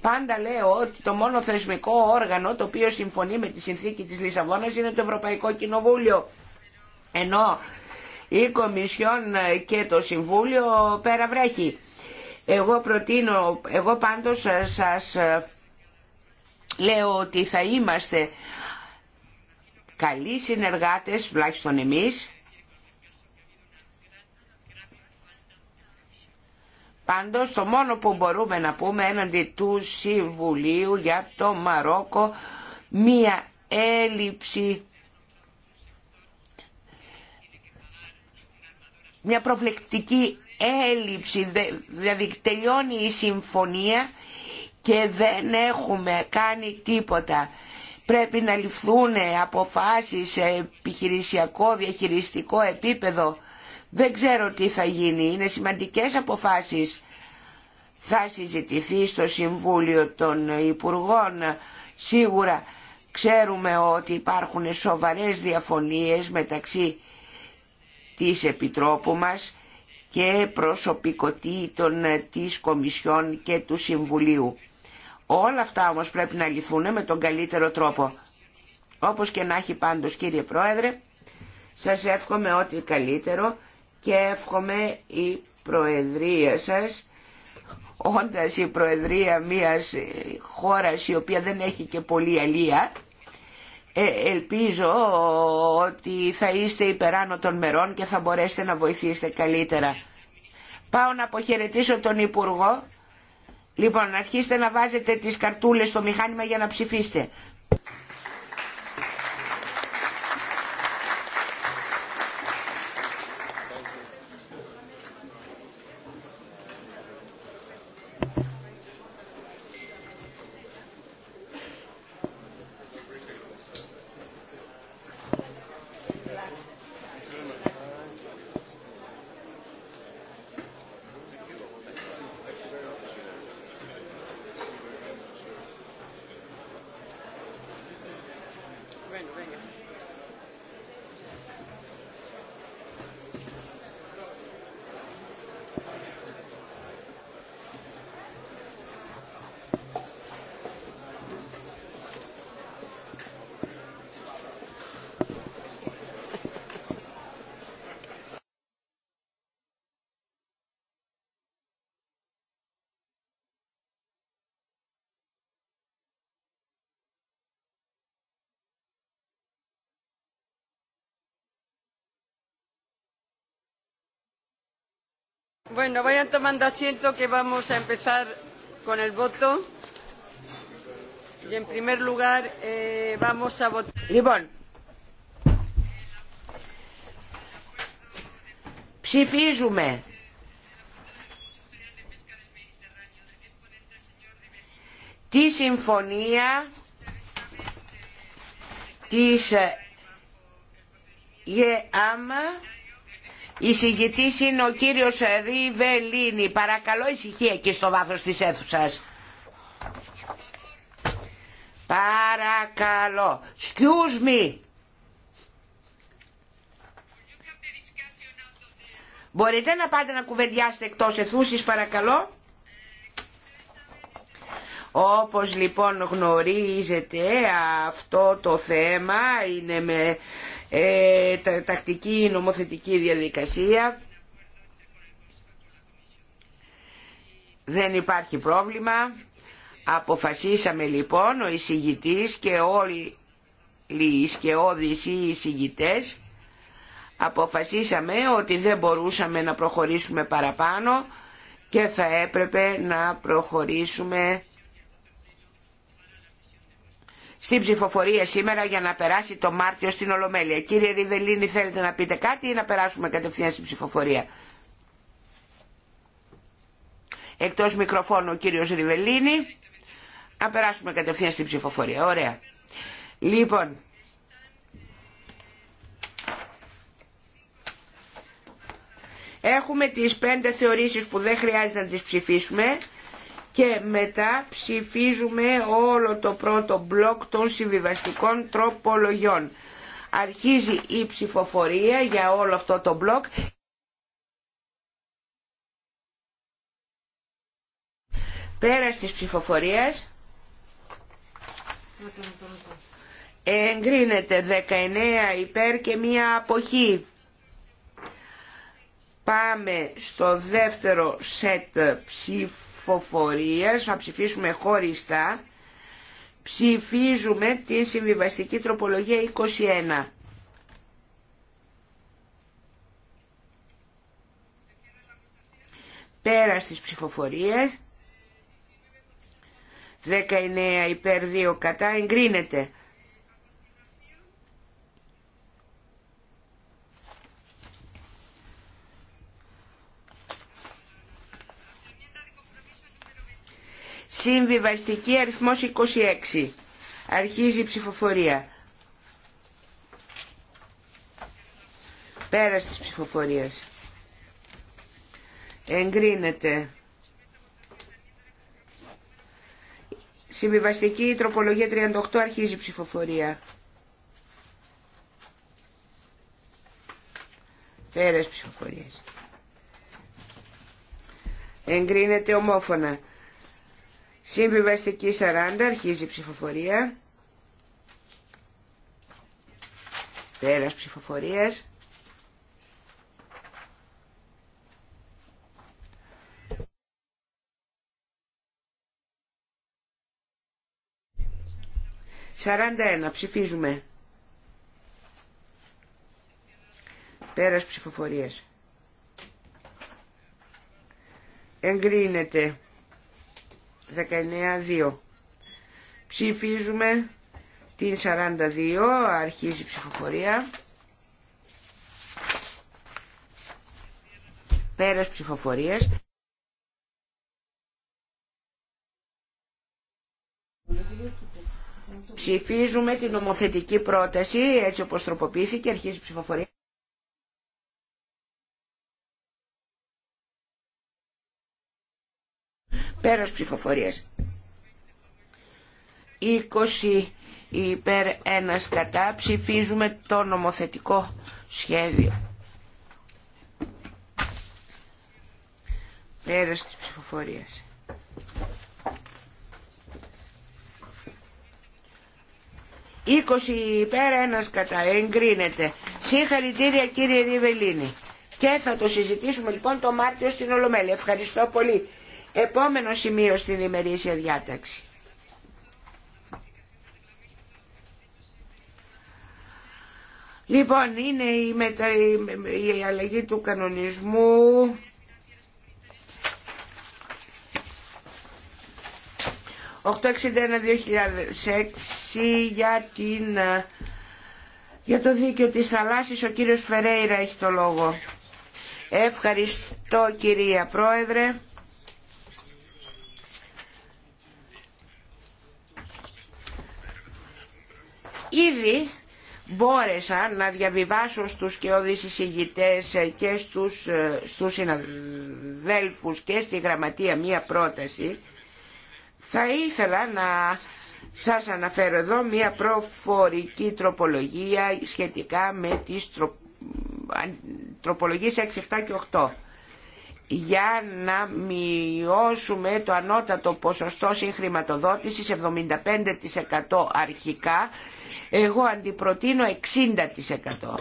πάντα λέω ότι το μόνο θεσμικό όργανο το οποίο συμφωνεί με τη συνθήκη της Λισαβόνας είναι το Ευρωπαϊκό Κοινοβούλιο. Ενώ η Κομισιόν και το Συμβούλιο πέρα βρέχει. Εγώ προτείνω, εγώ πάντως σας λέω ότι θα είμαστε καλοί συνεργάτες, τουλάχιστον εμείς, Πάντως το μόνο που μπορούμε να πούμε έναντι του Συμβουλίου για το Μαρόκο μία έλλειψη μια προφλεκτική έλλειψη, δηλαδή τελειώνει η συμφωνία και δεν έχουμε κάνει τίποτα. Πρέπει να ληφθούν αποφάσεις σε επιχειρησιακό, διαχειριστικό επίπεδο δεν ξέρω τι θα γίνει. Είναι σημαντικές αποφάσεις. Θα συζητηθεί στο Συμβούλιο των Υπουργών. Σίγουρα ξέρουμε ότι υπάρχουν σοβαρές διαφωνίες μεταξύ της Επιτρόπου μας και προσωπικότητων της Κομισιόν και του Συμβουλίου. Όλα αυτά όμως πρέπει να λυθούν με τον καλύτερο τρόπο. Όπως και να έχει πάντως κύριε Πρόεδρε, σας εύχομαι ό,τι καλύτερο και εύχομαι η Προεδρία σας όντας η Προεδρία μιας χώρας η οποία δεν έχει και πολύ αλία ε, ελπίζω ότι θα είστε υπεράνω των μερών και θα μπορέσετε να βοηθήσετε καλύτερα. Πάω να αποχαιρετήσω τον Υπουργό. Λοιπόν, αρχίστε να βάζετε τις καρτούλες στο μηχάνημα για να ψηφίσετε. Bueno, vayan tomando asiento que vamos a empezar con el voto. Y en primer lugar eh, vamos a votar. Λοιπόν, ψηφίζουμε τη συμφωνία της ΓΕΑΜΑ συγκητή είναι ο κύριο Ριβελίνη. Παρακαλώ ησυχία εκεί στο βάθο της αίθουσα. Παρακαλώ. Excuse me. Μπορείτε να πάτε να κουβεντιάσετε εκτός αιθούσης παρακαλώ. Όπως λοιπόν γνωρίζετε αυτό το θέμα είναι με ε, τα τακτική νομοθετική διαδικασία. Δεν υπάρχει πρόβλημα. Αποφασίσαμε λοιπόν ο εισηγητής και όλοι οι σκεώδεις ή οι εισηγητές αποφασίσαμε ότι δεν μπορούσαμε να προχωρήσουμε παραπάνω και θα έπρεπε να προχωρήσουμε στην ψηφοφορία σήμερα για να περάσει το Μάρτιο στην Ολομέλεια. Κύριε Ριβελίνη θέλετε να πείτε κάτι ή να περάσουμε κατευθείαν στην ψηφοφορία. Εκτός μικροφώνου ο κύριος Ριβελίνη. Να περάσουμε κατευθείαν στην ψηφοφορία. Ωραία. Λοιπόν, έχουμε τις πέντε θεωρήσεις που δεν χρειάζεται να τις ψηφίσουμε και μετά ψηφίζουμε όλο το πρώτο μπλοκ των συμβιβαστικών τροπολογιών. Αρχίζει η ψηφοφορία για όλο αυτό το μπλοκ. Πέρα της ψηφοφορίας εγκρίνεται 19 υπέρ και μία αποχή. Πάμε στο δεύτερο σετ ψηφοφορίας ψηφοφορίας, θα ψηφίσουμε χωριστά, ψηφίζουμε τη συμβιβαστική τροπολογία 21. Πέρα στις ψηφοφορίες, 19 υπέρ 2 κατά εγκρίνεται. Συμβιβαστική αριθμός 26. Αρχίζει η ψηφοφορία. Πέρας της ψηφοφορίας. Εγκρίνεται. Συμβιβαστική τροπολογία 38 αρχίζει η ψηφοφορία. Πέρας ψηφοφορίας. Εγκρίνεται ομόφωνα. Συμβιβαστική 40, αρχίζει η ψηφοφορία. Πέρας ψηφοφορίας. Σαράντα ένα, ψηφίζουμε. Πέρας ψηφοφορίας. Εγκρίνεται. 19-2. Ψηφίζουμε την 42, αρχίζει η ψηφοφορία. Πέρας ψηφοφορίας. Ψηφίζουμε την νομοθετική πρόταση, έτσι όπως τροποποιήθηκε, αρχίζει η ψηφοφορία. Πέρας ψηφοφορίας. 20 υπέρ ένας κατά ψηφίζουμε το νομοθετικό σχέδιο. Πέρας της ψηφοφορίας. Είκοσι υπέρ ένας κατά εγκρίνεται. Συγχαρητήρια κύριε Ριβελίνη. Και θα το συζητήσουμε λοιπόν το Μάρτιο στην Ολομέλη. Ευχαριστώ πολύ. Επόμενο σημείο στην ημερήσια διάταξη. Λοιπόν, είναι η, μετα... η αλλαγή του κανονισμού για 861-2006 για το δίκαιο της θαλάσσης ο κύριος Φερέιρα έχει το λόγο. Ευχαριστώ κυρία Πρόεδρε. Ήδη μπόρεσα να διαβιβάσω στους και ηγητές ε, και στους, ε, στους συναδέλφους και στη γραμματεία μία πρόταση. Θα ήθελα να σας αναφέρω εδώ μία προφορική τροπολογία σχετικά με τις τρο... τροπολογίες 6, 7 και 8 για να μειώσουμε το ανώτατο ποσοστό συγχρηματοδότησης 75% αρχικά εγώ αντιπροτείνω 60%.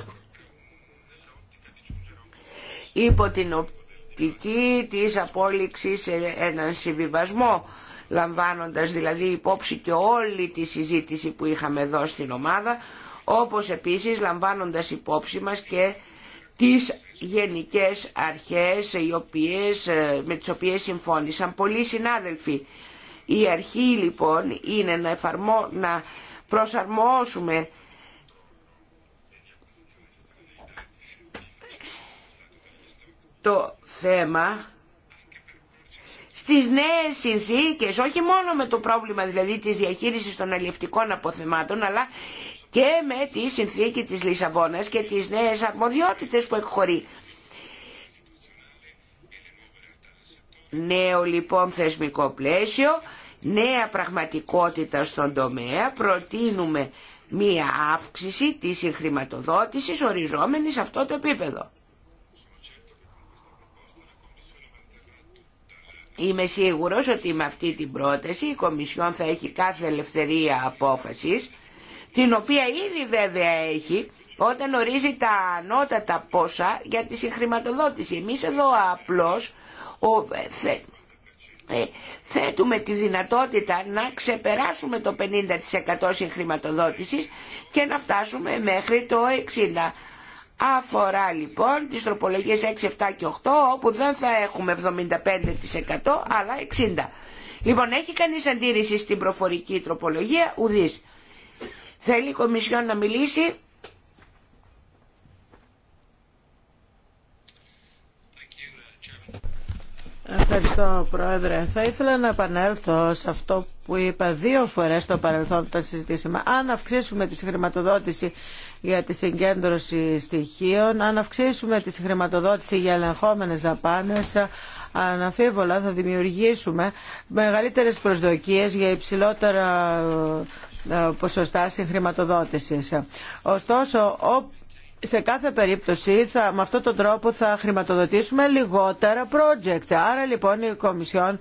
Υπό την οπτική της απόλυξης έναν συμβιβασμό, λαμβάνοντας δηλαδή υπόψη και όλη τη συζήτηση που είχαμε εδώ στην ομάδα, όπως επίσης λαμβάνοντας υπόψη μας και τις γενικές αρχές οι οποίες, ε, με τις οποίες συμφώνησαν πολλοί συνάδελφοι. Η αρχή λοιπόν είναι να, εφαρμό, να προσαρμόσουμε το θέμα στις νέες συνθήκες, όχι μόνο με το πρόβλημα δηλαδή της διαχείρισης των αλληλευτικών αποθεμάτων, αλλά και με τη συνθήκη της Λισαβόνας και τις νέες αρμοδιότητες που εκχωρεί. Νέο λοιπόν θεσμικό πλαίσιο, νέα πραγματικότητα στον τομέα προτείνουμε μία αύξηση της συγχρηματοδότησης οριζόμενη σε αυτό το επίπεδο. Είμαι σίγουρος ότι με αυτή την πρόταση η Κομισιόν θα έχει κάθε ελευθερία απόφασης, την οποία ήδη βέβαια έχει όταν ορίζει τα ανώτατα πόσα για τη συγχρηματοδότηση. Εμείς εδώ απλώς ε, θέτουμε τη δυνατότητα να ξεπεράσουμε το 50% συγχρηματοδότησης και να φτάσουμε μέχρι το 60%. Αφορά λοιπόν τις τροπολογίες 6, 7 και 8 όπου δεν θα έχουμε 75% αλλά 60%. Λοιπόν, έχει κανείς αντίρρηση στην προφορική τροπολογία, ουδής. Θέλει η Κομισιόν να μιλήσει. Ευχαριστώ Πρόεδρε. Θα ήθελα να επανέλθω σε αυτό που είπα δύο φορές στο παρελθόν τα συζητήσαμε. Αν αυξήσουμε τη χρηματοδότηση για τη συγκέντρωση στοιχείων, αν αυξήσουμε τη χρηματοδότηση για ελεγχόμενες δαπάνες, αναφίβολα θα δημιουργήσουμε μεγαλύτερες προσδοκίες για υψηλότερα ε, ποσοστά συγχρηματοδότησης. Ωστόσο, σε κάθε περίπτωση με αυτόν τον τρόπο θα χρηματοδοτήσουμε λιγότερα projects. Άρα λοιπόν η Κομισιόν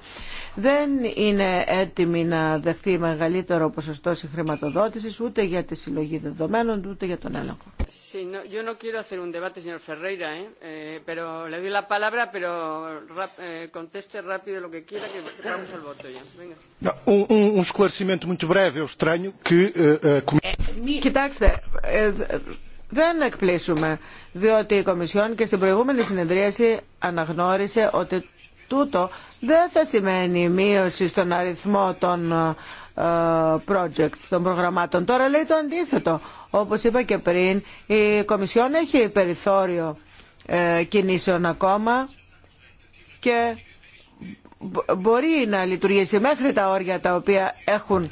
δεν είναι έτοιμη να δεχθεί μεγαλύτερο ποσοστό συγχρηματοδότηση ούτε για τη συλλογή δεδομένων ούτε για τον έλεγχο. Κοιτάξτε, δεν εκπλήσουμε, διότι η Κομισιόν και στην προηγούμενη συνεδρίαση αναγνώρισε ότι τούτο δεν θα σημαίνει μείωση στον αριθμό των ε, project, των προγραμμάτων. Τώρα λέει το αντίθετο. Όπως είπα και πριν, η Κομισιόν έχει περιθώριο ε, κινήσεων ακόμα και μπορεί να λειτουργήσει μέχρι τα όρια τα οποία έχουν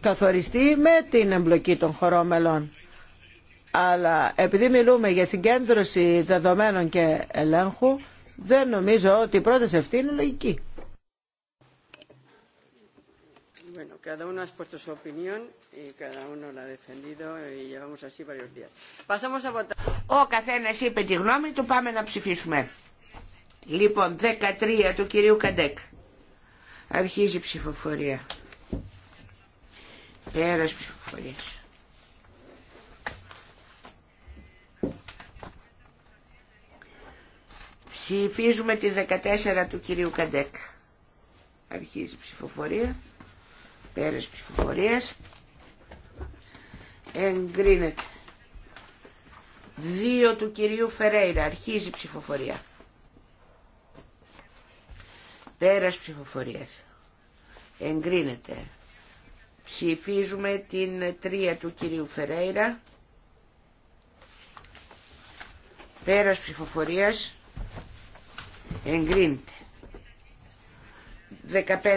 καθοριστεί με την εμπλοκή των χωρών μελών. Αλλά επειδή μιλούμε για συγκέντρωση δεδομένων και ελέγχου, δεν νομίζω ότι η πρόταση αυτή είναι λογική. Ο καθένα είπε τη γνώμη του, πάμε να ψηφίσουμε. Λοιπόν, 13 του κυρίου Καντέκ. Αρχίζει η ψηφοφορία. Πέρας ψηφοφορίας. Ψηφίζουμε τη 14 του κυρίου Καντέκ. Αρχίζει η ψηφοφορία. Πέρας ψηφοφορίας. Εγκρίνεται. 2 του κυρίου Φερέιρα. Αρχίζει η ψηφοφορία. Πέρας ψηφοφορίας. Εγκρίνεται. Ψηφίζουμε την 3 του κυρίου Φερέιρα. Πέρας ψηφοφορίας εγκρίνεται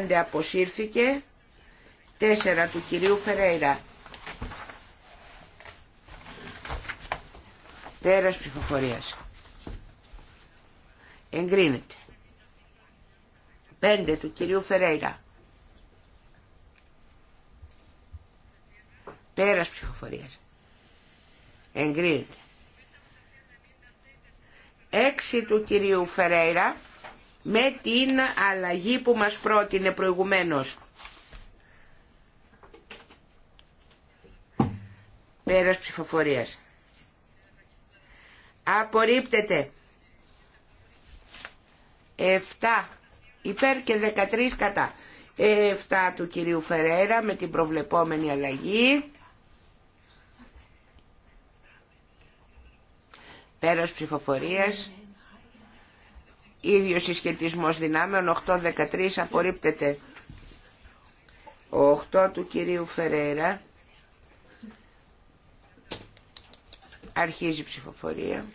15 αποσύρθηκε 4 του κυρίου Φερέιρα πέρας ψηφοφορία. εγκρίνεται 5 του κυρίου Φερέιρα πέρας ψηφοφορία. εγκρίνεται 6 του κυρίου Φερέιρα με την αλλαγή που μας πρότεινε προηγουμένως. Πέρας ψηφοφορίας. Απορρίπτεται. 7 υπέρ και 13 κατά. 7 του κυρίου Φερέρα με την προβλεπόμενη αλλαγή. Πέρας ψηφοφορίας. Ίδιος συσχετισμός δυνάμεων. 8-13 απορρίπτεται. Ο 8 του κυρίου Φερέρα. Αρχίζει ψηφοφορία.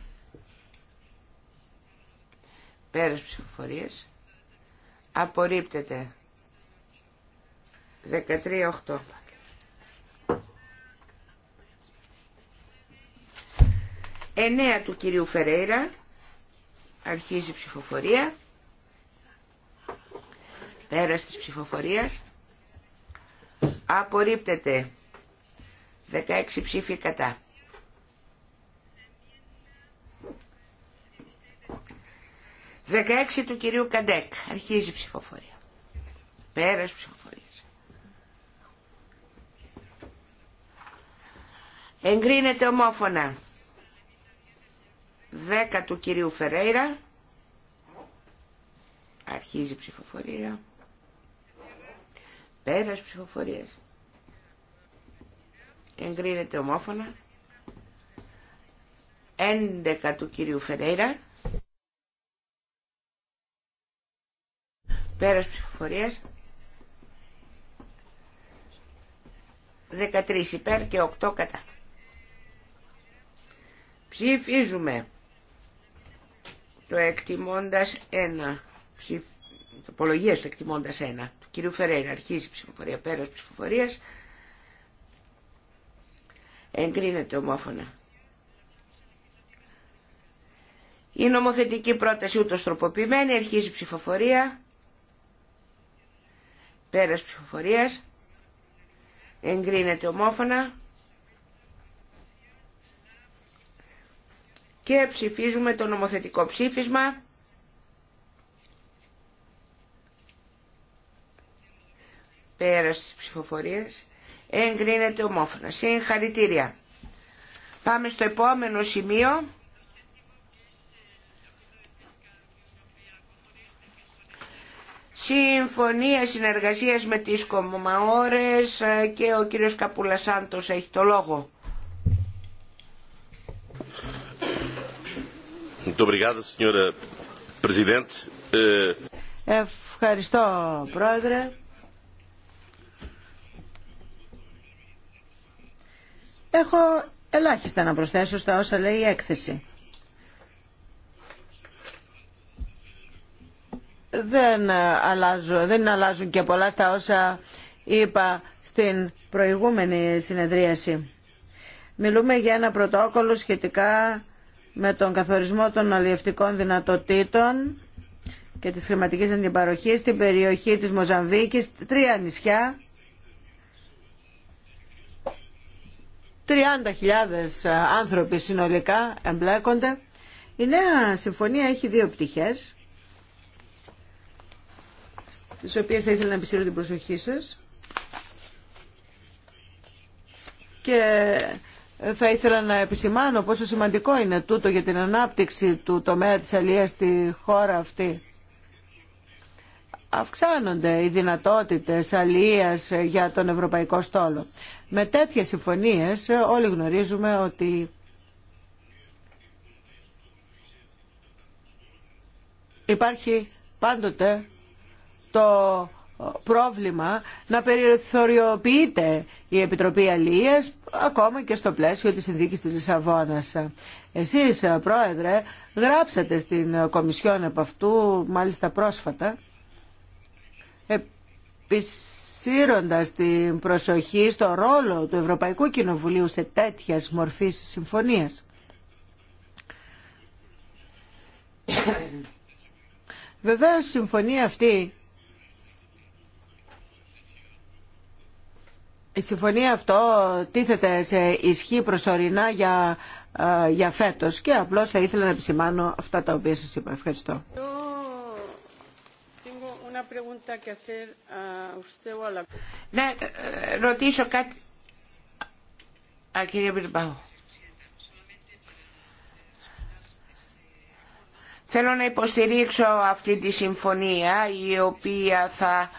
Πέρας ψηφοφορίας. Απορρίπτεται. 13-8. 9 του κυρίου Φερέιρα. Αρχίζει ψηφοφορία. Πέρας της ψηφοφορίας. Απορρίπτεται. 16 ψήφοι κατά. Δεκαέξι του κυρίου Καντέκ. Αρχίζει η ψηφοφορία. Πέρας ψηφοφορίας. Εγκρίνεται ομόφωνα. 10 του κυρίου Φερέιρα. Αρχίζει η ψηφοφορία. Πέρας ψηφοφορίας. Εγκρίνεται ομόφωνα. 11 του κυρίου Φερέιρα. Πέρας ψηφοφορίας. 13 υπέρ και 8 κατά. Ψηφίζουμε το εκτιμώντας ένα. Το τροπολογία στο εκτιμώντας ένα. του κυρίου Φερέιρα, αρχίζει ψηφοφορία, πέρας ψηφοφορίας, εγκρίνεται ομόφωνα. Η νομοθετική πρόταση ούτως τροποποιημένη, αρχίζει ψηφοφορία, πέρας ψηφοφορίας, εγκρίνεται ομόφωνα. και ψηφίζουμε το νομοθετικό ψήφισμα. πέρα της ψηφοφορίας. Εγκρίνεται ομόφωνα. Συγχαρητήρια. Πάμε στο επόμενο σημείο. Συμφωνία συνεργασίας με τις Κομμαόρες και ο κύριος Καπουλασάντος έχει το λόγο. Eh, Ευχαριστώ, Πρόεδρε. Έχω ελάχιστα να προσθέσω στα όσα λέει η έκθεση. Δεν αλλάζουν, αλλάζουν και πολλά στα όσα είπα στην προηγούμενη συνεδρίαση. Μιλούμε για ένα πρωτόκολλο σχετικά με τον καθορισμό των αλλιευτικών δυνατοτήτων και της χρηματικής αντιπαροχής στην περιοχή της Μοζαμβίκης, τρία νησιά, 30.000 ε, άνθρωποι συνολικά εμπλέκονται. Η νέα συμφωνία έχει δύο πτυχές, στις οποίες θα ήθελα να επισύρω την προσοχή σας. Και θα ήθελα να επισημάνω πόσο σημαντικό είναι τούτο για την ανάπτυξη του τομέα της αλληλείας στη χώρα αυτή. Αυξάνονται οι δυνατότητες αλληλείας για τον ευρωπαϊκό στόλο. Με τέτοιες συμφωνίες όλοι γνωρίζουμε ότι υπάρχει πάντοτε το πρόβλημα να περιθωριοποιείται η Επιτροπή Αλίας ακόμα και στο πλαίσιο της συνθήκης της Λισαβόνας. Εσείς, Πρόεδρε, γράψατε στην Κομισιόν από αυτού, μάλιστα πρόσφατα, επισύροντας την προσοχή στο ρόλο του Ευρωπαϊκού Κοινοβουλίου σε τέτοια μορφής συμφωνίας. Βεβαίως, η συμφωνία αυτή Η συμφωνία αυτό τίθεται σε ισχύ προσωρινά για, ε, για φέτος και απλώς θα ήθελα να επισημάνω αυτά τα οποία σας είπα. Ευχαριστώ. Ναι, ε, ε, ρωτήσω κάτι. Α, Θέλω να υποστηρίξω αυτή τη συμφωνία η οποία θα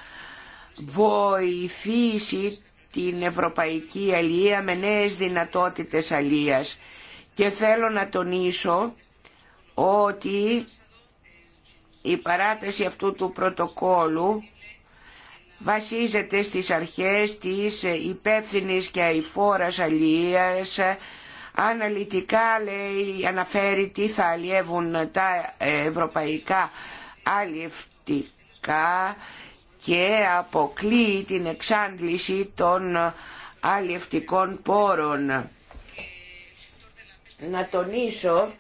βοηθήσει την ευρωπαϊκή αλία με νέες δυνατότητες αλίας. Και θέλω να τονίσω ότι η παράταση αυτού του πρωτοκόλου βασίζεται στις αρχές της υπεύθυνη και αηφόρας αλίας αναλυτικά λέει, αναφέρει τι θα αλλιεύουν τα ευρωπαϊκά αλλιευτικά και αποκλείει την εξάντληση των αλλιευτικών πόρων. Να τονίσω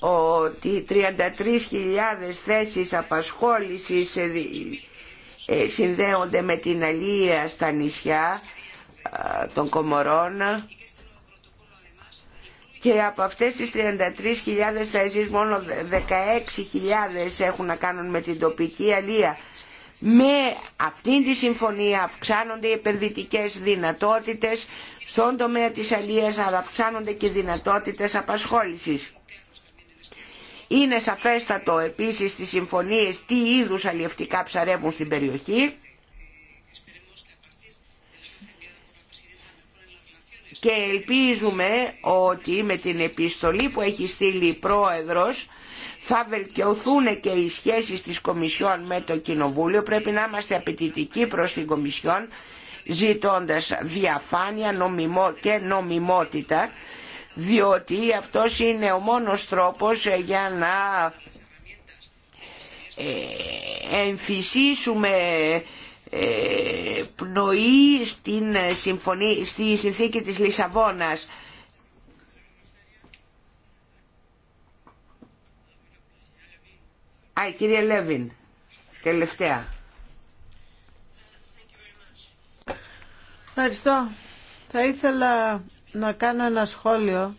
ότι 33.000 θέσεις απασχόλησης ε, ε, συνδέονται με την αλληλεία στα νησιά ε, των Κομορών και από αυτές τις 33.000 θέσεις μόνο 16.000 έχουν να κάνουν με την τοπική αλία με αυτήν τη συμφωνία αυξάνονται οι επενδυτικές δυνατότητες στον τομέα της αλλήλεια, αλλά αυξάνονται και δυνατότητες απασχόλησης. Είναι σαφέστατο επίσης στις συμφωνίες τι είδους αλλιευτικά ψαρεύουν στην περιοχή. Και ελπίζουμε ότι με την επιστολή που έχει στείλει η Πρόεδρος θα βελτιωθούν και οι σχέσεις της Κομισιόν με το Κοινοβούλιο. Πρέπει να είμαστε απαιτητικοί προς την Κομισιόν ζητώντας διαφάνεια νομιμό και νομιμότητα διότι αυτός είναι ο μόνος τρόπος ε, για να ε, εμφυσίσουμε ε, πνοή στην συμφωνή, στη συνθήκη της Λισαβόνας Α, η κυρία Λέβιν, τελευταία. Ευχαριστώ. Θα ήθελα να κάνω ένα σχόλιο.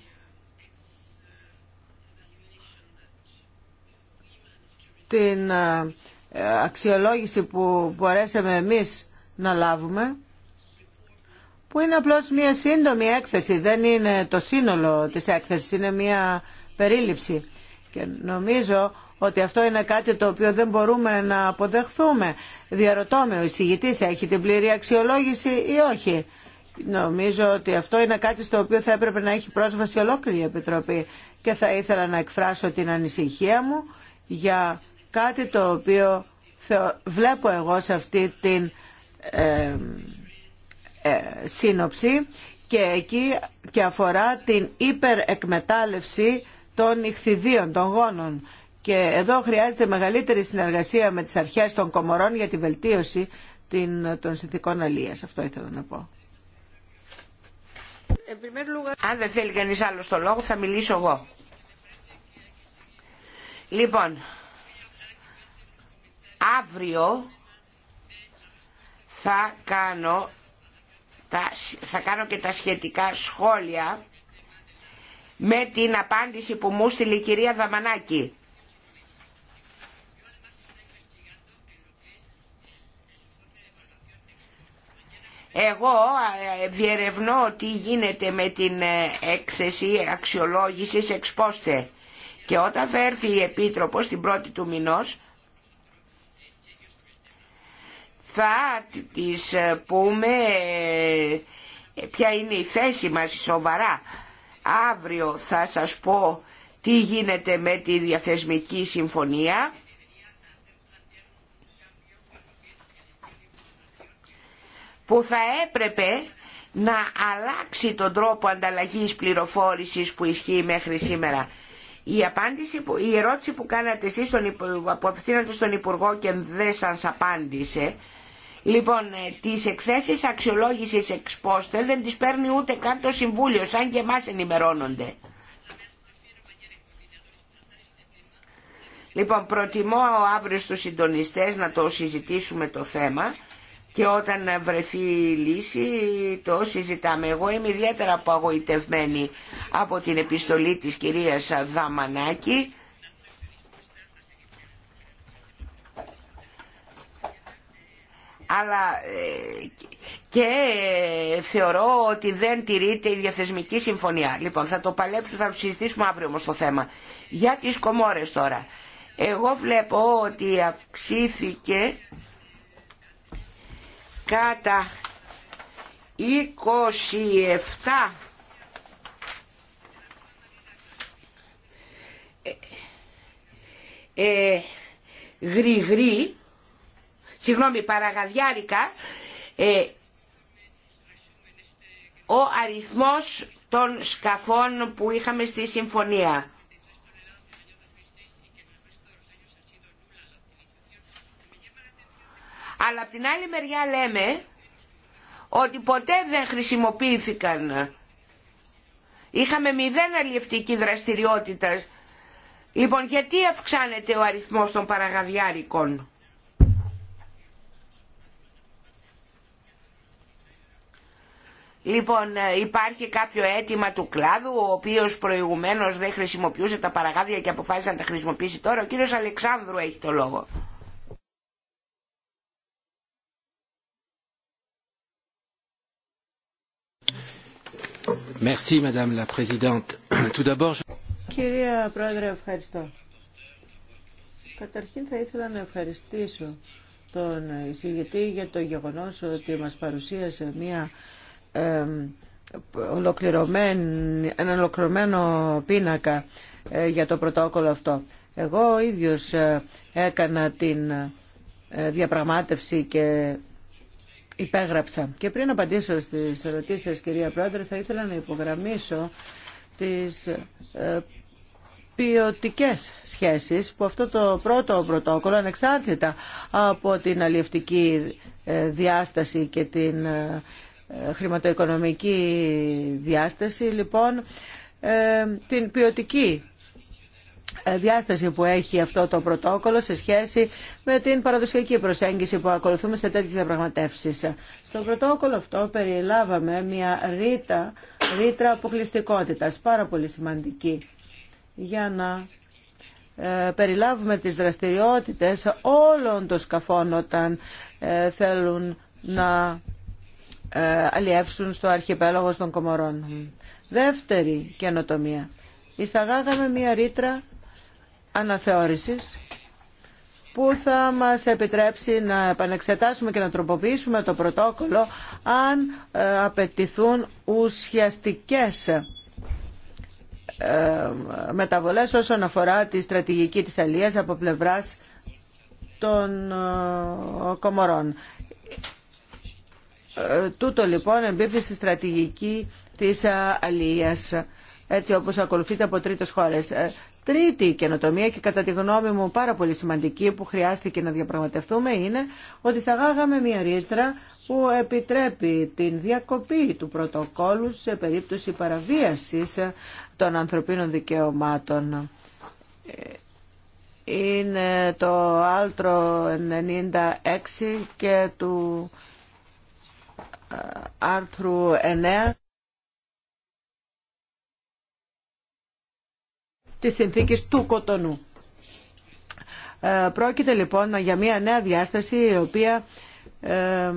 Την ε, αξιολόγηση που μπορέσαμε εμείς να λάβουμε, που είναι απλώς μια σύντομη έκθεση, δεν είναι το σύνολο της έκθεσης, είναι μια περίληψη. Και νομίζω ότι αυτό είναι κάτι το οποίο δεν μπορούμε να αποδεχθούμε. Διαρωτώ με, ο εισηγητής έχει την πλήρη αξιολόγηση ή όχι. Νομίζω ότι αυτό είναι κάτι στο οποίο θα έπρεπε να έχει πρόσβαση ολόκληρη η Επιτροπή και θα ήθελα να εκφράσω την ανησυχία μου για κάτι το οποίο βλέπω εγώ σε αυτή την ε, σύνοψη και εκεί και αφορά την υπερεκμετάλλευση των ηχθιδίων, των γόνων και εδώ χρειάζεται μεγαλύτερη συνεργασία με τις αρχές των Κομορών για τη βελτίωση των συνθήκων αλίας. Αυτό ήθελα να πω. Αν δεν θέλει κανείς άλλο το λόγο θα μιλήσω εγώ. Λοιπόν, αύριο θα κάνω, τα, θα κάνω και τα σχετικά σχόλια με την απάντηση που μου στείλει η κυρία Δαμανάκη. Εγώ ε, διερευνώ τι γίνεται με την ε, έκθεση αξιολόγησης εξπόστε και όταν θα έρθει η Επίτροπος την πρώτη του μηνός θα της ε, πούμε ποια είναι η θέση μας σοβαρά. Αύριο θα σας πω τι γίνεται με τη διαθεσμική συμφωνία που θα έπρεπε να αλλάξει τον τρόπο ανταλλαγής πληροφόρησης που ισχύει μέχρι σήμερα. Η, απάντηση που, η ερώτηση που κάνατε εσείς στον, που στον Υπουργό και δεν σας απάντησε, λοιπόν, ε, τις εκθέσεις αξιολόγησης εξπόστε δεν τις παίρνει ούτε καν το Συμβούλιο, σαν και εμάς ενημερώνονται. Λοιπόν, προτιμώ αύριο στους συντονιστές να το συζητήσουμε το θέμα και όταν βρεθεί η λύση το συζητάμε. Εγώ είμαι ιδιαίτερα απογοητευμένη από την επιστολή της κυρίας Δαμανάκη αλλά ε, και θεωρώ ότι δεν τηρείται η διαθεσμική συμφωνία. Λοιπόν, θα το παλέψουμε, θα συζητήσουμε αύριο όμως το θέμα. Για τις κομόρες τώρα. Εγώ βλέπω ότι αυξήθηκε κατά 27 ε, ε συγγνώμη παραγαδιάρικα, ε, ο αριθμός των σκαφών που είχαμε στη συμφωνία. Αλλά από την άλλη μεριά λέμε ότι ποτέ δεν χρησιμοποιήθηκαν. Είχαμε μηδέν αλλιευτική δραστηριότητα. Λοιπόν, γιατί αυξάνεται ο αριθμός των παραγαδιάρικων. Λοιπόν, ε, υπάρχει κάποιο αίτημα του κλάδου, ο οποίος προηγουμένως δεν χρησιμοποιούσε τα παραγάδια και αποφάσισε να τα χρησιμοποιήσει τώρα. Ο κύριος Αλεξάνδρου έχει το λόγο. Κυρία Πρόεδρε, ευχαριστώ. Καταρχήν θα ήθελα να ευχαριστήσω τον εισηγητή για το γεγονός ότι μας παρουσίασε μια ολοκληρωμένη, ένα ολοκληρωμένο πίνακα ε, για το πρωτόκολλο αυτό. Εγώ ίδιος ε, έκανα την ε, διαπραγμάτευση και και πριν απαντήσω στις ερωτήσεις κυρία Πρόεδρε, θα ήθελα να υπογραμμίσω τις ε, ποιοτικέ σχέσεις που αυτό το πρώτο πρωτόκολλο ανεξάρτητα από την αλλιευτική ε, διάσταση και την ε, χρηματοοικονομική διάσταση λοιπόν την ποιοτική ε, διάσταση που έχει αυτό το πρωτόκολλο σε σχέση με την παραδοσιακή προσέγγιση που ακολουθούμε σε τέτοιες διαπραγματεύσει. Στο πρωτόκολλο αυτό περιλάβαμε μια ρήτα, ρήτρα αποκλειστικότητας, πάρα πολύ σημαντική, για να ε, περιλάβουμε τις δραστηριότητες όλων των σκαφών όταν ε, θέλουν να αλλιεύσουν στο αρχιπέλογο των Κομορών. Δεύτερη καινοτομία. Εισαγάγαμε μια ρήτρα αναθεώρησης που θα μας επιτρέψει να επανεξετάσουμε και να τροποποιήσουμε το πρωτόκολλο αν ε, απαιτηθούν ουσιαστικές ε, μεταβολές όσον αφορά τη στρατηγική της αλίας από πλευράς των ε, κομορών. Τούτο λοιπόν εμπίπτει στη στρατηγική της αλίας έτσι όπως ακολουθείται από τρίτες χώρες. Τρίτη καινοτομία και κατά τη γνώμη μου πάρα πολύ σημαντική που χρειάστηκε να διαπραγματευτούμε είναι ότι σαγάγαμε μια ρήτρα που επιτρέπει την διακοπή του πρωτοκόλου σε περίπτωση παραβίασης των ανθρωπίνων δικαιωμάτων. Είναι το άρθρο 96 και του ε, άρθρου 9 της συνθήκης του Κοτονού. Ε, πρόκειται λοιπόν για μια νέα διάσταση η οποία ε,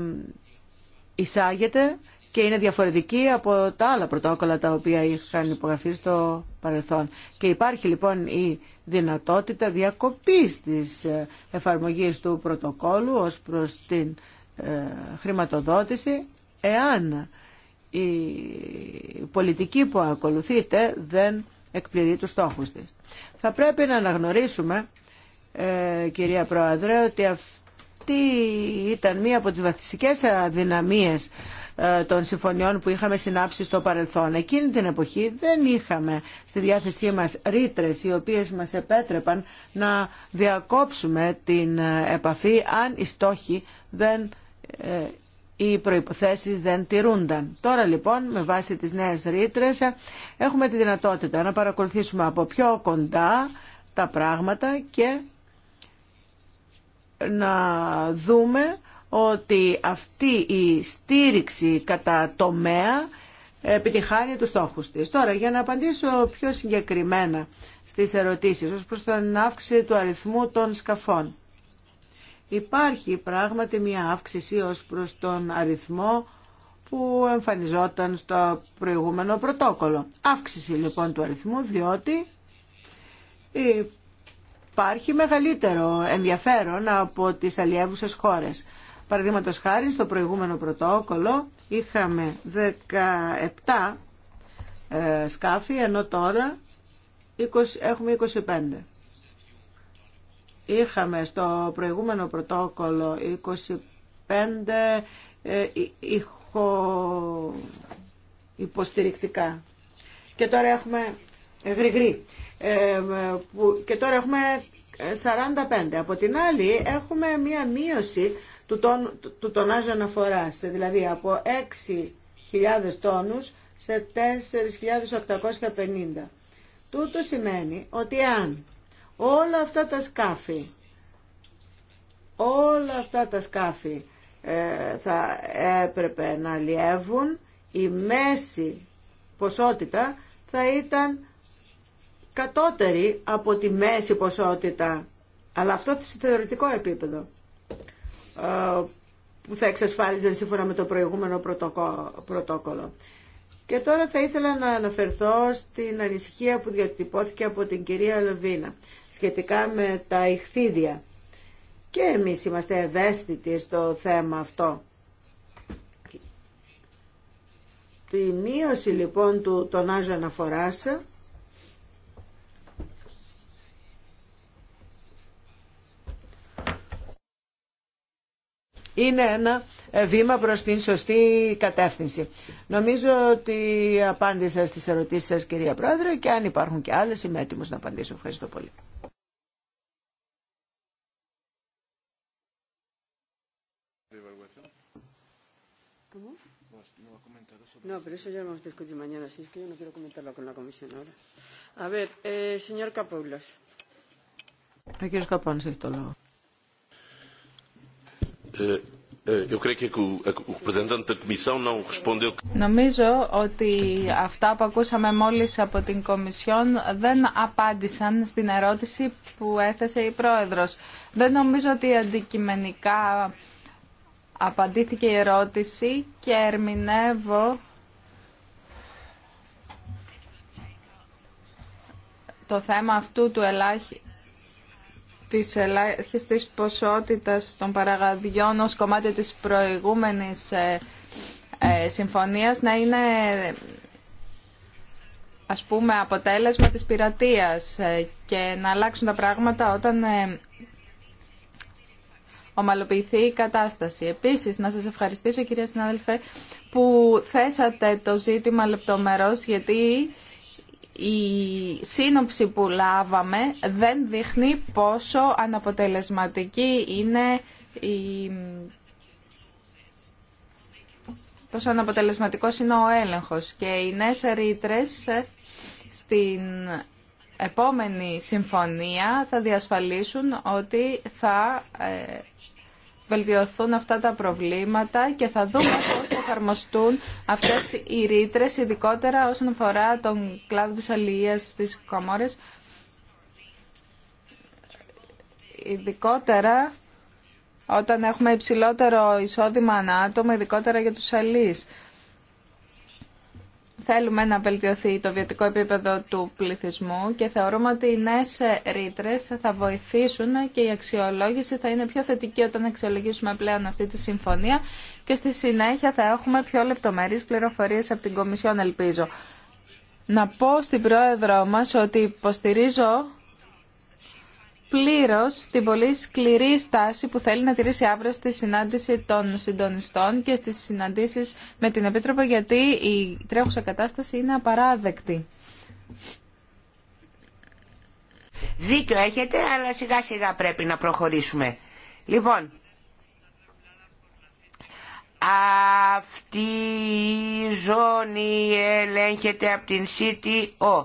εισάγεται και είναι διαφορετική από τα άλλα πρωτόκολλα τα οποία είχαν υπογραφεί στο παρελθόν. Και υπάρχει λοιπόν η δυνατότητα διακοπής της ε, εφαρμογής του πρωτοκόλου ως προς την χρηματοδότηση εάν η πολιτική που ακολουθείται δεν εκπληρεί τους στόχους της. Θα πρέπει να αναγνωρίσουμε, ε, κυρία Πρόεδρε, ότι αυτή ήταν μία από τις βαθιστικές αδυναμίες ε, των συμφωνιών που είχαμε συνάψει στο παρελθόν. Εκείνη την εποχή δεν είχαμε στη διάθεσή μας ρήτρε οι οποίες μας επέτρεπαν να διακόψουμε την ε, επαφή αν οι στόχοι δεν οι προϋποθέσεις δεν τηρούνταν. Τώρα λοιπόν με βάση τις νέες ρήτρες έχουμε τη δυνατότητα να παρακολουθήσουμε από πιο κοντά τα πράγματα και να δούμε ότι αυτή η στήριξη κατά τομέα επιτυχάνει τους στόχους της. Τώρα, για να απαντήσω πιο συγκεκριμένα στις ερωτήσεις ως προς την αύξηση του αριθμού των σκαφών. Υπάρχει πράγματι μια αύξηση ως προς τον αριθμό που εμφανιζόταν στο προηγούμενο πρωτόκολλο. Αύξηση λοιπόν του αριθμού διότι υπάρχει μεγαλύτερο ενδιαφέρον από τις αλλιεύουσες χώρες. Παραδείγματος χάρη στο προηγούμενο πρωτόκολλο είχαμε 17 ε, σκάφη ενώ τώρα έχουμε 25. Είχαμε στο προηγούμενο πρωτόκολλο 25 ε, ήχο υποστηρικτικά. Και τώρα έχουμε ε, ε, και τώρα έχουμε 45. Από την άλλη έχουμε μία μείωση του, τον, του τονάζου αναφοράς, δηλαδή από 6.000 τόνους σε 4.850. Τούτο σημαίνει ότι αν Όλα αυτά τα σκάφη, όλα αυτά τα σκάφη ε, θα έπρεπε να αλλιεύουν, η μέση ποσότητα θα ήταν κατώτερη από τη μέση ποσότητα, αλλά αυτό σε θεωρητικό επίπεδο, ε, που θα εξασφάλιζαν σύμφωνα με το προηγούμενο πρωτόκολλο. Και τώρα θα ήθελα να αναφερθώ στην ανησυχία που διατυπώθηκε από την κυρία Λαβίνα σχετικά με τα ηχθίδια. Και εμείς είμαστε ευαίσθητοι στο θέμα αυτό. Τη μείωση λοιπόν του τονάζου αναφοράς είναι ένα ε, βήμα προς την σωστή κατεύθυνση. Νομίζω ότι απάντησα στις ερωτήσεις σας κυρία Πρόεδρε και αν υπάρχουν και άλλες είμαι έτοιμος να απαντήσω. Ευχαριστώ πολύ. No, pero eso ya lo vamos a discutir mañana, así es que yo no quiero comentarlo con la comisión ahora. A ver, eh, señor Capoulas. Ο κύριος Καπώνης έχει το Νομίζω ότι αυτά που ακούσαμε μόλις από την Κομισιόν δεν απάντησαν στην ερώτηση που έθεσε η Πρόεδρος. Δεν νομίζω ότι αντικειμενικά απαντήθηκε η ερώτηση και ερμηνεύω το θέμα αυτού του ελάχιστου της ελάχιστης ποσότητας των παραγαδιών ως κομμάτι της προηγούμενης ε, ε, συμφωνίας να είναι ας πούμε αποτέλεσμα της πειρατείας ε, και να αλλάξουν τα πράγματα όταν ομαλοποιηθεί η κατάσταση. Επίσης, να σας ευχαριστήσω κυρία συνάδελφε που θέσατε το ζήτημα λεπτομερώς γιατί η σύνοψη που λάβαμε δεν δείχνει πόσο αναποτελεσματική είναι η... πόσο αναποτελεσματικός είναι ο έλεγχος και οι νέες ρήτρες στην επόμενη συμφωνία θα διασφαλίσουν ότι θα ε, βελτιωθούν αυτά τα προβλήματα και θα δούμε πώς θα εφαρμοστούν αυτές οι ρήτρε, ειδικότερα όσον αφορά τον κλάδο της αλληλείας στις Κομόρες. Ειδικότερα όταν έχουμε υψηλότερο εισόδημα ανά άτομο, ειδικότερα για τους αλληλείς. Θέλουμε να βελτιωθεί το βιωτικό επίπεδο του πληθυσμού και θεωρούμε ότι οι νέε ρήτρε θα βοηθήσουν και η αξιολόγηση θα είναι πιο θετική όταν αξιολογήσουμε πλέον αυτή τη συμφωνία και στη συνέχεια θα έχουμε πιο λεπτομερείς πληροφορίες από την Κομισιόν, ελπίζω. Να πω στην πρόεδρό μας ότι υποστηρίζω πλήρως την πολύ σκληρή στάση που θέλει να τηρήσει αύριο στη συνάντηση των συντονιστών και στις συναντήσεις με την Επίτροπο γιατί η τρέχουσα κατάσταση είναι απαράδεκτη. Δίκιο έχετε, αλλά σιγά σιγά πρέπει να προχωρήσουμε. Λοιπόν, αυτή η ζώνη ελέγχεται από την CTO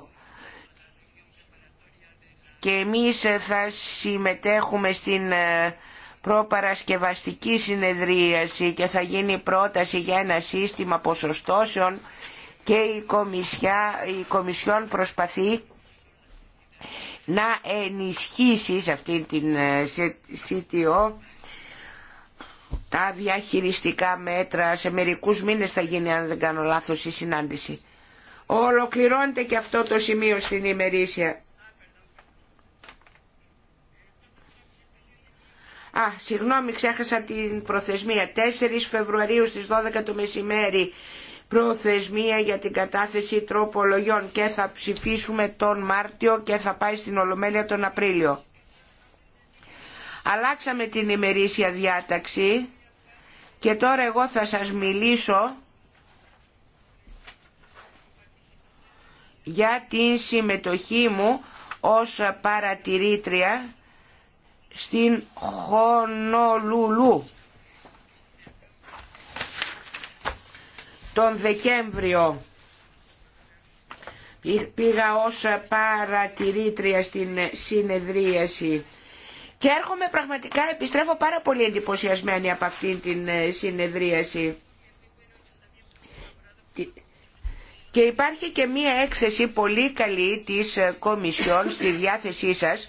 και εμείς ε, θα συμμετέχουμε στην ε, προπαρασκευαστική συνεδρίαση και θα γίνει πρόταση για ένα σύστημα ποσοστώσεων και η, Κομισιά, η Κομισιόν προσπαθεί να ενισχύσει σε αυτήν την ε, CTO τα διαχειριστικά μέτρα. Σε μερικούς μήνες θα γίνει, αν δεν κάνω λάθος, η συνάντηση. Ολοκληρώνεται και αυτό το σημείο στην ημερήσια Α, συγγνώμη, ξέχασα την προθεσμία. 4 Φεβρουαρίου στις 12 το μεσημέρι προθεσμία για την κατάθεση τροπολογιών και θα ψηφίσουμε τον Μάρτιο και θα πάει στην Ολομέλεια τον Απρίλιο. Αλλάξαμε την ημερήσια διάταξη και τώρα εγώ θα σας μιλήσω για την συμμετοχή μου ως παρατηρήτρια στην Χονολουλού τον Δεκέμβριο. Πήγα ως παρατηρήτρια στην συνεδρίαση και έρχομαι πραγματικά, επιστρέφω πάρα πολύ εντυπωσιασμένη από αυτήν την ε, συνεδρίαση. Και υπάρχει και μία έκθεση πολύ καλή της ε, Κομισιόν στη διάθεσή σας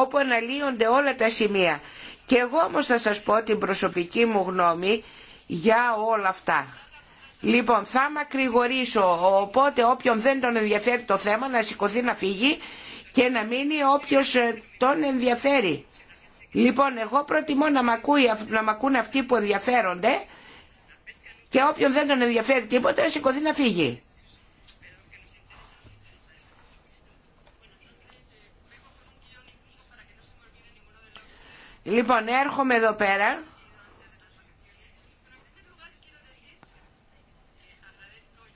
όπου αναλύονται όλα τα σημεία. Και εγώ όμως θα σας πω την προσωπική μου γνώμη για όλα αυτά. Λοιπόν, θα μακρηγορήσω, οπότε όποιον δεν τον ενδιαφέρει το θέμα να σηκωθεί να φύγει και να μείνει όποιος ε, τον ενδιαφέρει. Λοιπόν, εγώ προτιμώ να μ' να μ ακούν αυτοί που ενδιαφέρονται και όποιον δεν τον ενδιαφέρει τίποτα να σηκωθεί να φύγει. Λοιπόν, έρχομαι εδώ πέρα.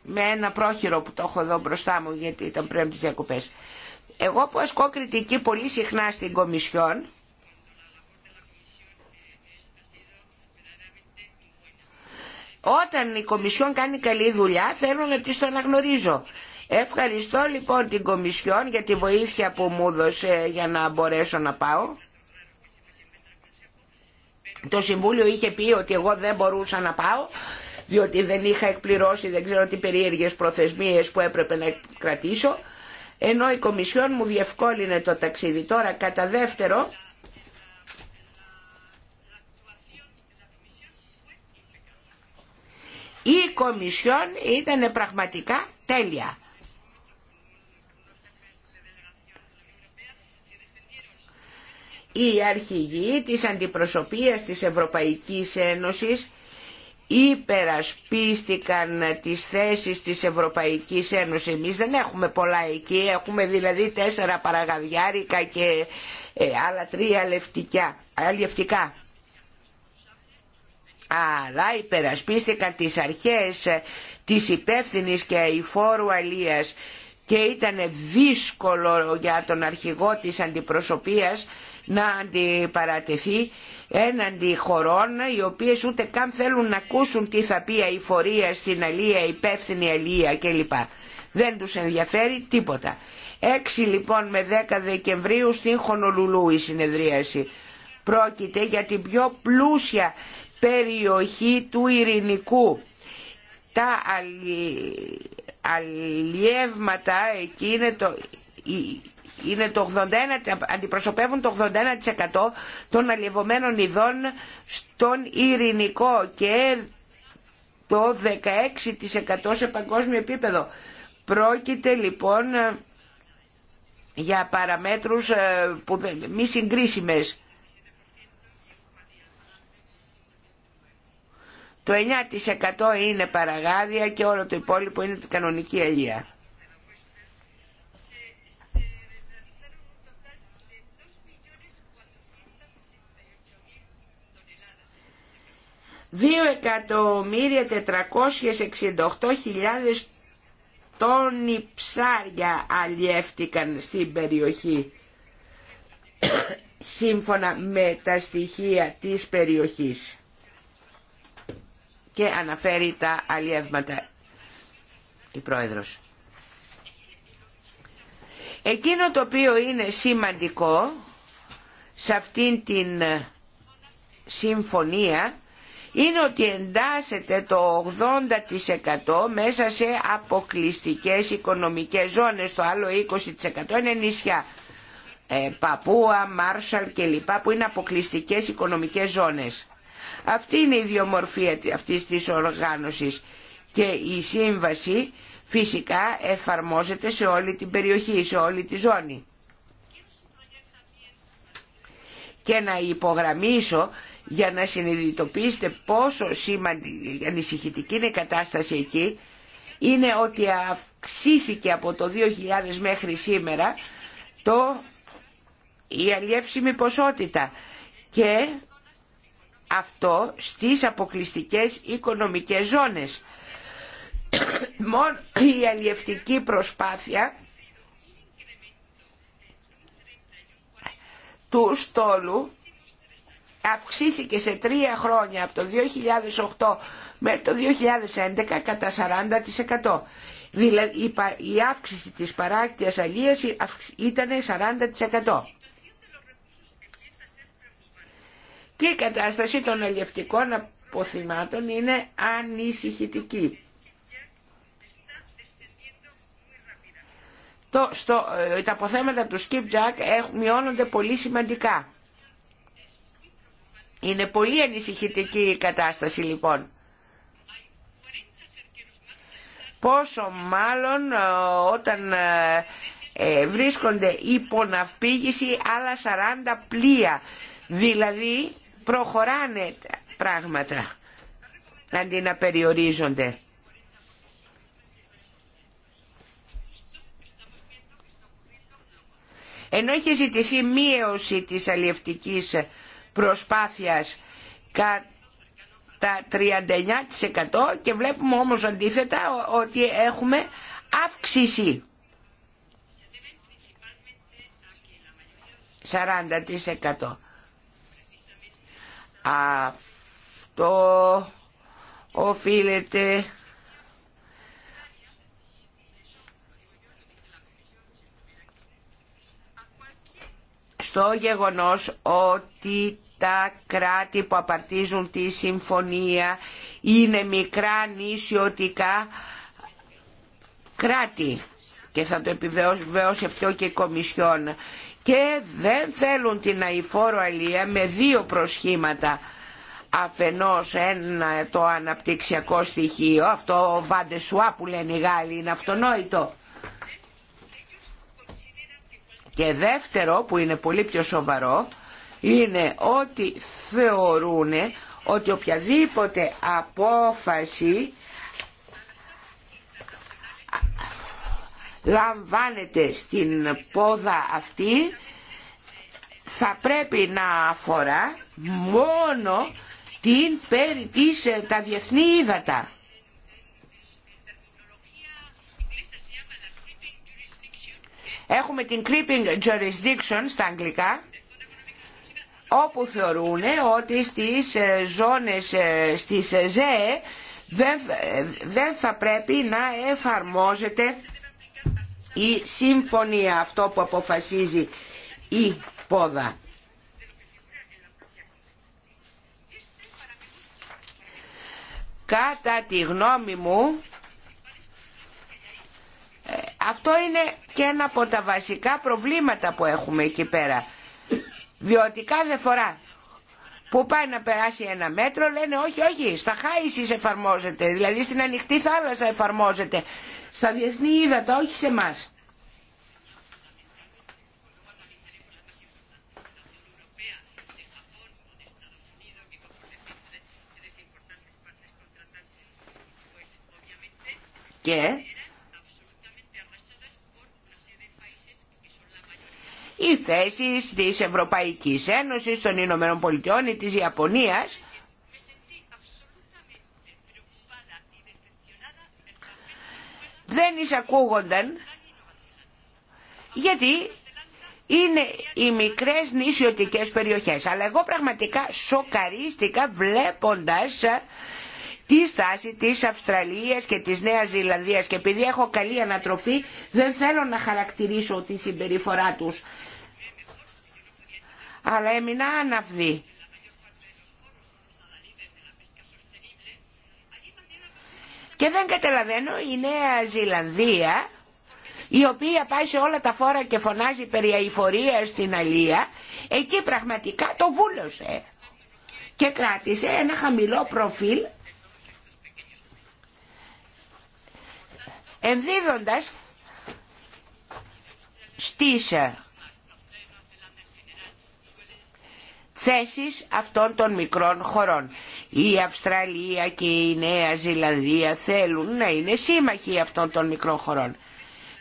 Με ένα πρόχειρο που το έχω εδώ μπροστά μου γιατί ήταν πριν από τις διακοπές. Εγώ που ασκώ κριτική πολύ συχνά στην Κομισιόν, όταν η Κομισιόν κάνει καλή δουλειά θέλω να τη το αναγνωρίζω. Ευχαριστώ λοιπόν την Κομισιόν για τη βοήθεια που μου δώσε για να μπορέσω να πάω. Το Συμβούλιο είχε πει ότι εγώ δεν μπορούσα να πάω διότι δεν είχα εκπληρώσει δεν ξέρω τι περίεργες προθεσμίες που έπρεπε να κρατήσω ενώ η Κομισιόν μου διευκόλυνε το ταξίδι. Τώρα κατά δεύτερο η Κομισιόν ήταν πραγματικά τέλεια. οι αρχηγοί της αντιπροσωπείας της Ευρωπαϊκής Ένωσης υπερασπίστηκαν τις θέσεις της Ευρωπαϊκής Ένωσης. Εμείς δεν έχουμε πολλά εκεί, έχουμε δηλαδή τέσσερα παραγαδιάρικα και ε, άλλα τρία λευτικιά, αλλιευτικά. Ε, Αλλά υπερασπίστηκαν τις αρχές ε, της υπεύθυνη και αηφόρου αλίας και ήταν δύσκολο για τον αρχηγό της αντιπροσωπείας να αντιπαρατεθεί έναντι χωρών οι οποίες ούτε καν θέλουν να ακούσουν τι θα πει η φορεία στην αλία, η υπεύθυνη αλία κλπ. Δεν τους ενδιαφέρει τίποτα. 6 λοιπόν με 10 Δεκεμβρίου στην Χονολουλού η συνεδρίαση. Πρόκειται για την πιο πλούσια περιοχή του Ειρηνικού. Τα αλλιεύματα εκεί είναι το, είναι αντιπροσωπεύουν το 81% των αλλιευωμένων ειδών στον ειρηνικό και το 16% σε παγκόσμιο επίπεδο. Πρόκειται λοιπόν για παραμέτρους ε, που μη συγκρίσιμες. Το 9% είναι παραγάδια και όλο το υπόλοιπο είναι κανονική αλληλεία. 2.468.000 τόνοι ψάρια αλλιεύτηκαν στην περιοχή σύμφωνα με τα στοιχεία της περιοχής και αναφέρει τα αλλιεύματα η Πρόεδρος. Εκείνο το οποίο είναι σημαντικό σε αυτήν την συμφωνία είναι ότι εντάσσεται το 80% μέσα σε αποκλειστικές οικονομικές ζώνες, το άλλο 20% είναι νησιά. Ε, Παπούα, Μάρσαλ κλπ. που είναι αποκλειστικές οικονομικές ζώνες. Αυτή είναι η ιδιομορφία αυτής της οργάνωσης και η σύμβαση φυσικά εφαρμόζεται σε όλη την περιοχή, σε όλη τη ζώνη. Και να υπογραμμίσω για να συνειδητοποιήσετε πόσο ανησυχητική είναι η κατάσταση εκεί είναι ότι αυξήθηκε από το 2000 μέχρι σήμερα το, η αλλιεύσιμη ποσότητα και αυτό στις αποκλειστικές οικονομικές ζώνες. Μόνο η αλλιευτική προσπάθεια του στόλου αυξήθηκε σε τρία χρόνια από το 2008 μέχρι το 2011 κατά 40%. Δηλαδή η αύξηση της παράκτειας αλίας ήταν 40%. Και η κατάσταση των αλλιευτικών αποθυμάτων είναι ανησυχητική. Το, ε, τα αποθέματα του Skipjack μειώνονται πολύ σημαντικά. Είναι πολύ ανησυχητική η κατάσταση λοιπόν. Πόσο μάλλον ε, όταν ε, ε, βρίσκονται υπό ναυπήγηση άλλα 40 πλοία. Δηλαδή προχωράνε πράγματα αντί να περιορίζονται. Ενώ έχει ζητηθεί μείωση της αλλιευτικής προσπάθειας κατά 39% και βλέπουμε όμως αντίθετα ότι έχουμε αύξηση 40%. Αυτό οφείλεται στο γεγονός ότι τα κράτη που απαρτίζουν τη συμφωνία είναι μικρά νησιωτικά κράτη και θα το επιβεβαιώσει αυτό και η Κομισιόν και δεν θέλουν την αηφόρο αλία με δύο προσχήματα αφενός ένα το αναπτυξιακό στοιχείο αυτό βαντεσουά που λένε οι Γάλλοι είναι αυτονόητο και δεύτερο που είναι πολύ πιο σοβαρό είναι ότι θεωρούν ότι οποιαδήποτε απόφαση λαμβάνεται στην πόδα αυτή θα πρέπει να αφορά μόνο την περί τα διεθνή ύδατα. Έχουμε την creeping jurisdiction στα αγγλικά όπου θεωρούν ότι στις ε, ζώνες, ε, στις ε, ΖΕΕ δεν, δεν θα πρέπει να εφαρμόζεται η σύμφωνία αυτό που αποφασίζει η πόδα. Κατά τη γνώμη μου, αυτό είναι και ένα από τα βασικά προβλήματα που έχουμε εκεί πέρα. Διότι κάθε φορά. Που πάει να περάσει ένα μέτρο λένε όχι, όχι, στα χάησης εφαρμόζεται, δηλαδή στην ανοιχτή θάλασσα εφαρμόζεται, στα διεθνή ύδατα, όχι σε εμά. Και οι θέσει τη Ευρωπαϊκή Ένωση, των Ηνωμένων Πολιτειών ή τη Ιαπωνία. δεν εισακούγονταν γιατί είναι οι μικρές νησιωτικές περιοχές. Αλλά εγώ πραγματικά σοκαρίστηκα βλέποντας τη στάση της Αυστραλίας και της Νέας Ζηλανδίας και επειδή έχω καλή ανατροφή δεν θέλω να χαρακτηρίσω τη συμπεριφορά τους αλλά έμεινα άναυδη. Και δεν καταλαβαίνω η Νέα Ζηλανδία η οποία πάει σε όλα τα φόρα και φωνάζει περί αηφορία στην Αλία εκεί πραγματικά το βούλωσε και κράτησε ένα χαμηλό προφίλ ενδίδοντας στις θέσεις αυτών των μικρών χωρών. Η Αυστραλία και η Νέα Ζηλανδία θέλουν να είναι σύμμαχοι αυτών των μικρών χωρών.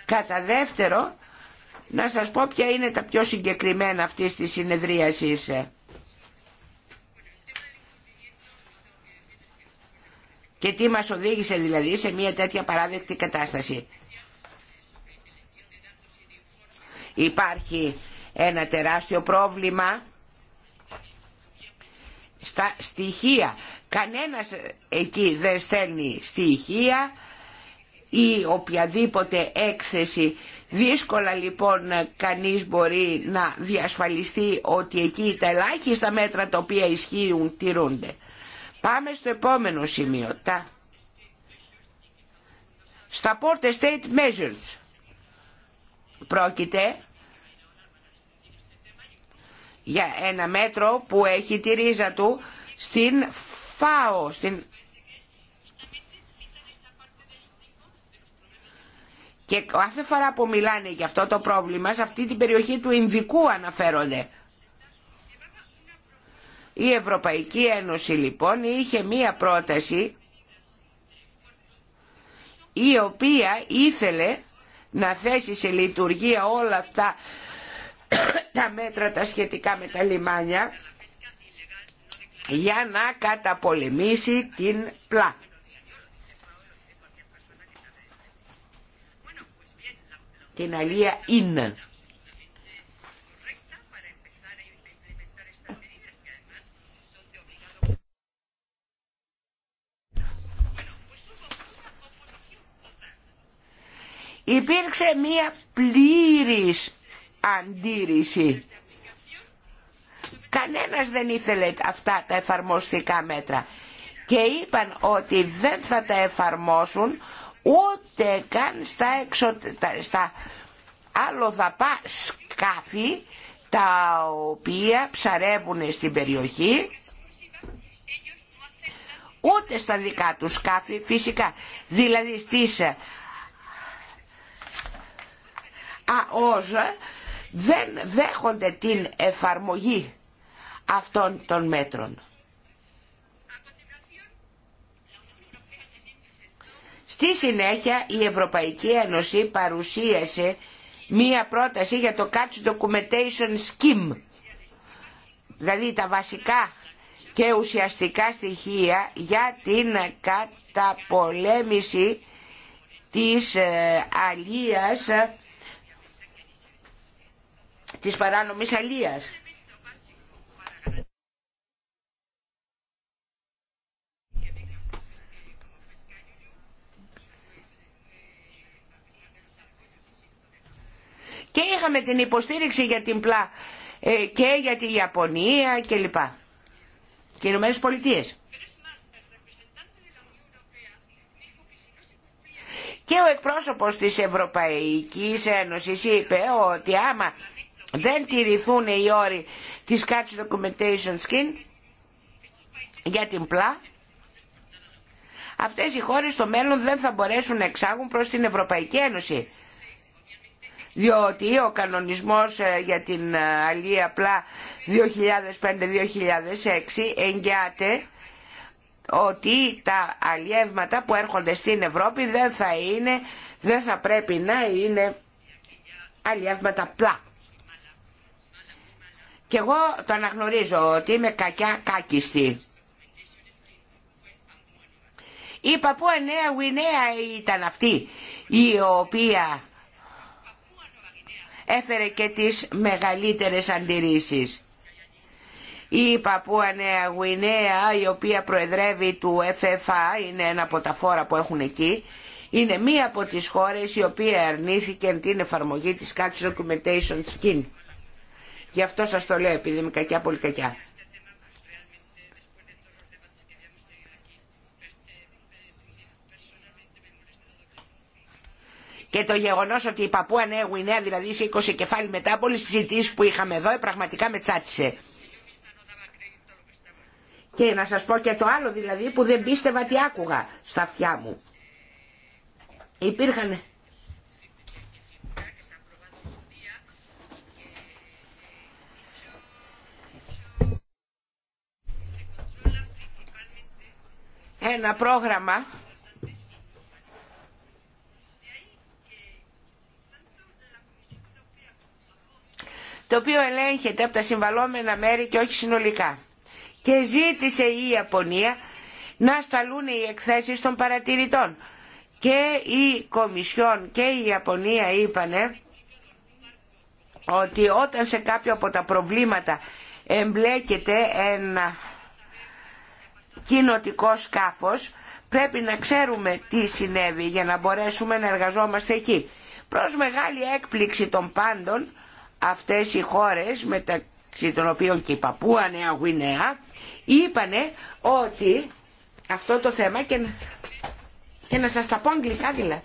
Κατά δεύτερο, να σας πω ποια είναι τα πιο συγκεκριμένα αυτής της συνεδρίασης. Και τι μας οδήγησε δηλαδή σε μια τέτοια παράδεκτη κατάσταση. Υπάρχει ένα τεράστιο πρόβλημα στα στοιχεία. Κανένας εκεί δεν στέλνει στοιχεία ή οποιαδήποτε έκθεση. Δύσκολα λοιπόν κανείς μπορεί να διασφαλιστεί ότι εκεί τα ελάχιστα μέτρα τα οποία ισχύουν τηρούνται. Πάμε στο επόμενο σημείο. Τα... Στα Port State Measures πρόκειται για ένα μέτρο που έχει τη ρίζα του στην ΦΑΟ, στην... Και κάθε φορά που μιλάνε για αυτό το πρόβλημα, σε αυτή την περιοχή του Ινδικού αναφέρονται. Η Ευρωπαϊκή Ένωση λοιπόν είχε μία πρόταση η οποία ήθελε να θέσει σε λειτουργία όλα αυτά τα μέτρα τα σχετικά με τα λιμάνια για να καταπολεμήσει την πλά. Την αλία είναι. Υπήρξε μία πλήρης αντίρρηση. Κανένας δεν ήθελε αυτά τα εφαρμοστικά μέτρα και είπαν ότι δεν θα τα εφαρμόσουν ούτε καν στα, εξω... στα αλλοδαπά σκάφη τα οποία ψαρεύουν στην περιοχή ούτε στα δικά του σκάφη φυσικά δηλαδή στις ε, ΑΟΖΑ δεν δέχονται την εφαρμογή αυτών των μέτρων. Στη συνέχεια η Ευρωπαϊκή Ένωση παρουσίασε μία πρόταση για το Catch Documentation Scheme, δηλαδή τα βασικά και ουσιαστικά στοιχεία για την καταπολέμηση της ε, αλίας της παράνομης αλίας. Και είχαμε την υποστήριξη για την ΠΛΑ ε, και για τη Ιαπωνία κλπ. Και οι Ηνωμένες Πολιτείες. Και ο εκπρόσωπος της Ευρωπαϊκής Ένωσης είπε ότι άμα δεν τηρηθούν οι όροι της Catch Documentation Skin για την πλά, αυτές οι χώρες στο μέλλον δεν θα μπορέσουν να εξάγουν προς την Ευρωπαϊκή Ένωση. Διότι ο κανονισμός ε, για την αλλή απλά 2005-2006 εγγυάται ότι τα αλληλεύματα που έρχονται στην Ευρώπη δεν θα, είναι, δεν θα πρέπει να είναι αλλιεύματα πλά. Και εγώ το αναγνωρίζω ότι είμαι κακιά κάκιστη. Η παππού Νέα Γουινέα ήταν αυτή η οποία έφερε και τις μεγαλύτερες αντιρρήσεις. Η παππού Νέα Γουινέα η οποία προεδρεύει του FFA είναι ένα από τα φόρα που έχουν εκεί είναι μία από τις χώρες η οποία αρνήθηκε την εφαρμογή της Catch Documentation Scheme. Γι' αυτό σα το λέω επειδή είμαι κακιά πολύ κακιά. Και το γεγονό ότι η παππού Ανέγου, η Νέα δηλαδή δηλαδή 20 κεφάλι μετά από όλε τι συζητήσεις που είχαμε εδώ ε, πραγματικά με τσάτισε. Και να σας πω και το άλλο δηλαδή που δεν πίστευα τι άκουγα στα αυτιά μου. Υπήρχαν ένα πρόγραμμα το οποίο ελέγχεται από τα συμβαλόμενα μέρη και όχι συνολικά. Και ζήτησε η Ιαπωνία να σταλούν οι εκθέσεις των παρατηρητών. Και η Κομισιόν και η Ιαπωνία είπανε ότι όταν σε κάποιο από τα προβλήματα εμπλέκεται ένα κοινοτικό σκάφος πρέπει να ξέρουμε τι συνέβη για να μπορέσουμε να εργαζόμαστε εκεί. Προς μεγάλη έκπληξη των πάντων αυτές οι χώρες μεταξύ των οποίων και η Παππούα Νέα Γουινέα είπανε ότι αυτό το θέμα και, και να σας τα πω αγγλικά δηλαδή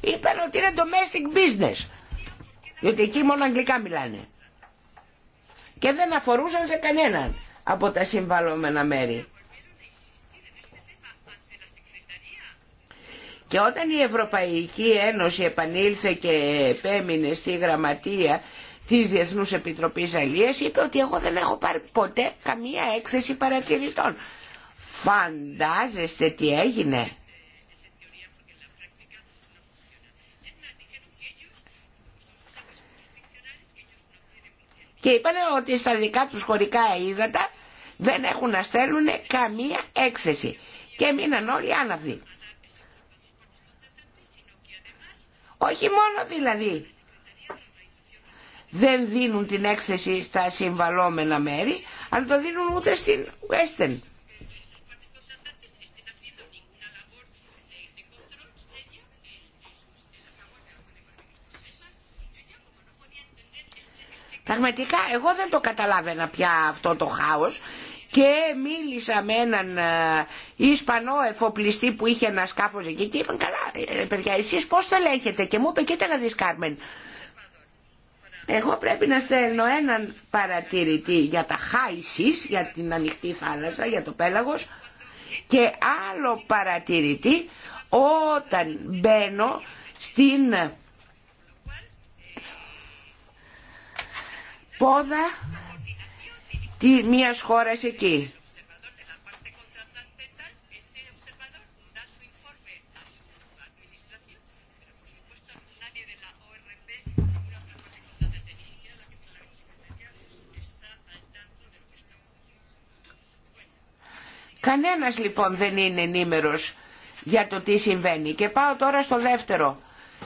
είπαν ότι είναι domestic business διότι εκεί μόνο αγγλικά μιλάνε και δεν αφορούσαν σε κανέναν από τα συμβαλλόμενα μέρη. Και όταν η Ευρωπαϊκή Ένωση επανήλθε και επέμεινε στη γραμματεία της Διεθνούς Επιτροπής Αλίας είπε ότι εγώ δεν έχω πάρει ποτέ καμία έκθεση παρατηρητών. Φαντάζεστε τι έγινε. Και είπανε ότι στα δικά τους χωρικά ύδατα δεν έχουν να στέλνουν καμία έκθεση. Και μείναν όλοι άναυδοι. Όχι μόνο δηλαδή δεν δίνουν την έκθεση στα συμβαλόμενα μέρη, αλλά το δίνουν ούτε στην Western. Πραγματικά εγώ δεν το καταλάβαινα πια αυτό το χάος και μίλησα με έναν ε, Ισπανό εφοπλιστή που είχε ένα σκάφος εκεί και είπαν καλά ε, παιδιά εσείς πώς λέγετε και μου είπε κοίτα να δεις Κάρμεν εγώ πρέπει να στέλνω έναν παρατηρητή για τα χάισις, για την ανοιχτή θάλασσα, για το πέλαγος και άλλο παρατηρητή όταν μπαίνω στην πόδα τι μία χώρα εκεί. Κανένας λοιπόν δεν είναι ενήμερος για το τι συμβαίνει. Και πάω τώρα στο δεύτερο,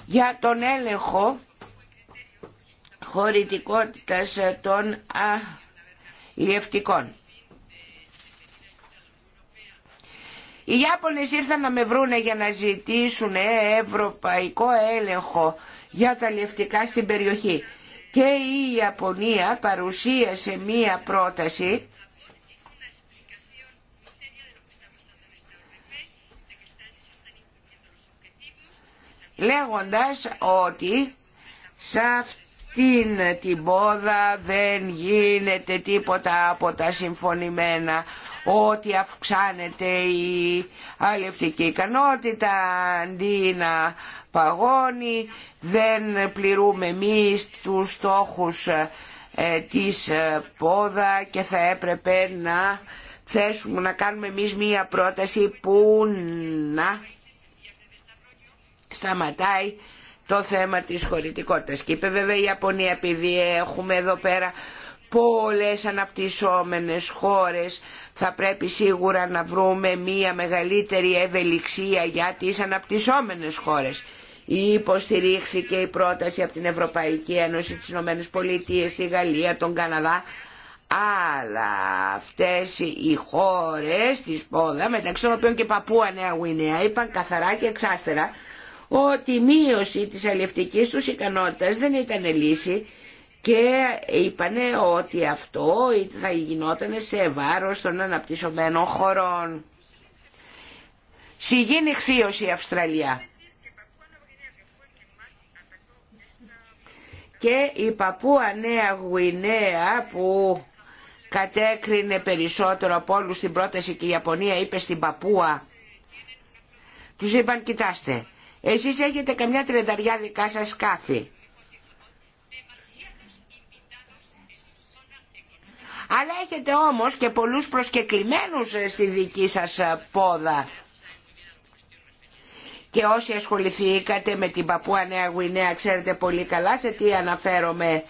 για τον έλεγχο χωρητικότητας των α, λιευτικών. Οι Ιάπωνες ήρθαν να με βρούνε για να ζητήσουν ευρωπαϊκό έλεγχο για τα λιευτικά στην περιοχή. Και η Ιαπωνία παρουσίασε μία πρόταση λέγοντας ότι σε την πόδα δεν γίνεται τίποτα από τα συμφωνημένα ότι αυξάνεται η αλληλευτική ικανότητα αντί να παγώνει δεν πληρούμε εμεί τους στόχους ε, της ε, πόδα και θα έπρεπε να θέσουμε να κάνουμε εμεί μία πρόταση που να σταματάει το θέμα της χωρητικότητας. Και είπε βέβαια η Ιαπωνία επειδή έχουμε εδώ πέρα πολλές αναπτυσσόμενες χώρες θα πρέπει σίγουρα να βρούμε μία μεγαλύτερη ευελιξία για τις αναπτυσσόμενες χώρες. Υποστηρίχθηκε η πρόταση από την Ευρωπαϊκή Ένωση, της Ηνωμένες Πολιτείες, τη Γαλλία, τον Καναδά αλλά αυτές οι χώρες της πόδα μεταξύ των οποίων και Παππούα Νέα Γουινέα είπαν καθαρά και εξάστερα ότι η μείωση της αλληλευτικής τους ικανότητας δεν ήταν λύση και είπανε ότι αυτό θα γινόταν σε βάρος των αναπτυσσομένων χωρών. Συγίνει χθίως η Αυστραλία. Και η Παππούα Νέα Γουινέα που κατέκρινε περισσότερο από όλους την πρόταση και η Ιαπωνία είπε στην Παππούα. Τους είπαν κοιτάστε εσείς έχετε καμιά τρενταριά δικά σας σκάφη. Αλλά έχετε όμως και πολλούς προσκεκλημένους ε, στη δική σας ε, πόδα. Και όσοι ασχοληθήκατε με την Παππούα Νέα Γουινέα ξέρετε πολύ καλά σε τι αναφέρομαι.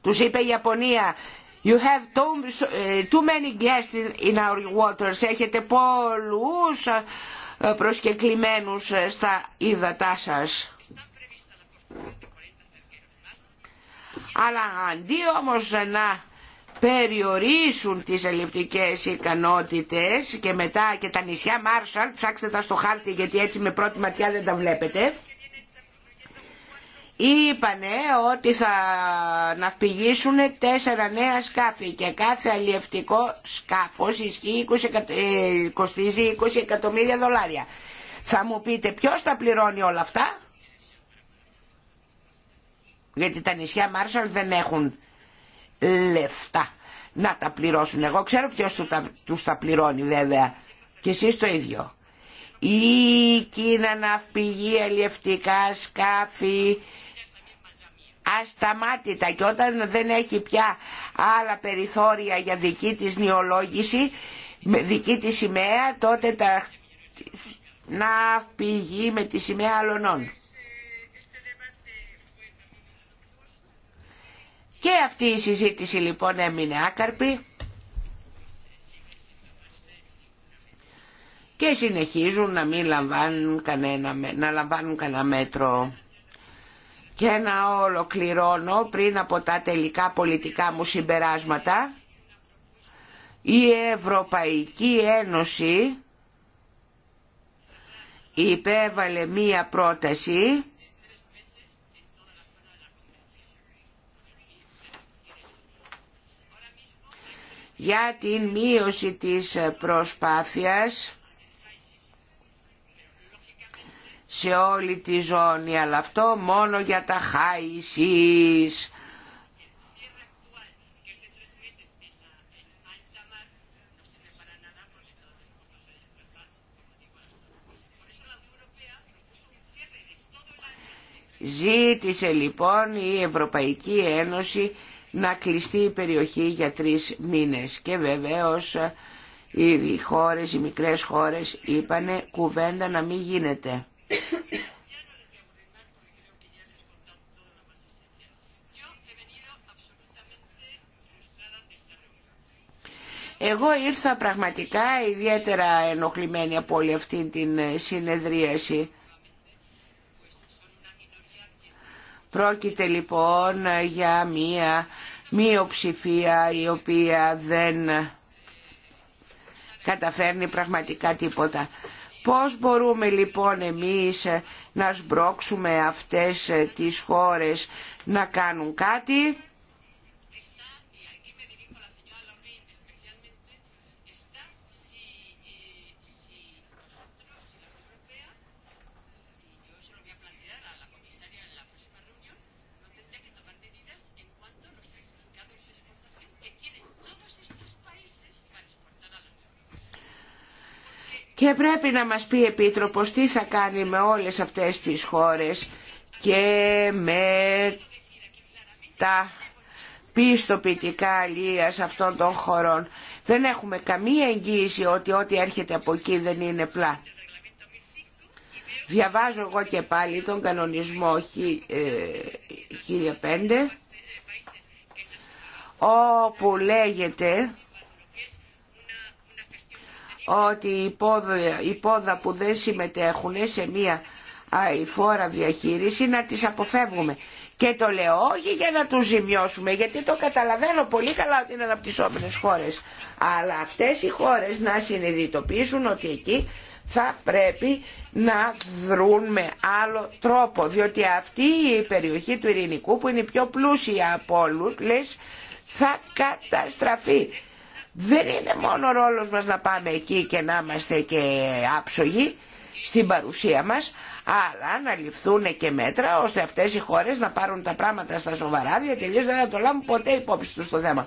Τους είπε η Ιαπωνία You have too ε, many guests in our waters. Έχετε πολλούς ε, προσκεκλημένους ε, στα ύδατά σας. Αλλά αντί όμως να περιορίσουν τις ελληνικές ικανότητες και μετά και τα νησιά Μάρσαλ, ψάξτε τα στο χάρτη γιατί έτσι με πρώτη ματιά δεν τα βλέπετε, είπανε ότι θα ναυπηγήσουν τέσσερα νέα σκάφη και κάθε αλλιευτικό σκάφος ισχύει 20 ε, κοστίζει 20 εκατομμύρια δολάρια. Θα μου πείτε ποιος τα πληρώνει όλα αυτά. Γιατί τα νησιά Μάρσαλ δεν έχουν λεφτά να τα πληρώσουν. Εγώ ξέρω ποιος τους τα πληρώνει βέβαια. Και εσείς το ίδιο. Η να ναυπηγεί αλλιευτικά σκάφη ασταμάτητα και όταν δεν έχει πια άλλα περιθώρια για δική της νεολόγηση, δική της σημαία, τότε τα να πηγεί με τη σημαία αλωνών. Και αυτή η συζήτηση λοιπόν έμεινε άκαρπη και συνεχίζουν να μην λαμβάνουν να λαμβάνουν κανένα μέτρο και να ολοκληρώνω πριν από τα τελικά πολιτικά μου συμπεράσματα η Ευρωπαϊκή Ένωση υπέβαλε μία πρόταση για την μείωση της προσπάθειας σε όλη τη ζώνη, αλλά αυτό μόνο για τα χάησης. Ζήτησε λοιπόν η Ευρωπαϊκή Ένωση να κλειστεί η περιοχή για τρεις μήνες και βεβαίως οι χώρες, οι μικρές χώρες είπανε κουβέντα να μην γίνεται. Εγώ ήρθα πραγματικά ιδιαίτερα ενοχλημένη από όλη αυτή την συνεδρίαση. Πρόκειται λοιπόν για μία μειοψηφία η οποία δεν καταφέρνει πραγματικά τίποτα. Πώς μπορούμε λοιπόν εμείς ε, να σμπρώξουμε αυτές ε, τις χώρες να κάνουν κάτι Και πρέπει να μας πει η Επίτροπος τι θα κάνει με όλες αυτές τις χώρες και με τα πιστοποιητικά αλίας αυτών των χωρών. Δεν έχουμε καμία εγγύηση ότι ό,τι έρχεται από εκεί δεν είναι πλά. Διαβάζω εγώ και πάλι τον κανονισμό 1005 ε, όπου λέγεται ότι οι πόδα, που δεν συμμετέχουν σε μία αηφόρα διαχείριση να τις αποφεύγουμε. Και το λέω όχι για να τους ζημιώσουμε, γιατί το καταλαβαίνω πολύ καλά ότι είναι αναπτυσσόμενες χώρες. Αλλά αυτές οι χώρες να συνειδητοποιήσουν ότι εκεί θα πρέπει να δρουν με άλλο τρόπο, διότι αυτή η περιοχή του Ειρηνικού που είναι η πιο πλούσια από όλους, θα καταστραφεί δεν είναι μόνο ο ρόλος μας να πάμε εκεί και να είμαστε και άψογοι στην παρουσία μας, αλλά να ληφθούν και μέτρα ώστε αυτές οι χώρες να πάρουν τα πράγματα στα σοβαρά, διότι δεν θα το λάβουν ποτέ υπόψη τους το θέμα.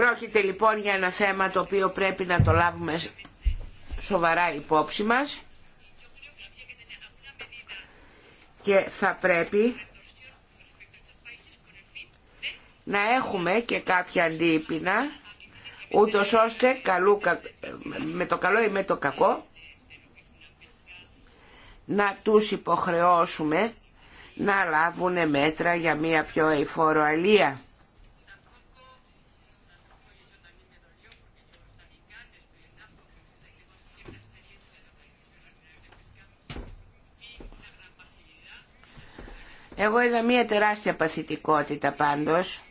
Πρόκειται λοιπόν για ένα θέμα το οποίο πρέπει να το λάβουμε σοβαρά υπόψη μας και θα πρέπει να έχουμε και κάποια αντίπεινα ούτως ώστε καλού, με το καλό ή με το κακό να τους υποχρεώσουμε να λάβουν μέτρα για μια πιο εφοροαλία. Εγώ είδα μια τεράστια παθητικότητα πάντως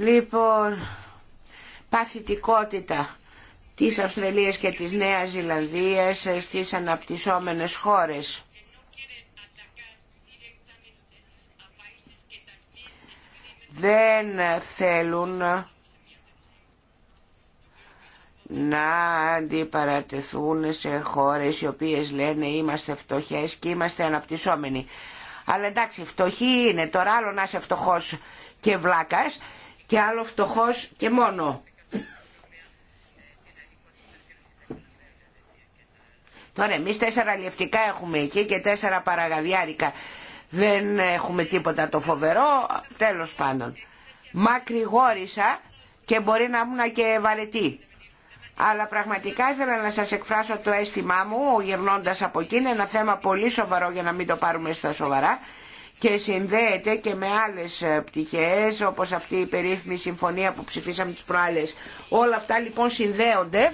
Λοιπόν, παθητικότητα της Αυστραλίας και της Νέας Ζηλανδίας στις αναπτυσσόμενες χώρες. Δεν θέλουν να αντιπαρατεθούν σε χώρες οι οποίες λένε είμαστε φτωχές και είμαστε αναπτυσσόμενοι. Αλλά εντάξει, φτωχοί είναι τώρα άλλο να είσαι φτωχός και βλάκας και άλλο φτωχός και μόνο. Τώρα εμείς τέσσερα λιευτικά έχουμε εκεί και τέσσερα παραγαδιάρικα. Δεν έχουμε τίποτα το φοβερό, τέλος πάντων. Μακρηγόρησα και μπορεί να ήμουν και βαρετή. Αλλά πραγματικά ήθελα να σας εκφράσω το αίσθημά μου, γυρνώντας από εκεί, είναι ένα θέμα πολύ σοβαρό για να μην το πάρουμε στα σοβαρά και συνδέεται και με άλλες ε, πτυχές όπως αυτή η περίφημη συμφωνία που ψηφίσαμε τις προάλλες. Όλα αυτά λοιπόν συνδέονται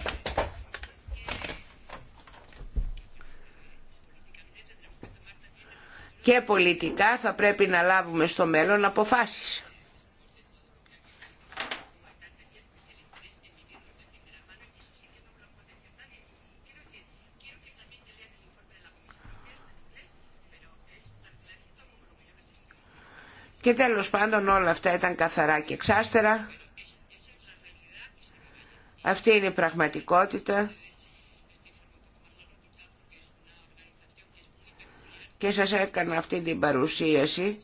και πολιτικά θα πρέπει να λάβουμε στο μέλλον αποφάσεις. Και τέλος πάντων όλα αυτά ήταν καθαρά και εξάστερα. Αυτή είναι η πραγματικότητα. Και σας έκανα αυτή την παρουσίαση.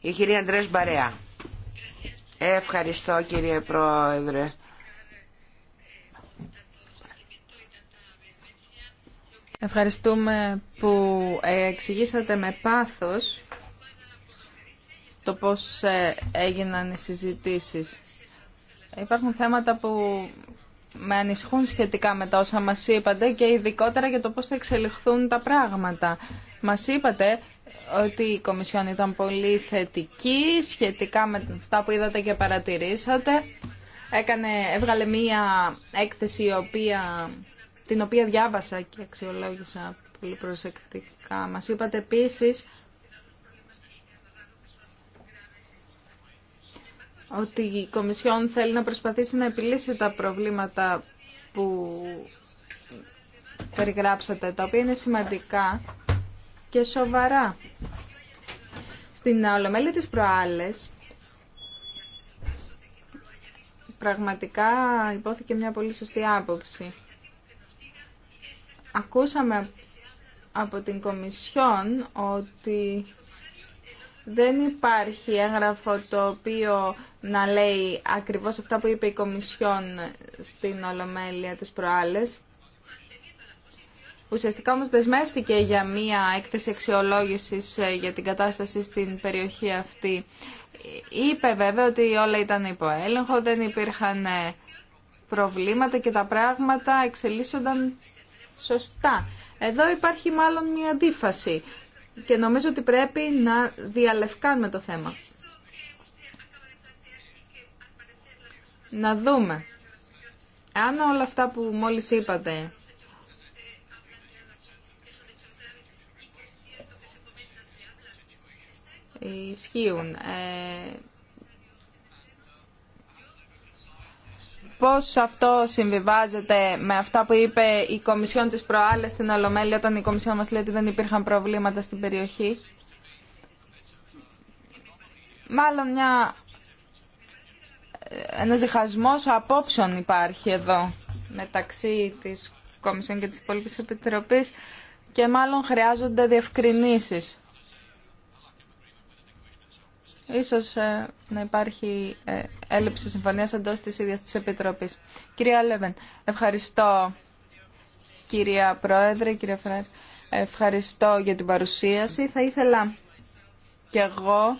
Η κυρία Αντρές Μπαρεά. Ευχαριστώ κύριε Πρόεδρε. Ευχαριστούμε που εξηγήσατε με πάθος το πώς ε, έγιναν οι συζητήσεις. Υπάρχουν θέματα που με ανησυχούν σχετικά με τα όσα μας είπατε και ειδικότερα για το πώς θα εξελιχθούν τα πράγματα. Μας είπατε ότι η Κομισιόν ήταν πολύ θετική σχετικά με αυτά που είδατε και παρατηρήσατε. Έκανε, έβγαλε μία έκθεση η οποία την οποία διάβασα και αξιολόγησα πολύ προσεκτικά. Μας είπατε επίσης ότι η Κομισιόν θέλει να προσπαθήσει να επιλύσει τα προβλήματα που περιγράψατε, τα οποία είναι σημαντικά και σοβαρά. Στην Ολομέλη της Προάλλες, πραγματικά υπόθηκε μια πολύ σωστή άποψη. Ακούσαμε από την Κομισιόν ότι δεν υπάρχει έγγραφο το οποίο να λέει ακριβώς αυτά που είπε η Κομισιόν στην Ολομέλεια της προάλλες. Ουσιαστικά όμως δεσμεύτηκε για μία έκθεση αξιολόγηση ε, για την κατάσταση στην περιοχή αυτή. Είπε βέβαια ότι όλα ήταν υπό έλεγχο, δεν υπήρχαν ε, προβλήματα και τα πράγματα εξελίσσονταν σωστά. Εδώ υπάρχει μάλλον μια αντίφαση και νομίζω ότι πρέπει να διαλευκάνουμε το θέμα. Να δούμε. Αν όλα αυτά που μόλις είπατε ισχύουν. Ε, πώς αυτό συμβιβάζεται με αυτά που είπε η Κομισιόν της προάλλες στην Ολομέλεια όταν η Κομισιόν μας λέει ότι δεν υπήρχαν προβλήματα στην περιοχή. Μάλλον μια... ένας διχασμός απόψεων υπάρχει εδώ μεταξύ της Κομισιόν και της υπόλοιπης Επιτροπής και μάλλον χρειάζονται διευκρινήσεις ίσως ε, να υπάρχει ε, έλλειψη συμφωνίας εντός της ίδιας της Επιτροπής. Κυρία Λέβεν, ευχαριστώ κυρία Πρόεδρε, κυρία Φρέρ, ευχαριστώ για την παρουσίαση. Θα ήθελα κι εγώ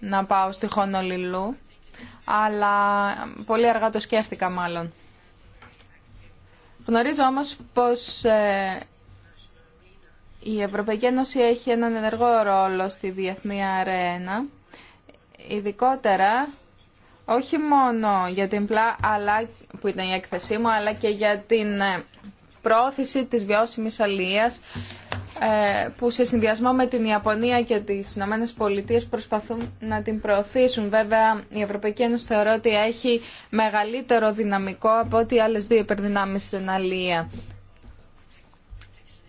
να πάω στη Χονολιλού, αλλά πολύ αργά το σκέφτηκα μάλλον. Γνωρίζω όμως πως ε, η Ευρωπαϊκή Ένωση έχει έναν ενεργό ρόλο στη διεθνή αρένα, ειδικότερα όχι μόνο για την πλά, αλλά, που ήταν η έκθεσή μου, αλλά και για την ε, πρόθεση της βιώσιμης αλληλείας ε, που σε συνδυασμό με την Ιαπωνία και τις Ηνωμένε Πολιτείες προσπαθούν να την προωθήσουν. Βέβαια, η Ευρωπαϊκή Ένωση θεωρώ ότι έχει μεγαλύτερο δυναμικό από ό,τι άλλες δύο υπερδυνάμεις στην αλληλεία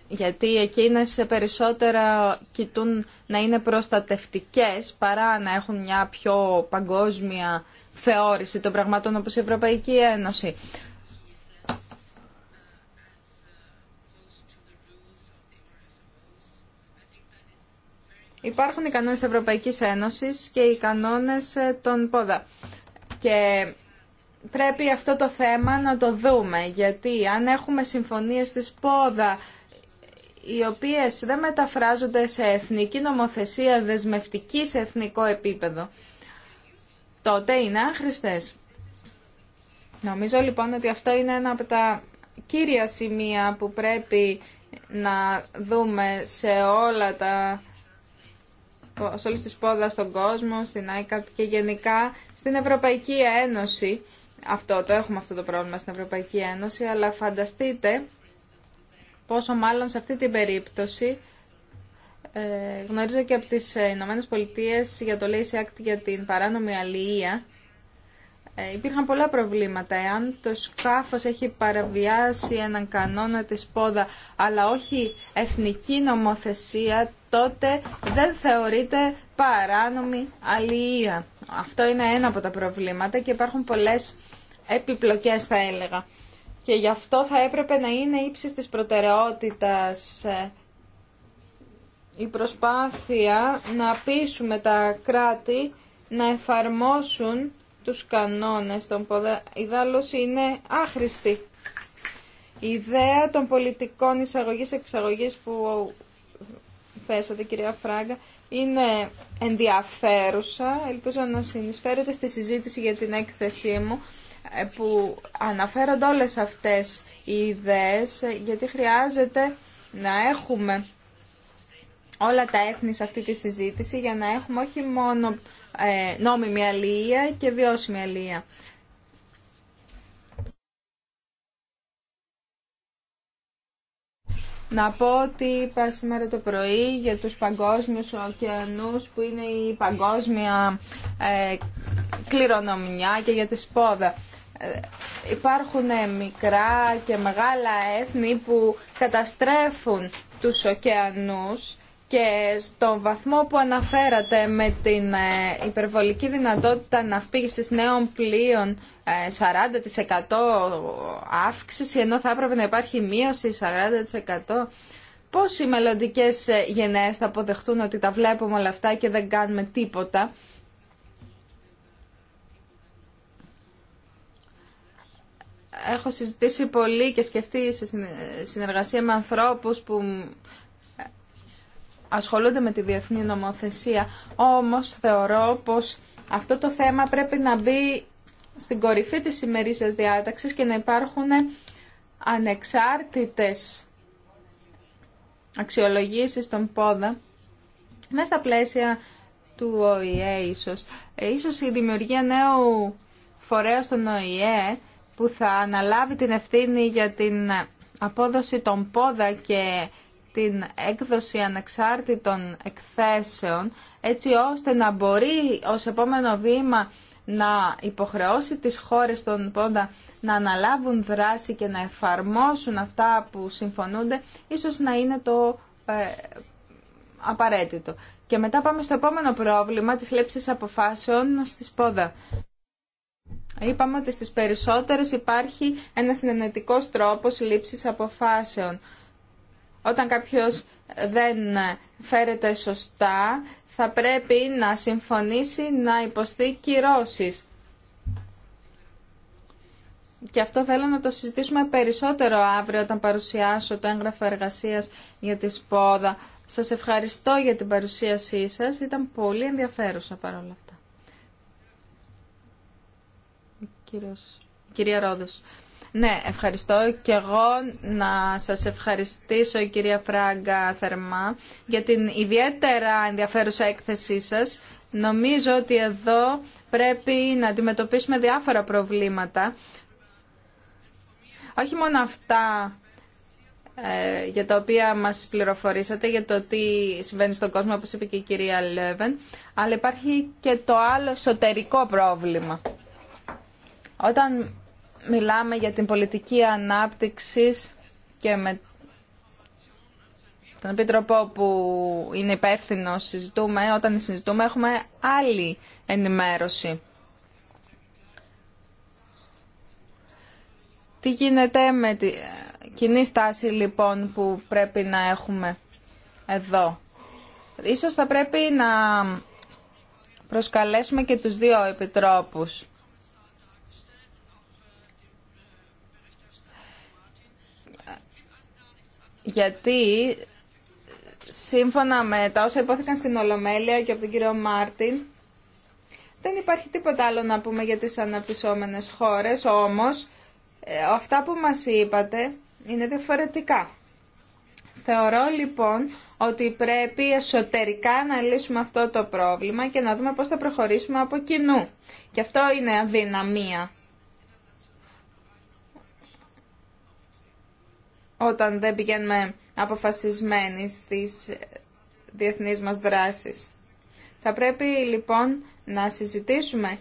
γιατί εκείνες περισσότερα κοιτούν να είναι προστατευτικές παρά να έχουν μια πιο παγκόσμια θεώρηση των πραγμάτων όπως η Ευρωπαϊκή Ένωση. Υπάρχουν οι κανόνες Ευρωπαϊκής Ένωσης και οι κανόνες ε, των ΠΟΔΑ. Και πρέπει αυτό το θέμα να το δούμε, γιατί αν έχουμε συμφωνίες της ΠΟΔΑ οι οποίες δεν μεταφράζονται σε εθνική νομοθεσία δεσμευτική σε εθνικό επίπεδο, τότε είναι άχρηστες. Νομίζω λοιπόν ότι αυτό είναι ένα από τα κύρια σημεία που πρέπει να δούμε σε όλα τα σε όλες τις πόδα στον κόσμο, στην ICAT και γενικά στην Ευρωπαϊκή Ένωση. Αυτό το έχουμε αυτό το πρόβλημα στην Ευρωπαϊκή Ένωση, αλλά φανταστείτε πόσο μάλλον σε αυτή την περίπτωση ε, γνωρίζω και από τις Ηνωμένες Πολιτείες για το Lace Act για την παράνομη αλληλεία ε, υπήρχαν πολλά προβλήματα. Εάν το σκάφος έχει παραβιάσει έναν κανόνα της πόδα, αλλά όχι εθνική νομοθεσία, τότε δεν θεωρείται παράνομη αλληλεία. Αυτό είναι ένα από τα προβλήματα και υπάρχουν πολλές επιπλοκές θα έλεγα και γι' αυτό θα έπρεπε να είναι ύψης της προτεραιότητας ε, η προσπάθεια να πείσουμε τα κράτη να εφαρμόσουν τους κανόνες των ποδα... Η είναι άχρηστη. Η ιδέα των πολιτικών εισαγωγής-εξαγωγής που θέσατε κυρία Φράγκα είναι ενδιαφέρουσα. Ελπίζω να συνεισφέρετε στη συζήτηση για την έκθεσή μου ε, που αναφέρονται όλες αυτές οι ιδέες ε, γιατί χρειάζεται να έχουμε όλα τα έθνη σε αυτή τη συζήτηση για να έχουμε όχι μόνο ε, νόμιμη αλληλεία και βιώσιμη αλληλεία. Να πω ότι είπα σήμερα το πρωί για τους παγκόσμιους ωκεανούς που είναι η παγκόσμια κληρονομιά και για τη σπόδα. Ε, υπάρχουν ε, μικρά και μεγάλα έθνη που καταστρέφουν τους ωκεανούς και στον βαθμό που αναφέρατε με την ε, υπερβολική δυνατότητα ναυπήγησης νέων πλοίων 40% αύξηση ενώ θα έπρεπε να υπάρχει μείωση 40% πώς οι μελλοντικέ γενναίες θα αποδεχτούν ότι τα βλέπουμε όλα αυτά και δεν κάνουμε τίποτα έχω συζητήσει πολύ και σκεφτεί σε συνεργασία με ανθρώπους που ασχολούνται με τη διεθνή νομοθεσία. Όμως θεωρώ πως αυτό το θέμα πρέπει να μπει στην κορυφή της ημερήσιας διάταξης και να υπάρχουν ανεξάρτητες αξιολογήσεις των πόδα μέσα στα πλαίσια του ΟΗΕ ίσως. Ε, ίσως η δημιουργία νέου φορέα στον ΟΗΕ που θα αναλάβει την ευθύνη για την απόδοση των πόδα και την έκδοση ανεξάρτητων εκθέσεων έτσι ώστε να μπορεί ως επόμενο βήμα να υποχρεώσει τις χώρες των ΠΟΔΑ να αναλάβουν δράση και να εφαρμόσουν αυτά που συμφωνούνται, ίσως να είναι το ε, απαραίτητο. Και μετά πάμε στο επόμενο πρόβλημα της λήψης αποφάσεων στις ΠΟΔΑ. Είπαμε ότι στις περισσότερες υπάρχει ένα συνενετικός τρόπος λήψης αποφάσεων. Όταν κάποιος δεν φέρεται σωστά, θα πρέπει να συμφωνήσει να υποστεί κυρώσεις. Και αυτό θέλω να το συζητήσουμε περισσότερο αύριο όταν παρουσιάσω το έγγραφο εργασίας για τη ΣΠΟΔΑ. Σας ευχαριστώ για την παρουσίασή σας. Ήταν πολύ ενδιαφέρουσα παρόλα αυτά. κύριος, κυρία Ρόδος. Ναι, ευχαριστώ και εγώ να σας ευχαριστήσω κυρία Φράγκα θερμά για την ιδιαίτερα ενδιαφέρουσα έκθεσή σας. Νομίζω ότι εδώ πρέπει να αντιμετωπίσουμε διάφορα προβλήματα. Όχι μόνο αυτά ε, για τα οποία μας πληροφορήσατε, για το τι συμβαίνει στον κόσμο, όπως είπε και η κυρία Λέβεν, αλλά υπάρχει και το άλλο εσωτερικό πρόβλημα. Όταν μιλάμε για την πολιτική ανάπτυξη και με τον Επίτροπο που είναι υπεύθυνο συζητούμε, όταν συζητούμε έχουμε άλλη ενημέρωση. Τι γίνεται με τη κοινή στάση λοιπόν που πρέπει να έχουμε εδώ. Ίσως θα πρέπει να προσκαλέσουμε και τους δύο επιτρόπους γιατί σύμφωνα με τα όσα υπόθηκαν στην Ολομέλεια και από τον κύριο Μάρτιν, δεν υπάρχει τίποτα άλλο να πούμε για τις αναπτυσσόμενες χώρες, όμως ε, αυτά που μας είπατε είναι διαφορετικά. Θεωρώ λοιπόν ότι πρέπει εσωτερικά να λύσουμε αυτό το πρόβλημα και να δούμε πώς θα προχωρήσουμε από κοινού. Και αυτό είναι αδυναμία όταν δεν πηγαίνουμε αποφασισμένοι στις διεθνείς μας δράσεις. Θα πρέπει λοιπόν να συζητήσουμε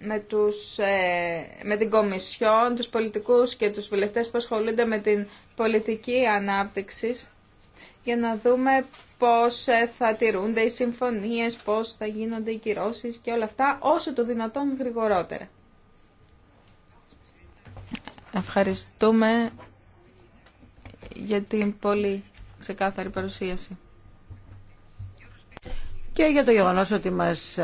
με, τους, ε, με την Κομισιόν, τους πολιτικούς και τους βουλευτές που ασχολούνται με την πολιτική ανάπτυξη για να δούμε πώς ε, θα τηρούνται οι συμφωνίες, πώς θα γίνονται οι κυρώσεις και όλα αυτά όσο το δυνατόν γρηγορότερα. Ευχαριστούμε για την πολύ ξεκάθαρη παρουσίαση. Και για το γεγονός ότι μας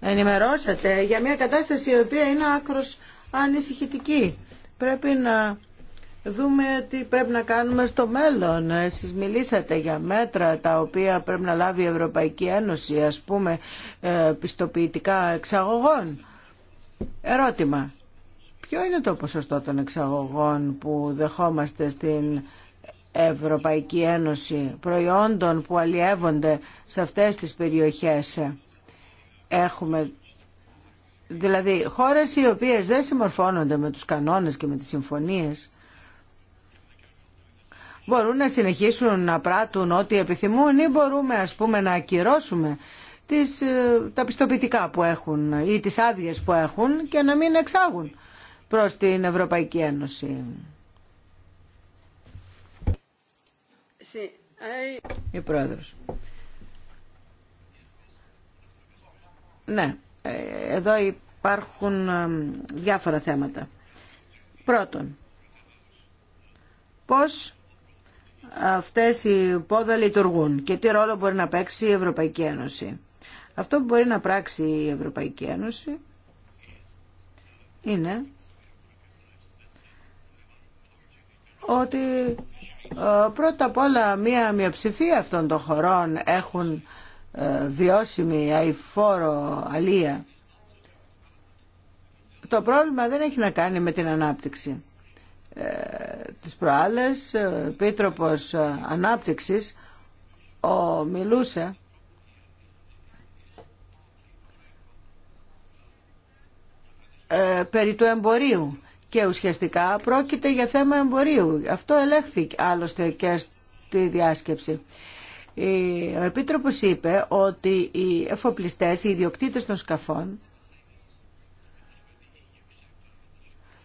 ενημερώσατε για μια κατάσταση η οποία είναι άκρος ανησυχητική. Πρέπει να δούμε τι πρέπει να κάνουμε στο μέλλον. Εσείς μιλήσατε για μέτρα τα οποία πρέπει να λάβει η Ευρωπαϊκή Ένωση, ας πούμε ε, πιστοποιητικά εξαγωγών. Ερώτημα. Ποιο είναι το ποσοστό των εξαγωγών που δεχόμαστε στην Ευρωπαϊκή Ένωση προϊόντων που αλλιεύονται σε αυτές τις περιοχές. Έχουμε δηλαδή χώρες οι οποίες δεν συμμορφώνονται με τους κανόνες και με τις συμφωνίες μπορούν να συνεχίσουν να πράττουν ό,τι επιθυμούν ή μπορούμε ας πούμε να ακυρώσουμε τις, ε, τα πιστοποιητικά που έχουν ή τις άδειες που έχουν και να μην εξάγουν προς την Ευρωπαϊκή Ένωση. Η Ναι, ε, εδώ υπάρχουν διάφορα θέματα. Πρώτον, πώς αυτές οι πόδα λειτουργούν και τι ρόλο μπορεί να παίξει η Ευρωπαϊκή Ένωση. Αυτό που μπορεί να πράξει η Ευρωπαϊκή Ένωση είναι ότι ε, πρώτα απ' όλα μία μειοψηφία αυτών των χωρών έχουν ε, βιώσιμη αηφόρο αλία. Το πρόβλημα δεν έχει να κάνει με την ανάπτυξη. Ε, τις προάλλες, ο Επίτροπος Ανάπτυξης ο, μιλούσε περί του εμπορίου και ουσιαστικά πρόκειται για θέμα εμπορίου. Αυτό ελέγχθηκε άλλωστε και στη διάσκεψη. Ε, ο Επίτροπος είπε ότι οι εφοπλιστές, οι ιδιοκτήτες των σκαφών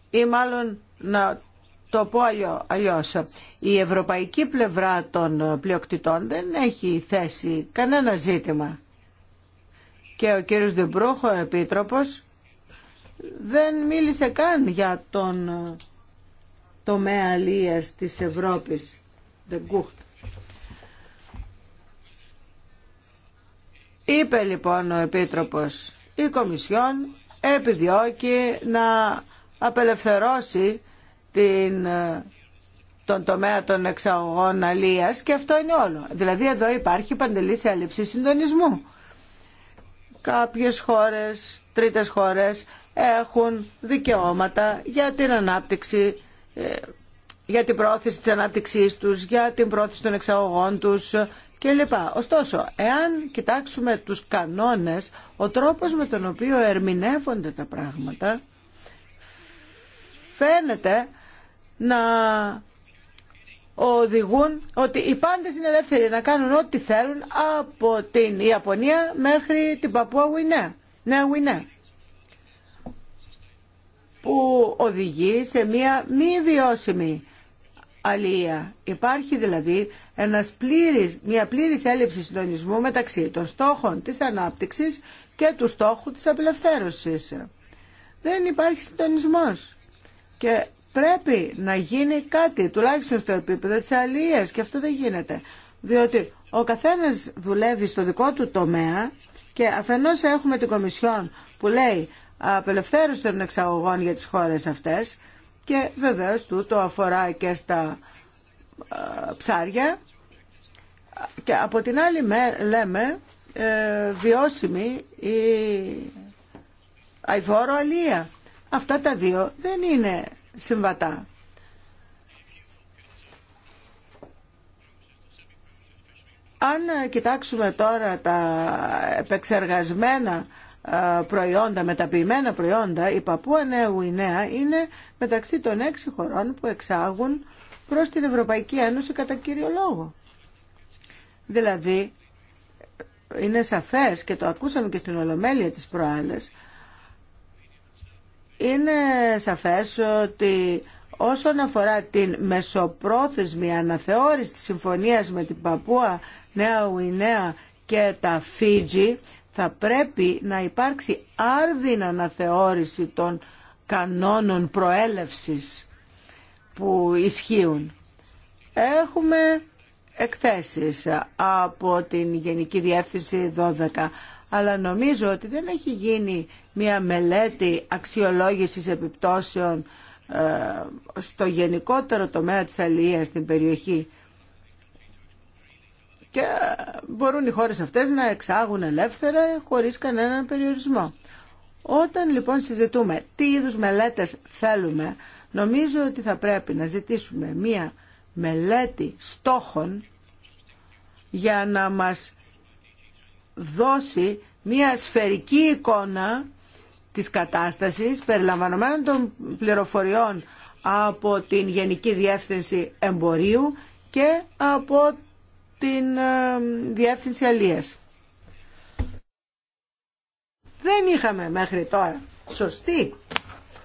ή μάλλον να το πω αλλιώς, η ευρωπαϊκή πλευρά των πλειοκτητών δεν έχει θέσει κανένα ζήτημα. Και ο κύριος Δεμπρούχο, ο Επίτροπος, δεν μίλησε καν για τον τομέα αλίας της Ευρώπης, δεν Είπε λοιπόν ο Επίτροπος, η Κομισιόν επιδιώκει να απελευθερώσει την, τον τομέα των εξαγωγών αλίας και αυτό είναι όλο. Δηλαδή εδώ υπάρχει παντελή έλλειψη συντονισμού κάποιες χώρες, τρίτες χώρες έχουν δικαιώματα για την ανάπτυξη, ε, για την πρόθεση της ανάπτυξής τους, για την πρόθεση των εξαγωγών τους κλπ. Ωστόσο, εάν κοιτάξουμε τους κανόνες, ο τρόπος με τον οποίο ερμηνεύονται τα πράγματα φαίνεται να οδηγούν ότι οι πάντες είναι ελεύθεροι να κάνουν ό,τι θέλουν από την Ιαπωνία μέχρι την Παππούα Γουινέ, που οδηγεί σε μία μη βιώσιμη αλία. Υπάρχει δηλαδή ένας πλήρης, μια μη βιωσιμη αλληλεια έλλειψη συντονισμού μεταξύ των στόχων της ανάπτυξης και του στόχου της απελευθέρωσης. Δεν υπάρχει συντονισμός και πρέπει να γίνει κάτι, τουλάχιστον στο επίπεδο της αλληλείας και αυτό δεν γίνεται. Διότι ο καθένας δουλεύει στο δικό του τομέα και αφενός έχουμε την Κομισιόν που λέει απελευθέρωση των εξαγωγών για τις χώρες αυτές και βεβαίως τούτο αφορά και στα ε, ψάρια και από την άλλη λέμε ε, βιώσιμη η αηφόρο αλία. Αυτά τα δύο δεν είναι συμβατά. Αν κοιτάξουμε τώρα τα επεξεργασμένα ε, προϊόντα, μεταποιημένα προϊόντα, η Παππούα Νέα Γουινέα είναι μεταξύ των έξι χωρών που εξάγουν προς την Ευρωπαϊκή Ένωση κατά κύριο λόγο. Δηλαδή, είναι σαφές και το ακούσαμε και στην Ολομέλεια της προάλλες, είναι σαφές ότι όσον αφορά την μεσοπρόθεσμη αναθεώρηση της συμφωνίας με την Παπούα, Νέα Ουινέα και τα Φίτζι, θα πρέπει να υπάρξει άρδιν αναθεώρηση των κανόνων προέλευσης που ισχύουν. Έχουμε εκθέσεις από την Γενική Διεύθυνση 12, αλλά νομίζω ότι δεν έχει γίνει μια μελέτη αξιολόγησης επιπτώσεων ε, στο γενικότερο τομέα της αλληλείας στην περιοχή και μπορούν οι χώρες αυτές να εξάγουν ελεύθερα χωρίς κανέναν περιορισμό. Όταν λοιπόν συζητούμε τι είδους μελέτες θέλουμε, νομίζω ότι θα πρέπει να ζητήσουμε μία μελέτη στόχων για να μας δώσει μία σφαιρική εικόνα της κατάστασης περιλαμβανομένων των πληροφοριών από την Γενική Διεύθυνση Εμπορίου και από την ε, Διεύθυνση Αλίας. Δεν είχαμε μέχρι τώρα σωστή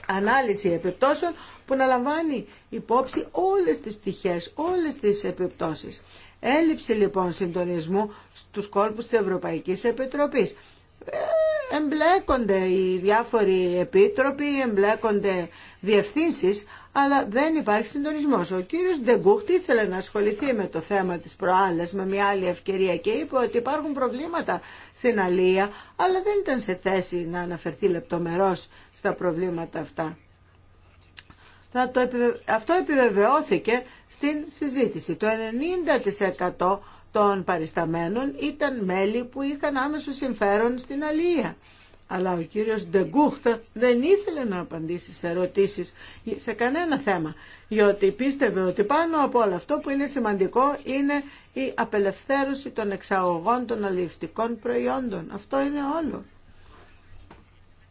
ανάλυση επιπτώσεων που να λαμβάνει υπόψη όλες τις πτυχές, όλες τις επιπτώσεις. Έλλειψη λοιπόν συντονισμού στους κόλπους της Ευρωπαϊκής Επιτροπής εμπλέκονται οι διάφοροι επίτροποι, εμπλέκονται διευθύνσεις, αλλά δεν υπάρχει συντονισμός. Ο κύριος Ντεγκούχτη ήθελε να ασχοληθεί με το θέμα της προάλλης, με μια άλλη ευκαιρία και είπε ότι υπάρχουν προβλήματα στην Αλία, αλλά δεν ήταν σε θέση να αναφερθεί λεπτομερώς στα προβλήματα αυτά. Θα το Αυτό επιβεβαιώθηκε στην συζήτηση. Το 90% των παρισταμένων ήταν μέλη που είχαν άμεσο συμφέρον στην Αλία. Αλλά ο κύριος Ντεγκούχτ δεν ήθελε να απαντήσει σε ερωτήσεις σε κανένα θέμα, γιατί πίστευε ότι πάνω από όλο αυτό που είναι σημαντικό είναι η απελευθέρωση των εξαγωγών των αλληλευτικών προϊόντων. Αυτό είναι όλο.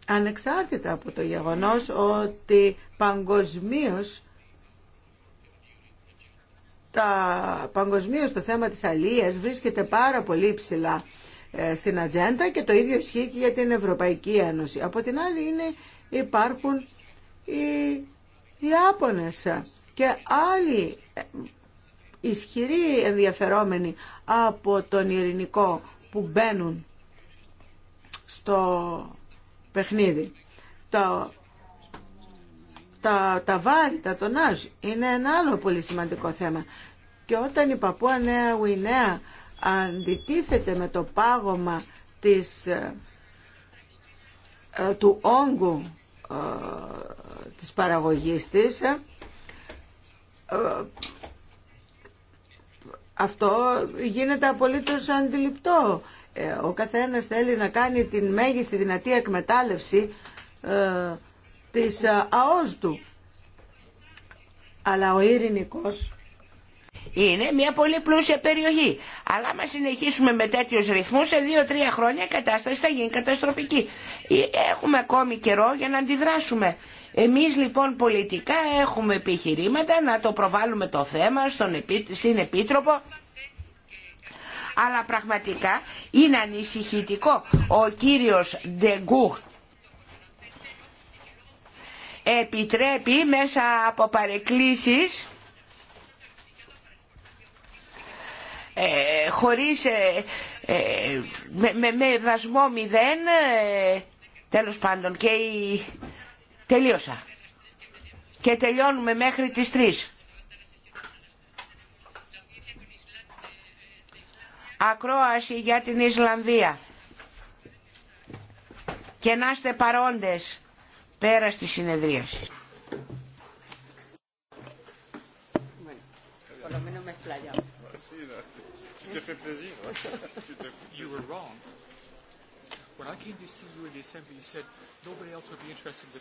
Ανεξάρτητα από το γεγονός ότι παγκοσμίως τα παγκοσμίω το θέμα της αλίας βρίσκεται πάρα πολύ ψηλά ε, στην ατζέντα και το ίδιο ισχύει και για την Ευρωπαϊκή Ένωση. Από την άλλη είναι, υπάρχουν οι Ιάπωνες και άλλοι ε, ισχυροί ενδιαφερόμενοι από τον ειρηνικό που μπαίνουν στο παιχνίδι. Το, τα, τα βάρη, τα τονάζ είναι ένα άλλο πολύ σημαντικό θέμα. Και όταν η Παππούα Νέα Γουινέα αντιτίθεται με το πάγωμα της, ε, ε, του όγκου ε, της παραγωγής της, αυτό γίνεται απολύτως αντιληπτό. Ο καθένας θέλει να κάνει την μέγιστη δυνατή εκμετάλλευση της ΑΟΣ του. Αλλά ο ειρηνικός είναι μια πολύ πλούσια περιοχή. Αλλά άμα συνεχίσουμε με τέτοιου ρυθμού, σε δύο-τρία χρόνια η κατάσταση θα γίνει καταστροφική. Ε, έχουμε ακόμη καιρό για να αντιδράσουμε. Εμείς λοιπόν πολιτικά έχουμε επιχειρήματα να το προβάλλουμε το θέμα στον, στην Επίτροπο αλλά πραγματικά είναι ανησυχητικό ο κύριος Ντεγκού επιτρέπει μέσα από παρεκκλήσεις Ε, χωρίς ε, ε, με, δασμό μηδέν τέλος πάντων και η... τελείωσα και τελειώνουμε μέχρι τις τρεις ακρόαση για την Ισλανδία και να είστε παρόντες πέρα στη συνεδρίαση t'ai fait plaisir. you were wrong. When I came to see you in assembly, you said nobody else would be interested in the